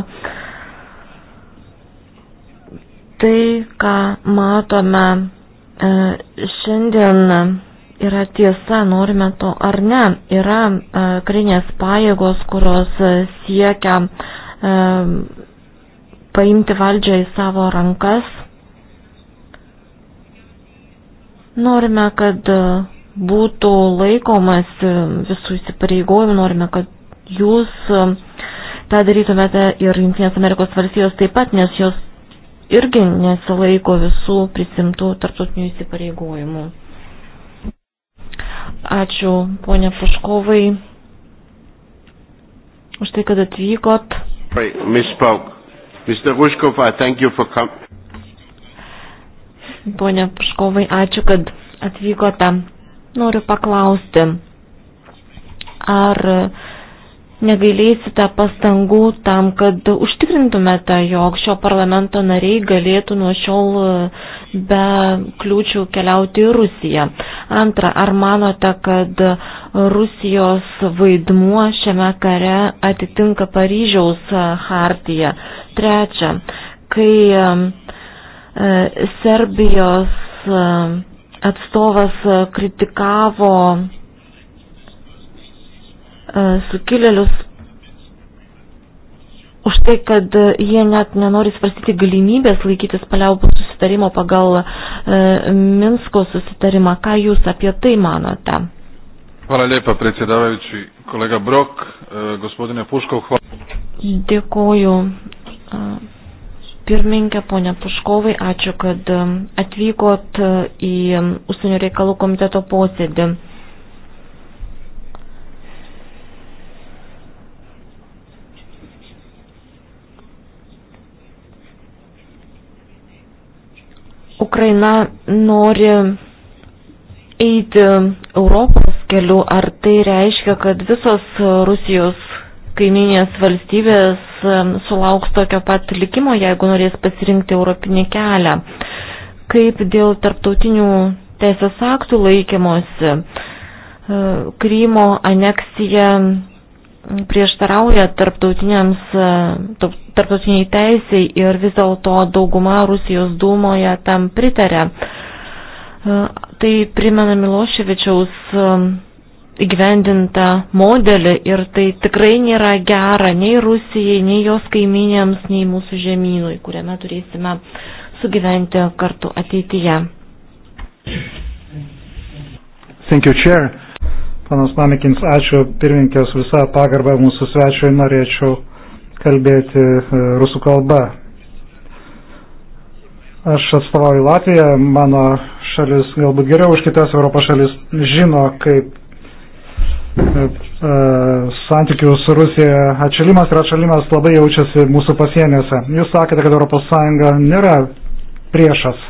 tai, ką matome e, šiandien, yra tiesa, norime to ar ne. Yra e, karinės pajėgos, kurios siekia e, paimti valdžią į savo rankas. Norime, kad būtų laikomasi visų įsipareigojimų, norime, kad jūs tą darytumėte ir Junktinės Amerikos valstijos taip pat, nes jos irgi nesilaiko visų prisimtų tarptautinių įsipareigojimų. Ačiū, ponė Paškovai, už tai, kad atvykot. Right, misspoke. Mr. Rushkov, I thank you for coming. Pone Paškovai, ačiū, kad atvykote. Noriu paklausti, ar negailėsite pastangų tam, kad užtikrintumėte, jog šio parlamento nariai galėtų nuo šiol e, be kliūčių keliauti į Rusiją. Antra, ar manote, kad Rusijos vaidmuo šiame kare atitinka Paryžiaus hartiją? Trečia, kai e, Serbijos e, atstovas kritikavo sukilėlius už tai, kad e, jie net nenori svarstyti galimybės laikytis paliaubų susitarimo pagal e, Minsko susitarimą. Ką Jūs apie tai manote? Hvala lijepa, predsjedavajući. Kolega Brok, e, gospodine Puškov, hvala. Dėkoju. E, Pirminkė, ponia Puškovai, ačiū, kad e, atvykot į užsienio reikalų komiteto posėdį. Ukraina nori eiti Europos keliu, ar tai reiškia, kad visos Rusijos kaiminės valstybės sulauks tokio pat likimo, jeigu norės pasirinkti europinį kelią? Kaip dėl tarptautinių teisės aktų laikymosi, e, Krymo aneksija prieštarauja tarptautiniams, e, tarptautiniai teisiai ir vis dėlto dauguma Rusijos dūmoje tam pritarė. E, tai primena Miloševičiaus e, įgyvendintą modelį ir tai tikrai nėra gera nei Rusijai, nei jos kaiminėms, nei mūsų žemynui, kuriame turėsime sugyventi kartu ateityje. Thank you, Chair. Panas Mamikins, ačiū pirmininkės visą pagarbą mūsų svečiui, norėčiau kalbėti e, rusų kalba. Aš atstovauju Latviją, mano šalis galbūt geriau už kitas Europos šalis žino, kaip e, e santykių su Rusija atšalimas ir atšalimas labai jaučiasi mūsų pasienėse. Jūs sakėte, kad ES nėra priešas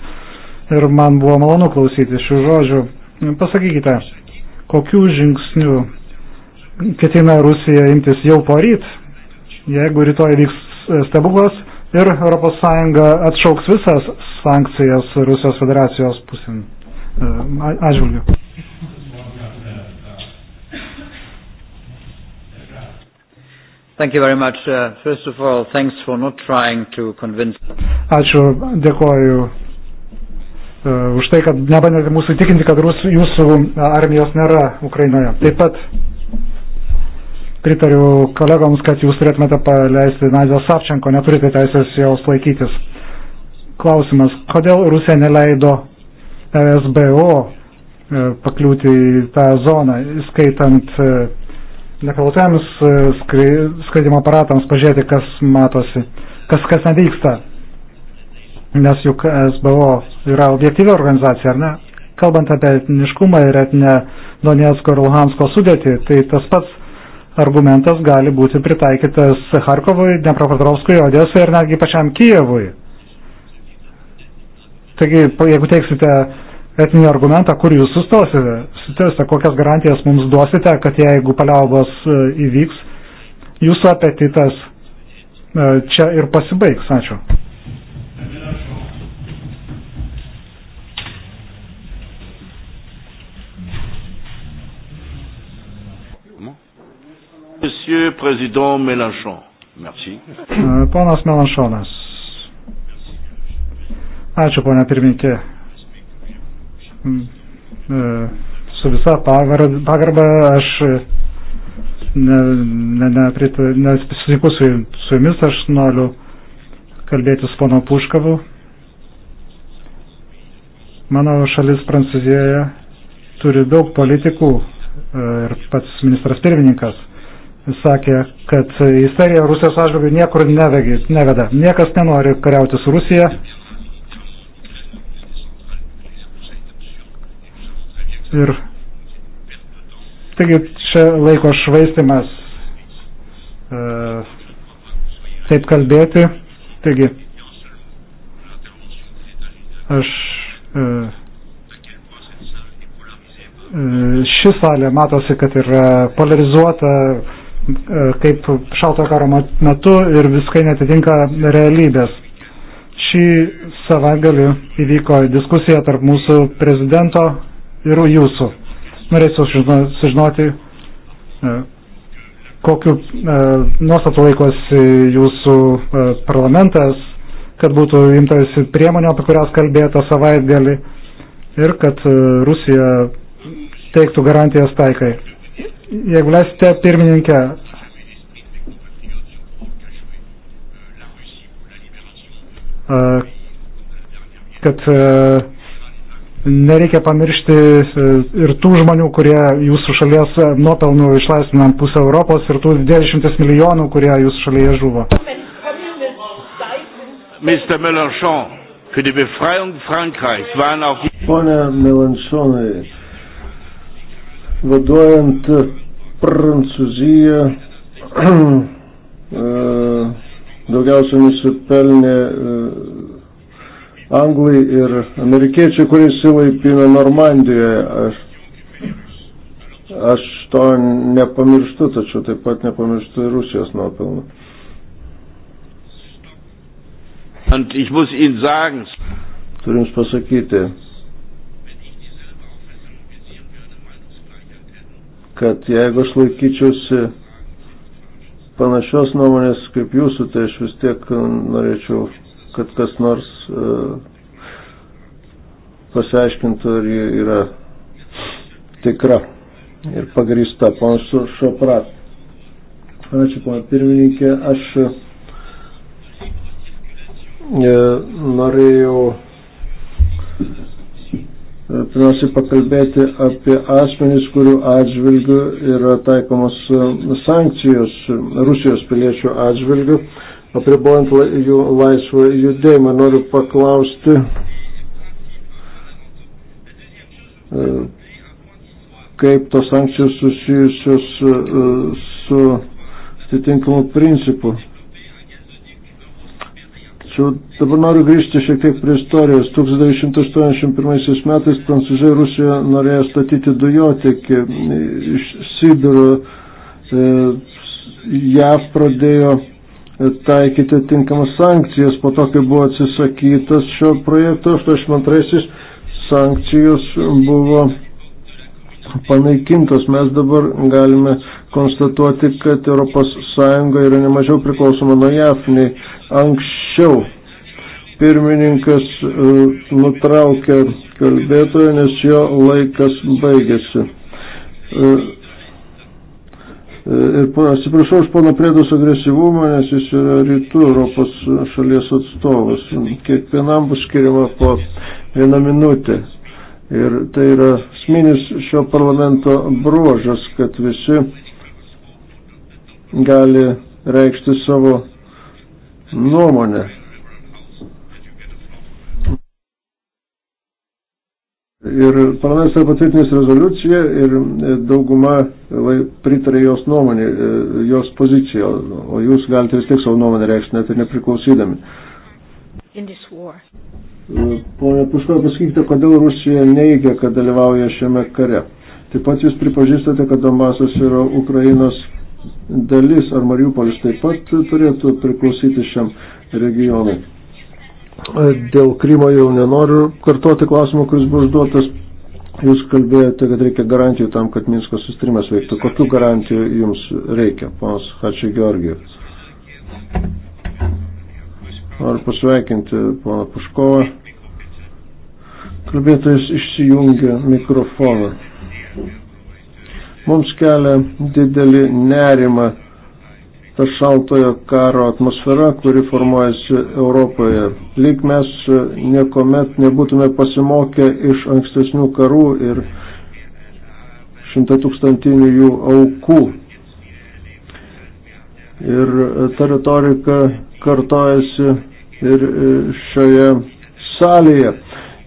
ir man buvo malonu klausyti šių žodžių. Pasakykite, kokių žingsnių ketina Rusija imtis jau poryt, jeigu rytoj vyks e, stebuklas ir ES atšauks visas sankcijas Rusijos federacijos pusėn e, atžvilgiu. Thank you very much. Uh, first of all, thanks for not trying to convince. Ačiū, dėkoju Uh, už tai, kad nebandėte mūsų įtikinti, kad rus, jūsų uh, armijos nėra Ukrainoje. Taip pat pritariu kolegoms, kad jūs turėtumėte paleisti Nadią Savčenko, neturite teisės jos laikytis. Klausimas, kodėl Rusija neleido SBO uh, pakliūti į tą zoną, skaitant nekalotėms skridimo aparatams, pažiūrėti, kas matosi, kas, kas nevyksta nes juk SBO yra objektyvi organizacija, ar ne? Kalbant apie etniškumą ir etinę Donetsko ir Luhansko sudėtį, tai tas pats argumentas gali būti pritaikytas Harkovui, Dnepropetrovskui, Odesui ir netgi pačiam Kijevui. Taigi, jeigu teiksite etinį argumentą, kur jūs sustosite, sustosite, kokias garantijas mums duosite, kad jeigu paliaubos e, įvyks, jūsų apetitas e, čia ir pasibaigs. Ačiū. Monsieur Président Mélenchon. Merci. Euh, ponas Melanšonas. Ačiū, ponia pirmininkė. Mm, e, su visa pagarba aš nesutinku ne, ne, ne, su, su jumis, aš noriu kalbėti su pono Puškavu. Mano šalis Prancūzijoje turi daug politikų e, ir pats ministras pirmininkas sakė, kad isterija Rusijos atžvilgių niekur neveda. Niekas nenori kariauti su Rusija. Ir taigi čia laiko švaistimas e, taip kalbėti. Taigi aš e, e ši salė matosi, kad yra polarizuota E, kaip šalto karo metu ir viskai netitinka realybės. Šį savaitgalį įvyko diskusija tarp mūsų prezidento ir jūsų. Norėčiau sužinoti, e, kokiu e, nuostatų laikosi jūsų parlamentas, kad būtų imtasi priemonė, apie kurias kalbėta savaitgalį ir kad Rusija teiktų garantijas taikai. Jeigu leisite, pirmininkė, kad nereikia pamiršti ir tų žmonių, kurie jūsų šalies nuopelnų išlaisvina pusę Europos ir tų 20 milijonų, kurie jūsų šalyje žuvo. Mr. Melanchon, für die Befreiung Frankreichs waren auch... Pone Melanchonai, vaduojant Prancūzija [clears throat] e, daugiausiai nusipelnė e, anglai ir amerikiečiai, kurie įsilaipino Normandijoje. Aš, aš to nepamirštu, tačiau taip pat nepamirštu ir Rusijos nuopelnų. Turiu Jums pasakyti, kad jeigu aš laikyčiausi panašios nuomonės kaip jūsų, tai aš vis tiek norėčiau, kad kas nors e, pasiaiškintų, ar ji yra tikra ir pagrįsta. Ponas Šoprat. Ačiū, pana pirmininkė. Aš e, norėjau E, pirmiausiai pakalbėti apie asmenys, kurių atžvilgių yra taikomos e, sankcijos Rusijos piliečių atžvilgių, apribojant jų laisvą judėjimą. Noriu paklausti, e, kaip tos sankcijos susijusios su atitinkamu principu. Tačiau dabar noriu grįžti šiek tiek prie istorijos. 1981 metais Prancūzija ir Rusija norėjo statyti dujotekį iš Sibiro. E, JAV pradėjo e, taikyti tinkamas sankcijas, po to, kai buvo atsisakytas šio projekto, 82-aisiais sankcijos buvo panaikintos. Mes dabar galime konstatuoti, kad ES yra nemažiau priklausoma nuo JAF nei anksčiau. Pirmininkas e, nutraukė kalbėtoją, nes jo laikas baigėsi. E, e, ir atsiprašau už pono Prėdos agresyvumą, nes jis yra rytų Europos šalies atstovas. Kiekvienam bus skiriama po vieną minutę. Ir tai yra sminis šio parlamento bruožas, kad visi gali reikšti savo nuomonę. Ir parlamentas yra patvirtinęs rezoliuciją ir e, dauguma pritarė jos nuomonį, e, jos poziciją, o jūs galite vis tiek savo nuomonę reikšti net ir nepriklausydami. E, pone Puško, pasakykite, kodėl Rusija neigia, kad dalyvauja šiame kare. Taip pat jūs pripažįstate, kad Donbasas yra Ukrainos dalis, ar Mariupolis taip pat turėtų priklausyti šiam regionui. E, dėl Krymo jau nenoriu kartuoti klausimą, kuris buvo užduotas. Jūs kalbėjote, kad reikia garantijų tam, kad Minsko sustrimas veiktų. Kokių garantijų jums reikia, ponas Hačiai Georgijus? Noriu pasveikinti poną Puškovą. Kalbėtojas išsijungia mikrofoną. Mums kelia didelį nerimą ta šaltojo karo atmosfera, kuri formuojasi Europoje. Lyg mes niekuomet nebūtume pasimokę iš ankstesnių karų ir šimtatūkstantinių jų aukų. Ir ta retorika kartojasi ir e, šioje salėje.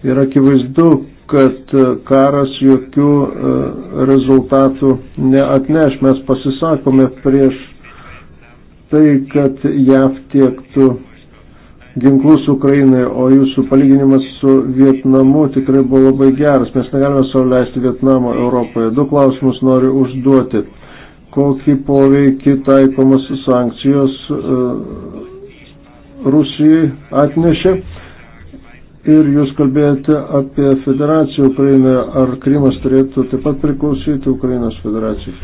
Ir akivaizdu, kad e, karas jokių e, rezultatų neatneš. Mes pasisakome prieš tai, kad JAV tiektų ginklus Ukrainai, o jūsų palyginimas su Vietnamu tikrai buvo labai geras. Mes negalime savo leisti Vietnamo Europoje. Du klausimus noriu užduoti. Kokį poveikį taikomas sankcijos uh, Rusijai atnešė. Ir jūs kalbėjote apie federaciją Ukrainoje. Ar Krymas turėtų taip pat priklausyti Ukrainos federacijai?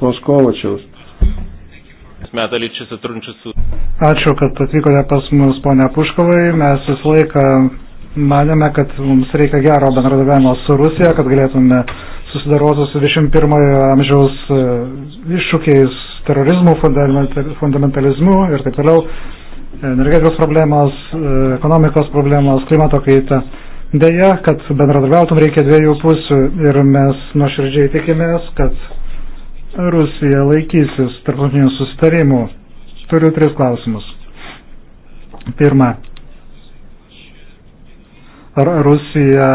Poskovačiaus. Ačiū, kad atvykote pas mus, ponia Puškovai. Mes visą laiką manėme, kad mums reikia gero bendradarbiavimo su Rusija, kad galėtume susidaroti su 21 amžiaus e, iššūkiais terorizmu, fundamentalizmu ir taip toliau, e, energetikos problemos, e, ekonomikos problemos, klimato kaita. Deja, kad bendradarbiautum reikia dviejų pusių ir mes nuoširdžiai tikimės, kad Rusija laikysis tarptautinių sustarimų. Turiu tris klausimus. Pirma, ar Rusija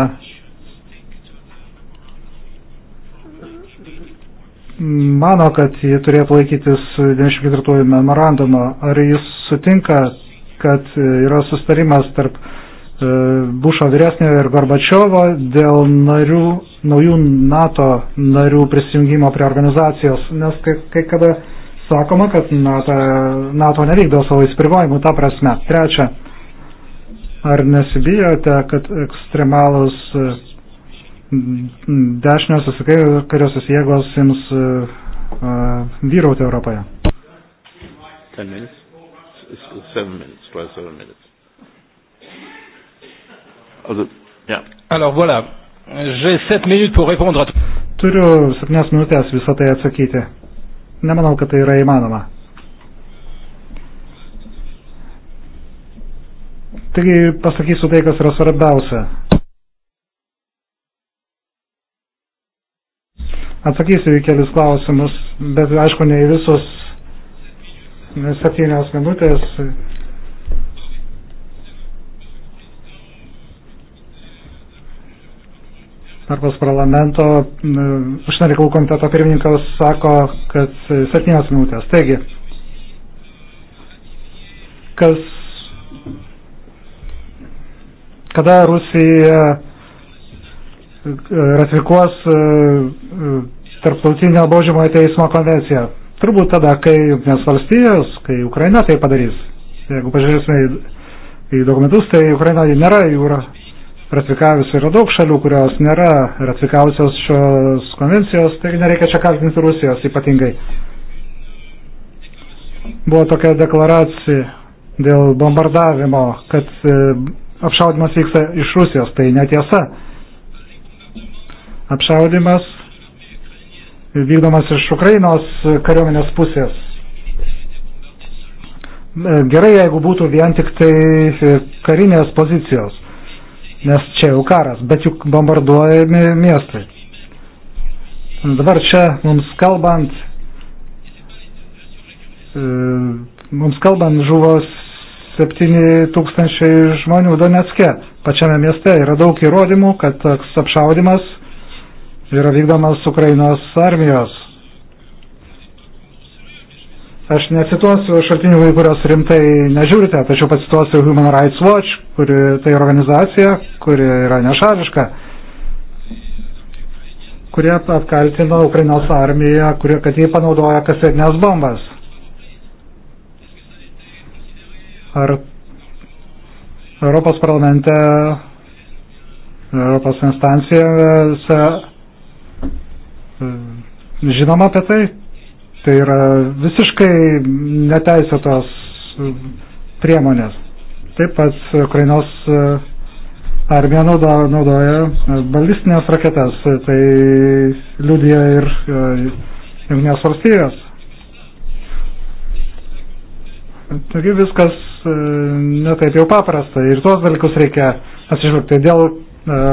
mano, kad jie turėtų laikytis 94 memorandumo. Ar jis sutinka, kad yra sustarimas tarp e, Bušo vyresniojo ir Gorbačiovo dėl narių, naujų NATO narių prisijungimo prie organizacijos, nes kai, kai kada sakoma, kad NATO, NATO nevykdo savo įsipareigojimų, ta prasme. Trečia, ar nesibijote, kad ekstremalus dešiniosios kairiosios jėgos jums uh, e, e, vyrauti Europoje. Ten minutes. It's seven minutes, twelve, seven minutes. Also, oh, yeah. Alors voilà, j'ai sept minutes pour répondre à tout. Turiu septynias minutės visą tai atsakyti. Nemanau, kad tai yra įmanoma. Taigi pasakysiu tai, kas yra svarbiausia. Atsakysiu į kelius klausimus, bet aišku, ne į visus septynios minutės. Europos parlamento užsienio reikalų komiteto pirmininkas sako, kad septynios minutės. Taigi, kas, kada Rusija ratifikuos e, e, tarptautinio baudžiamojo teismo konvenciją. Turbūt tada, kai Junktinės valstijos, kai Ukraina tai padarys. Jeigu pažiūrėsime į, į dokumentus, tai Ukraina nėra jūra ratifikavusi. Yra daug šalių, kurios nėra ratifikavusios šios konvencijos, taigi nereikia čia kaltinti Rusijos ypatingai. Buvo tokia deklaracija dėl bombardavimo, kad e, apšaudimas vyksta iš Rusijos, tai netiesa apšaudimas vykdomas iš Ukrainos kariuomenės pusės. E, gerai, jeigu būtų vien tik tai e, karinės pozicijos, nes čia jau karas, bet juk bombarduojami miestai. Dabar čia mums kalbant, e, mums kalbant žuvo 7 tūkstančiai žmonių Donetske. Pačiame mieste yra daug įrodymų, kad toks apšaudimas yra vykdomas Ukrainos armijos. Aš necituosiu šaltinių, į kurios rimtai nežiūrite, tačiau pacituosiu Human Rights Watch, kuri tai organizacija, kuri yra nešališka, kurie apkaltino Ukrainos armiją, kurie, kad jį panaudoja kasetinės bombas. Ar Europos parlamente Europos instancijose žinoma apie tai. Tai yra visiškai neteisėtos priemonės. Taip pat Ukrainos e, armija naudoja, naudoja e, balistinės raketas, tai liudija ir e, Junknės valstybės. Taigi viskas netaip jau paprasta ir tuos dalykus reikia atsižvelgti. Dėl e,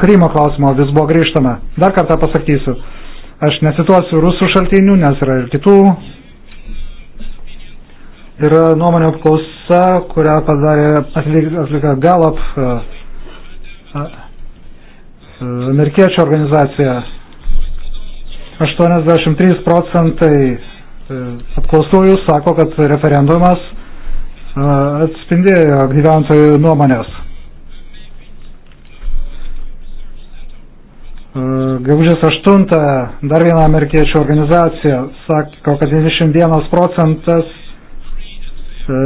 Krymo klausimo vis buvo grįžtama. Dar kartą pasakysiu. E, Aš nesituosiu rusų šaltinių, nes yra ir kitų. Yra nuomonė apklausa, kurią padarė atlika Galap, e, e, amerikiečių organizacija. 83 procentai e, apklaustųjų sako, kad referendumas atspindėjo gyventojų nuomonės. Gegužės 8 dar viena amerikiečių organizacija sako, kad 91 procentas e,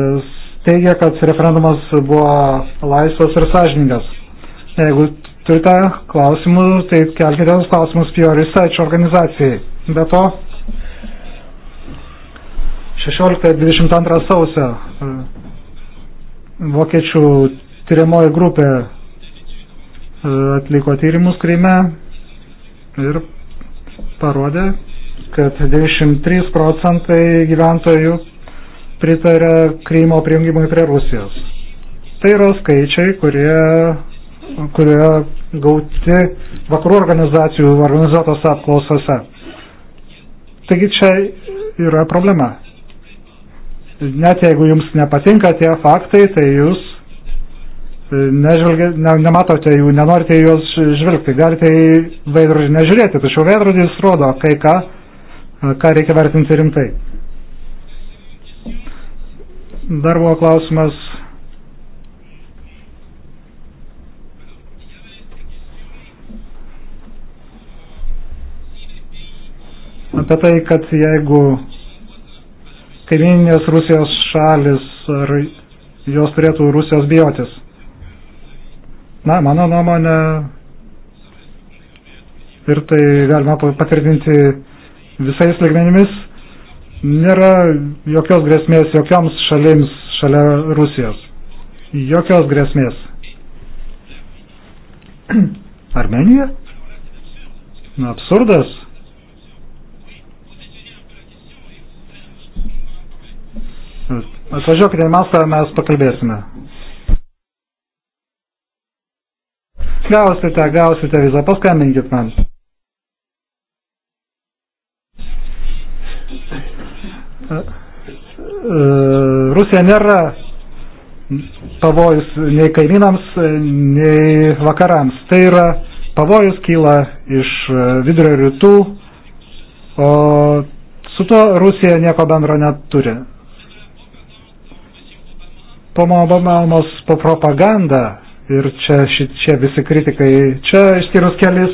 teigia, kad referendumas buvo laisvas ir sąžiningas. Jeigu turite klausimų, tai kelkite tos klausimus Pure Research organizacijai. Be to, 16-22 sausio e, vokiečių tyriamoji grupė e, atliko tyrimus Kryme ir parodė, kad 93 procentai gyventojų pritarė Krymo prijungimui prie Rusijos. Tai yra skaičiai, kurie, kurie gauti vakarų organizacijų organizuotos apklausose. Taigi čia yra problema. Net jeigu jums nepatinka tie faktai, tai jūs E, nežvelgia, ne, nematote jų, nenorite juos žvelgti, galite į veidrodį nežiūrėti, tačiau veidrodis rodo kai ką, e, ką reikia vertinti rimtai. Dar buvo klausimas. Apie tai, kad jeigu kaimininės Rusijos šalis ar jos turėtų Rusijos bijotis. Na, mano nuomonė, ir tai galima patvirtinti visais lygmenimis, nėra jokios grėsmės jokioms šalims šalia Rusijos. Jokios grėsmės. [clears throat] Armenija? Na, absurdas. Atvažiuokite į Maskvą, mes pakalbėsime. Gausite, gausite vizą, paskambinkit man. E, Rusija nėra pavojus nei kaimynams, nei vakarams. Tai yra pavojus kyla iš vidurio rytų, o su tuo Rusija nieko bendro neturi. Pomo Obamos propaganda Ir čia šie visi kritikai, čia išskyrus kelis,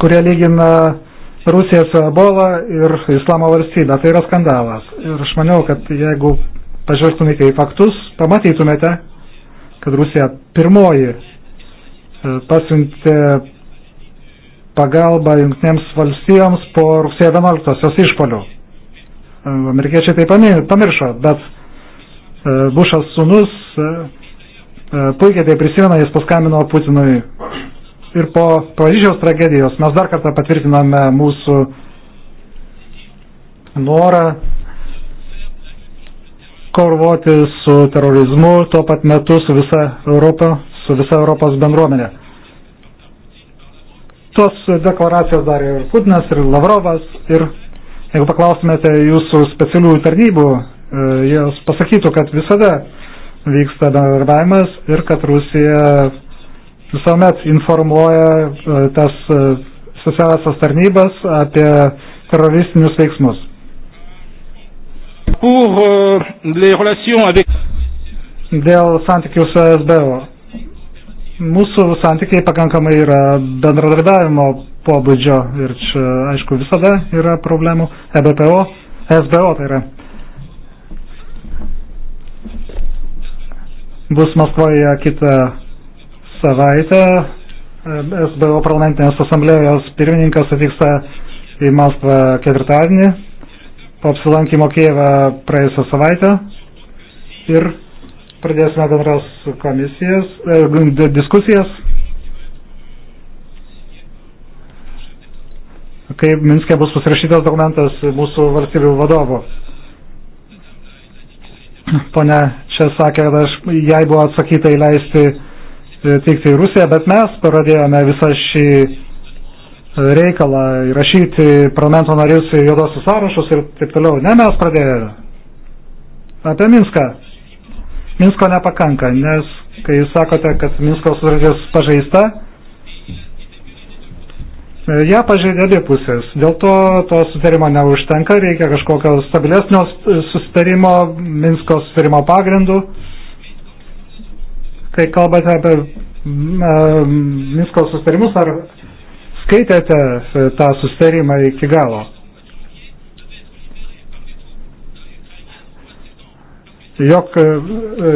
kurie lygina Rusiją su Ebola ir Islamo valstybę. Tai yra skandalas. Ir aš maniau, kad jeigu pažvelgtumėte į faktus, pamatytumėte, kad Rusija pirmoji e, pasiuntė pagalbą jungtinėms valstijoms po rugsėjo 11-osios išpolių. E, amerikiečiai tai pamiršo, bet e, Bušas sunus E, puikiai tai prisimena, jis paskambino Putinui. Ir po Paryžiaus tragedijos mes dar kartą patvirtiname mūsų norą kovoti su terorizmu, tuo pat metu su visa Europa, su visa Europos bendruomenė. Tos deklaracijos darė ir Putinas, ir Lavrovas, ir jeigu paklaustumėte jūsų specialiųjų tarnybų, e, jos pasakytų, kad visada vyksta bendradarbiavimas ir kad Rusija visuomet informuoja e, tas e, socialasios tarnybas apie teroristinius veiksmus. Pour, uh, avec... Dėl santykių su SBO. Mūsų santykiai pakankamai yra bendradarbiavimo pobūdžio ir čia, aišku, visada yra problemų. EBPO, SBO tai yra. bus Maskvoje kitą savaitę. SBO parlamentinės asamblėjos pirmininkas atvyksta į Maskvą ketvirtadienį po apsilankimo Kijevą praėjusią savaitę ir pradėsime bendras komisijas, e, diskusijas, kai Minske bus pasirašytas dokumentas mūsų valstybių vadovo. Pone čia sakė, kad aš, jai buvo atsakyta įleisti e, teikti į Rusiją, bet mes pradėjome visą šį reikalą įrašyti parlamento narius į juodosius sąrašus ir taip toliau. Ne, mes pradėjome. Apie Minską. Minsko nepakanka, nes kai jūs sakote, kad Minsko sutartis pažeista, E, ją ja pažeidė abi pusės. Dėl to to sutarimo neužtenka, reikia kažkokio stabilesnio sutarimo, Minsko sutarimo pagrindų. Kai kalbate apie uh, Minsko sutarimus, ar skaitėte e, tą sustarimą iki galo? Jok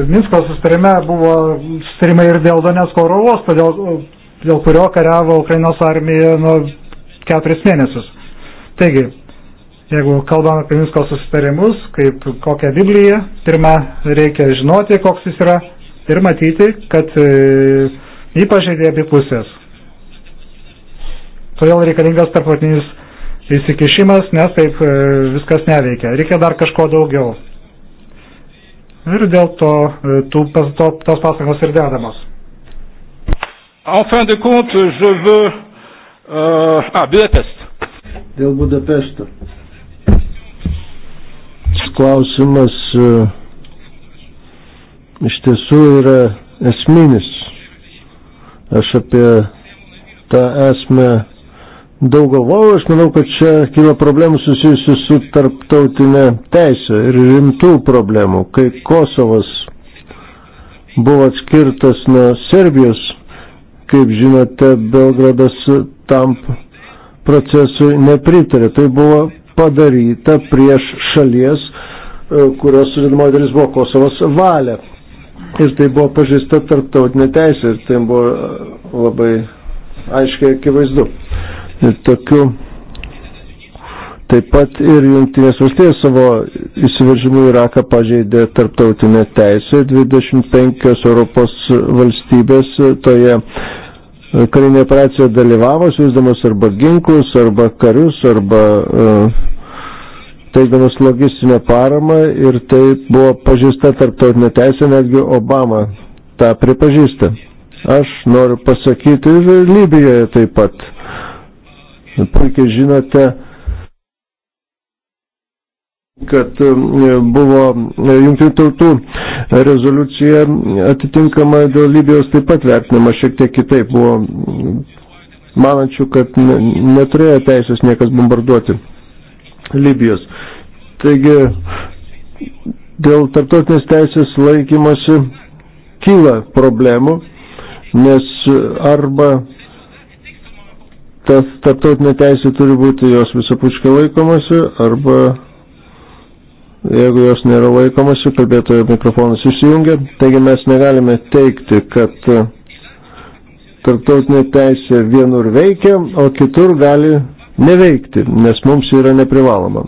Minsko sustarime buvo sustarimai ir dėl Donetsko oro uosto, dėl dėl kurio kariavo Ukrainos armija nuo keturis mėnesius. Taigi, jeigu kalbame apie Minsko susitarimus, kaip kokią Bibliją, pirmą reikia žinoti, koks jis yra ir matyti, kad jį e, pažeidė abi pusės. Todėl reikalingas tarptautinis įsikišimas, nes taip e, viskas neveikia. Reikia dar kažko daugiau. Ir dėl to, e, tų, to tos pasakos ir dedamos. En fin de compte, je veux... Euh, ah, Budapest. Dėl Budapešto. Klausimas e, iš tiesų yra esminis. Aš apie tą esmę daug galvojau. Aš manau, kad čia kyla problemų susijusių su tarptautinė teisė ir rimtų problemų, kai Kosovas buvo atskirtas nuo Serbijos kaip žinote, Belgradas tam procesui nepritarė. Tai buvo padaryta prieš šalies, e, kurios sudėdamo dalis buvo Kosovas valia. Ir tai buvo pažįsta tarptautinė teisė ir tai buvo e, labai aiškiai akivaizdu. Ir tokiu taip pat ir Junktinės valstijos savo įsiveržimu Iraką pažeidė tarptautinę teisę. 25 Europos valstybės toje E, karinėje operacijoje dalyvavo, siūsdamas arba ginklus, arba karius, arba uh, teikdamas logistinę paramą ir tai buvo pažįsta tarptautinė teisė, netgi Obama tą pripažįsta. Aš noriu pasakyti ir Libijoje taip pat. Puikiai žinote, uh, kad e, buvo e, jungtinių tautų rezoliucija atitinkama dėl Libijos taip pat vertinama šiek tiek kitaip. Buvo manančių, kad neturėjo teisės niekas bombarduoti Libijos. Taigi dėl tarptautinės teisės laikymosi kyla problemų, nes arba tas tarptautinė teisė turi būti jos visapuškai laikomasi, arba Jeigu jos nėra laikomasi, kalbėtojo mikrofonas išsijungia, taigi mes negalime teikti, kad e, tarptautinė teisė vienur veikia, o kitur gali neveikti, nes mums yra neprivaloma.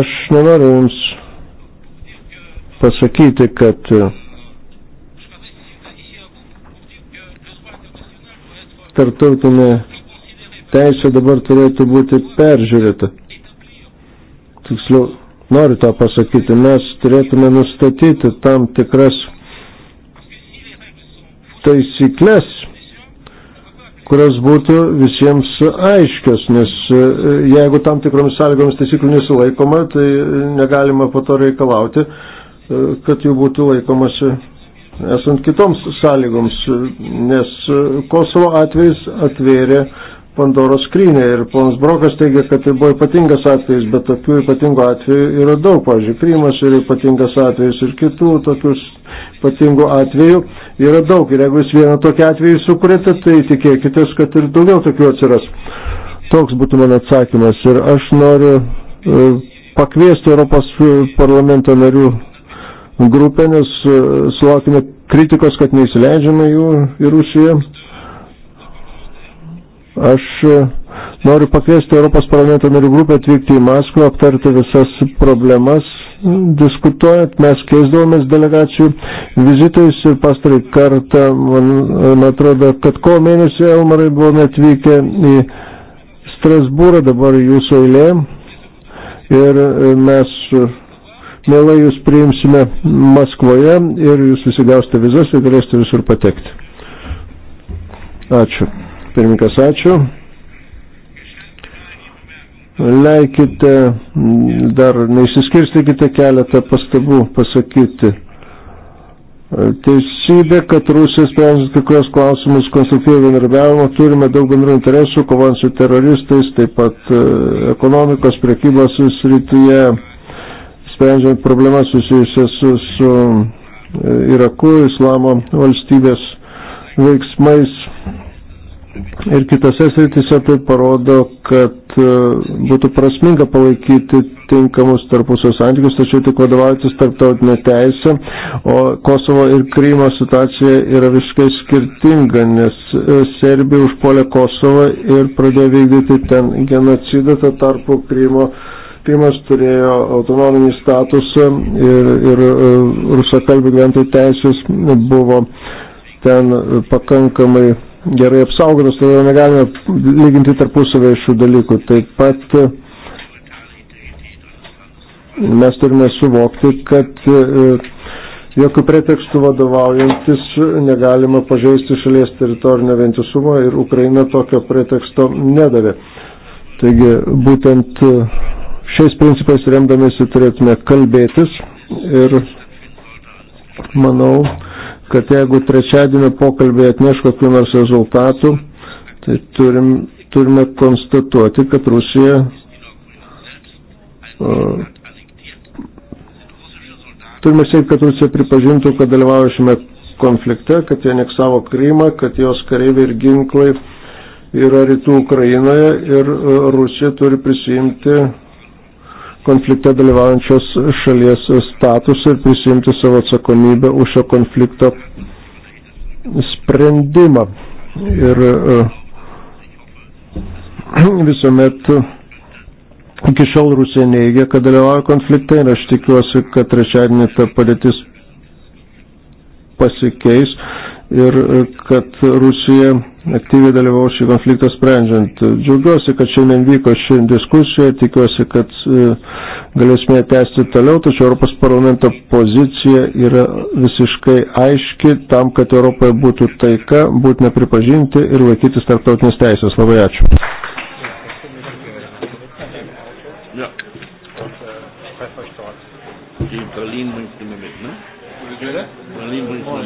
Aš nenoriu Jums pasakyti, kad e, tarptautinė teisė dabar turėtų būti peržiūrėta. Tiksliau, Noriu tą pasakyti, mes turėtume nustatyti tam tikras taisyklės, kurios būtų visiems aiškios, nes e, jeigu tam tikromis sąlygomis taisyklių nesilaikoma, tai negalima po to reikalauti, e, kad jų būtų laikomasi esant kitoms sąlygoms, nes e, Kosovo atvejs atvėrė Pandoros skrynė ir ponas Brokas teigia, kad tai buvo ypatingas atvejis, bet tokių ypatingų atvejų yra daug, pavyzdžiui, Krymas yra ypatingas atvejis ir kitų tokius ypatingų atvejų yra daug ir jeigu jūs vieną tokį atvejį sukūrėte, tai tikėkitės, kad ir daugiau tokių atsiras. Toks būtų mano atsakymas ir aš noriu e, pakviesti Europos parlamento narių grupę, nes e, sulaukime kritikos, kad neįsileidžiame jų į Rusiją Aš e, noriu pakviesti Europos parlamento narių grupę atvykti į Maskvą, aptarti visas problemas. Diskutuojant, mes keisdavomės delegacijų vizitais ir pastarai kartą, man, man atrodo, kad kovo mėnesį Elmarai buvome atvykę į Strasbūrą, dabar jūsų eilė. Ir e, mes mielai jūs priimsime Maskvoje ir jūs visi gausite vizas ir galėsite visur patekti. Ačiū. Pirmininkas, ačiū. Leikite, dar neįsiskirstikite keletą pastabų pasakyti. Teisybė, kad Rusija sprendžiant kai kurios klausimus konstruktyviai bendradarbiavimo, turime daug bendrų interesų, kovant su teroristais, taip pat e, ekonomikos, prekybos srityje, sprendžiant problemas susijusias su, su e, Iraku, Islamo valstybės veiksmais ir kitose sritise tai parodo, kad e, būtų prasminga palaikyti tinkamus tarpusio santykius, tačiau tik vadovautis tarptautinė teisė, o Kosovo ir Krymo situacija yra visiškai skirtinga, nes e, Serbija užpolė Kosovą ir pradėjo vykdyti ten genocidą, to tarpu Krymo Krymas turėjo autonominį statusą ir, ir e, rusakalbių gyventojų teisės buvo ten pakankamai gerai apsaugotos, todėl tai negalime lyginti tarpusavę šių dalykų. Taip pat e, mes turime suvokti, kad e, jokių pretekstų vadovaujantis negalima pažeisti šalies teritorinio vientisumo ir Ukraina tokio preteksto nedavė. Taigi būtent e, šiais principais remdamėsi turėtume kalbėtis ir manau, kad jeigu trečiadienio pokalbė atneš kokiu nors rezultatu, tai turim, turime konstatuoti, kad Rusija uh, turime siekti, kad Rusija pripažintų, kad dalyvauja šiame konflikte, kad jie neksavo Krymą, kad jos kareiviai ir ginklai yra rytų Ukrainoje ir e, Rusija turi prisimti konflikte dalyvaujančios šalies statusą ir prisimti savo atsakomybę už šio konflikto sprendimą. Ir e, [clears throat] visuomet iki šiol Rusija neigia, kad dalyvauja konflikte ir aš tikiuosi, kad trečiadienį ta padėtis pasikeis ir e, kad Rusija aktyviai dalyvau šį konfliktą sprendžiant. Džiaugiuosi, kad šiandien vyko ši diskusija, tikiuosi, kad e, galėsime tęsti toliau, tačiau Europos parlamento pozicija yra visiškai aiški, tam, kad Europoje būtų taika, būtina pripažinti ir laikytis tarptautinės teisės. Labai ačiū. Berlin bringt immer mit, ne? Berlin bringt immer mit.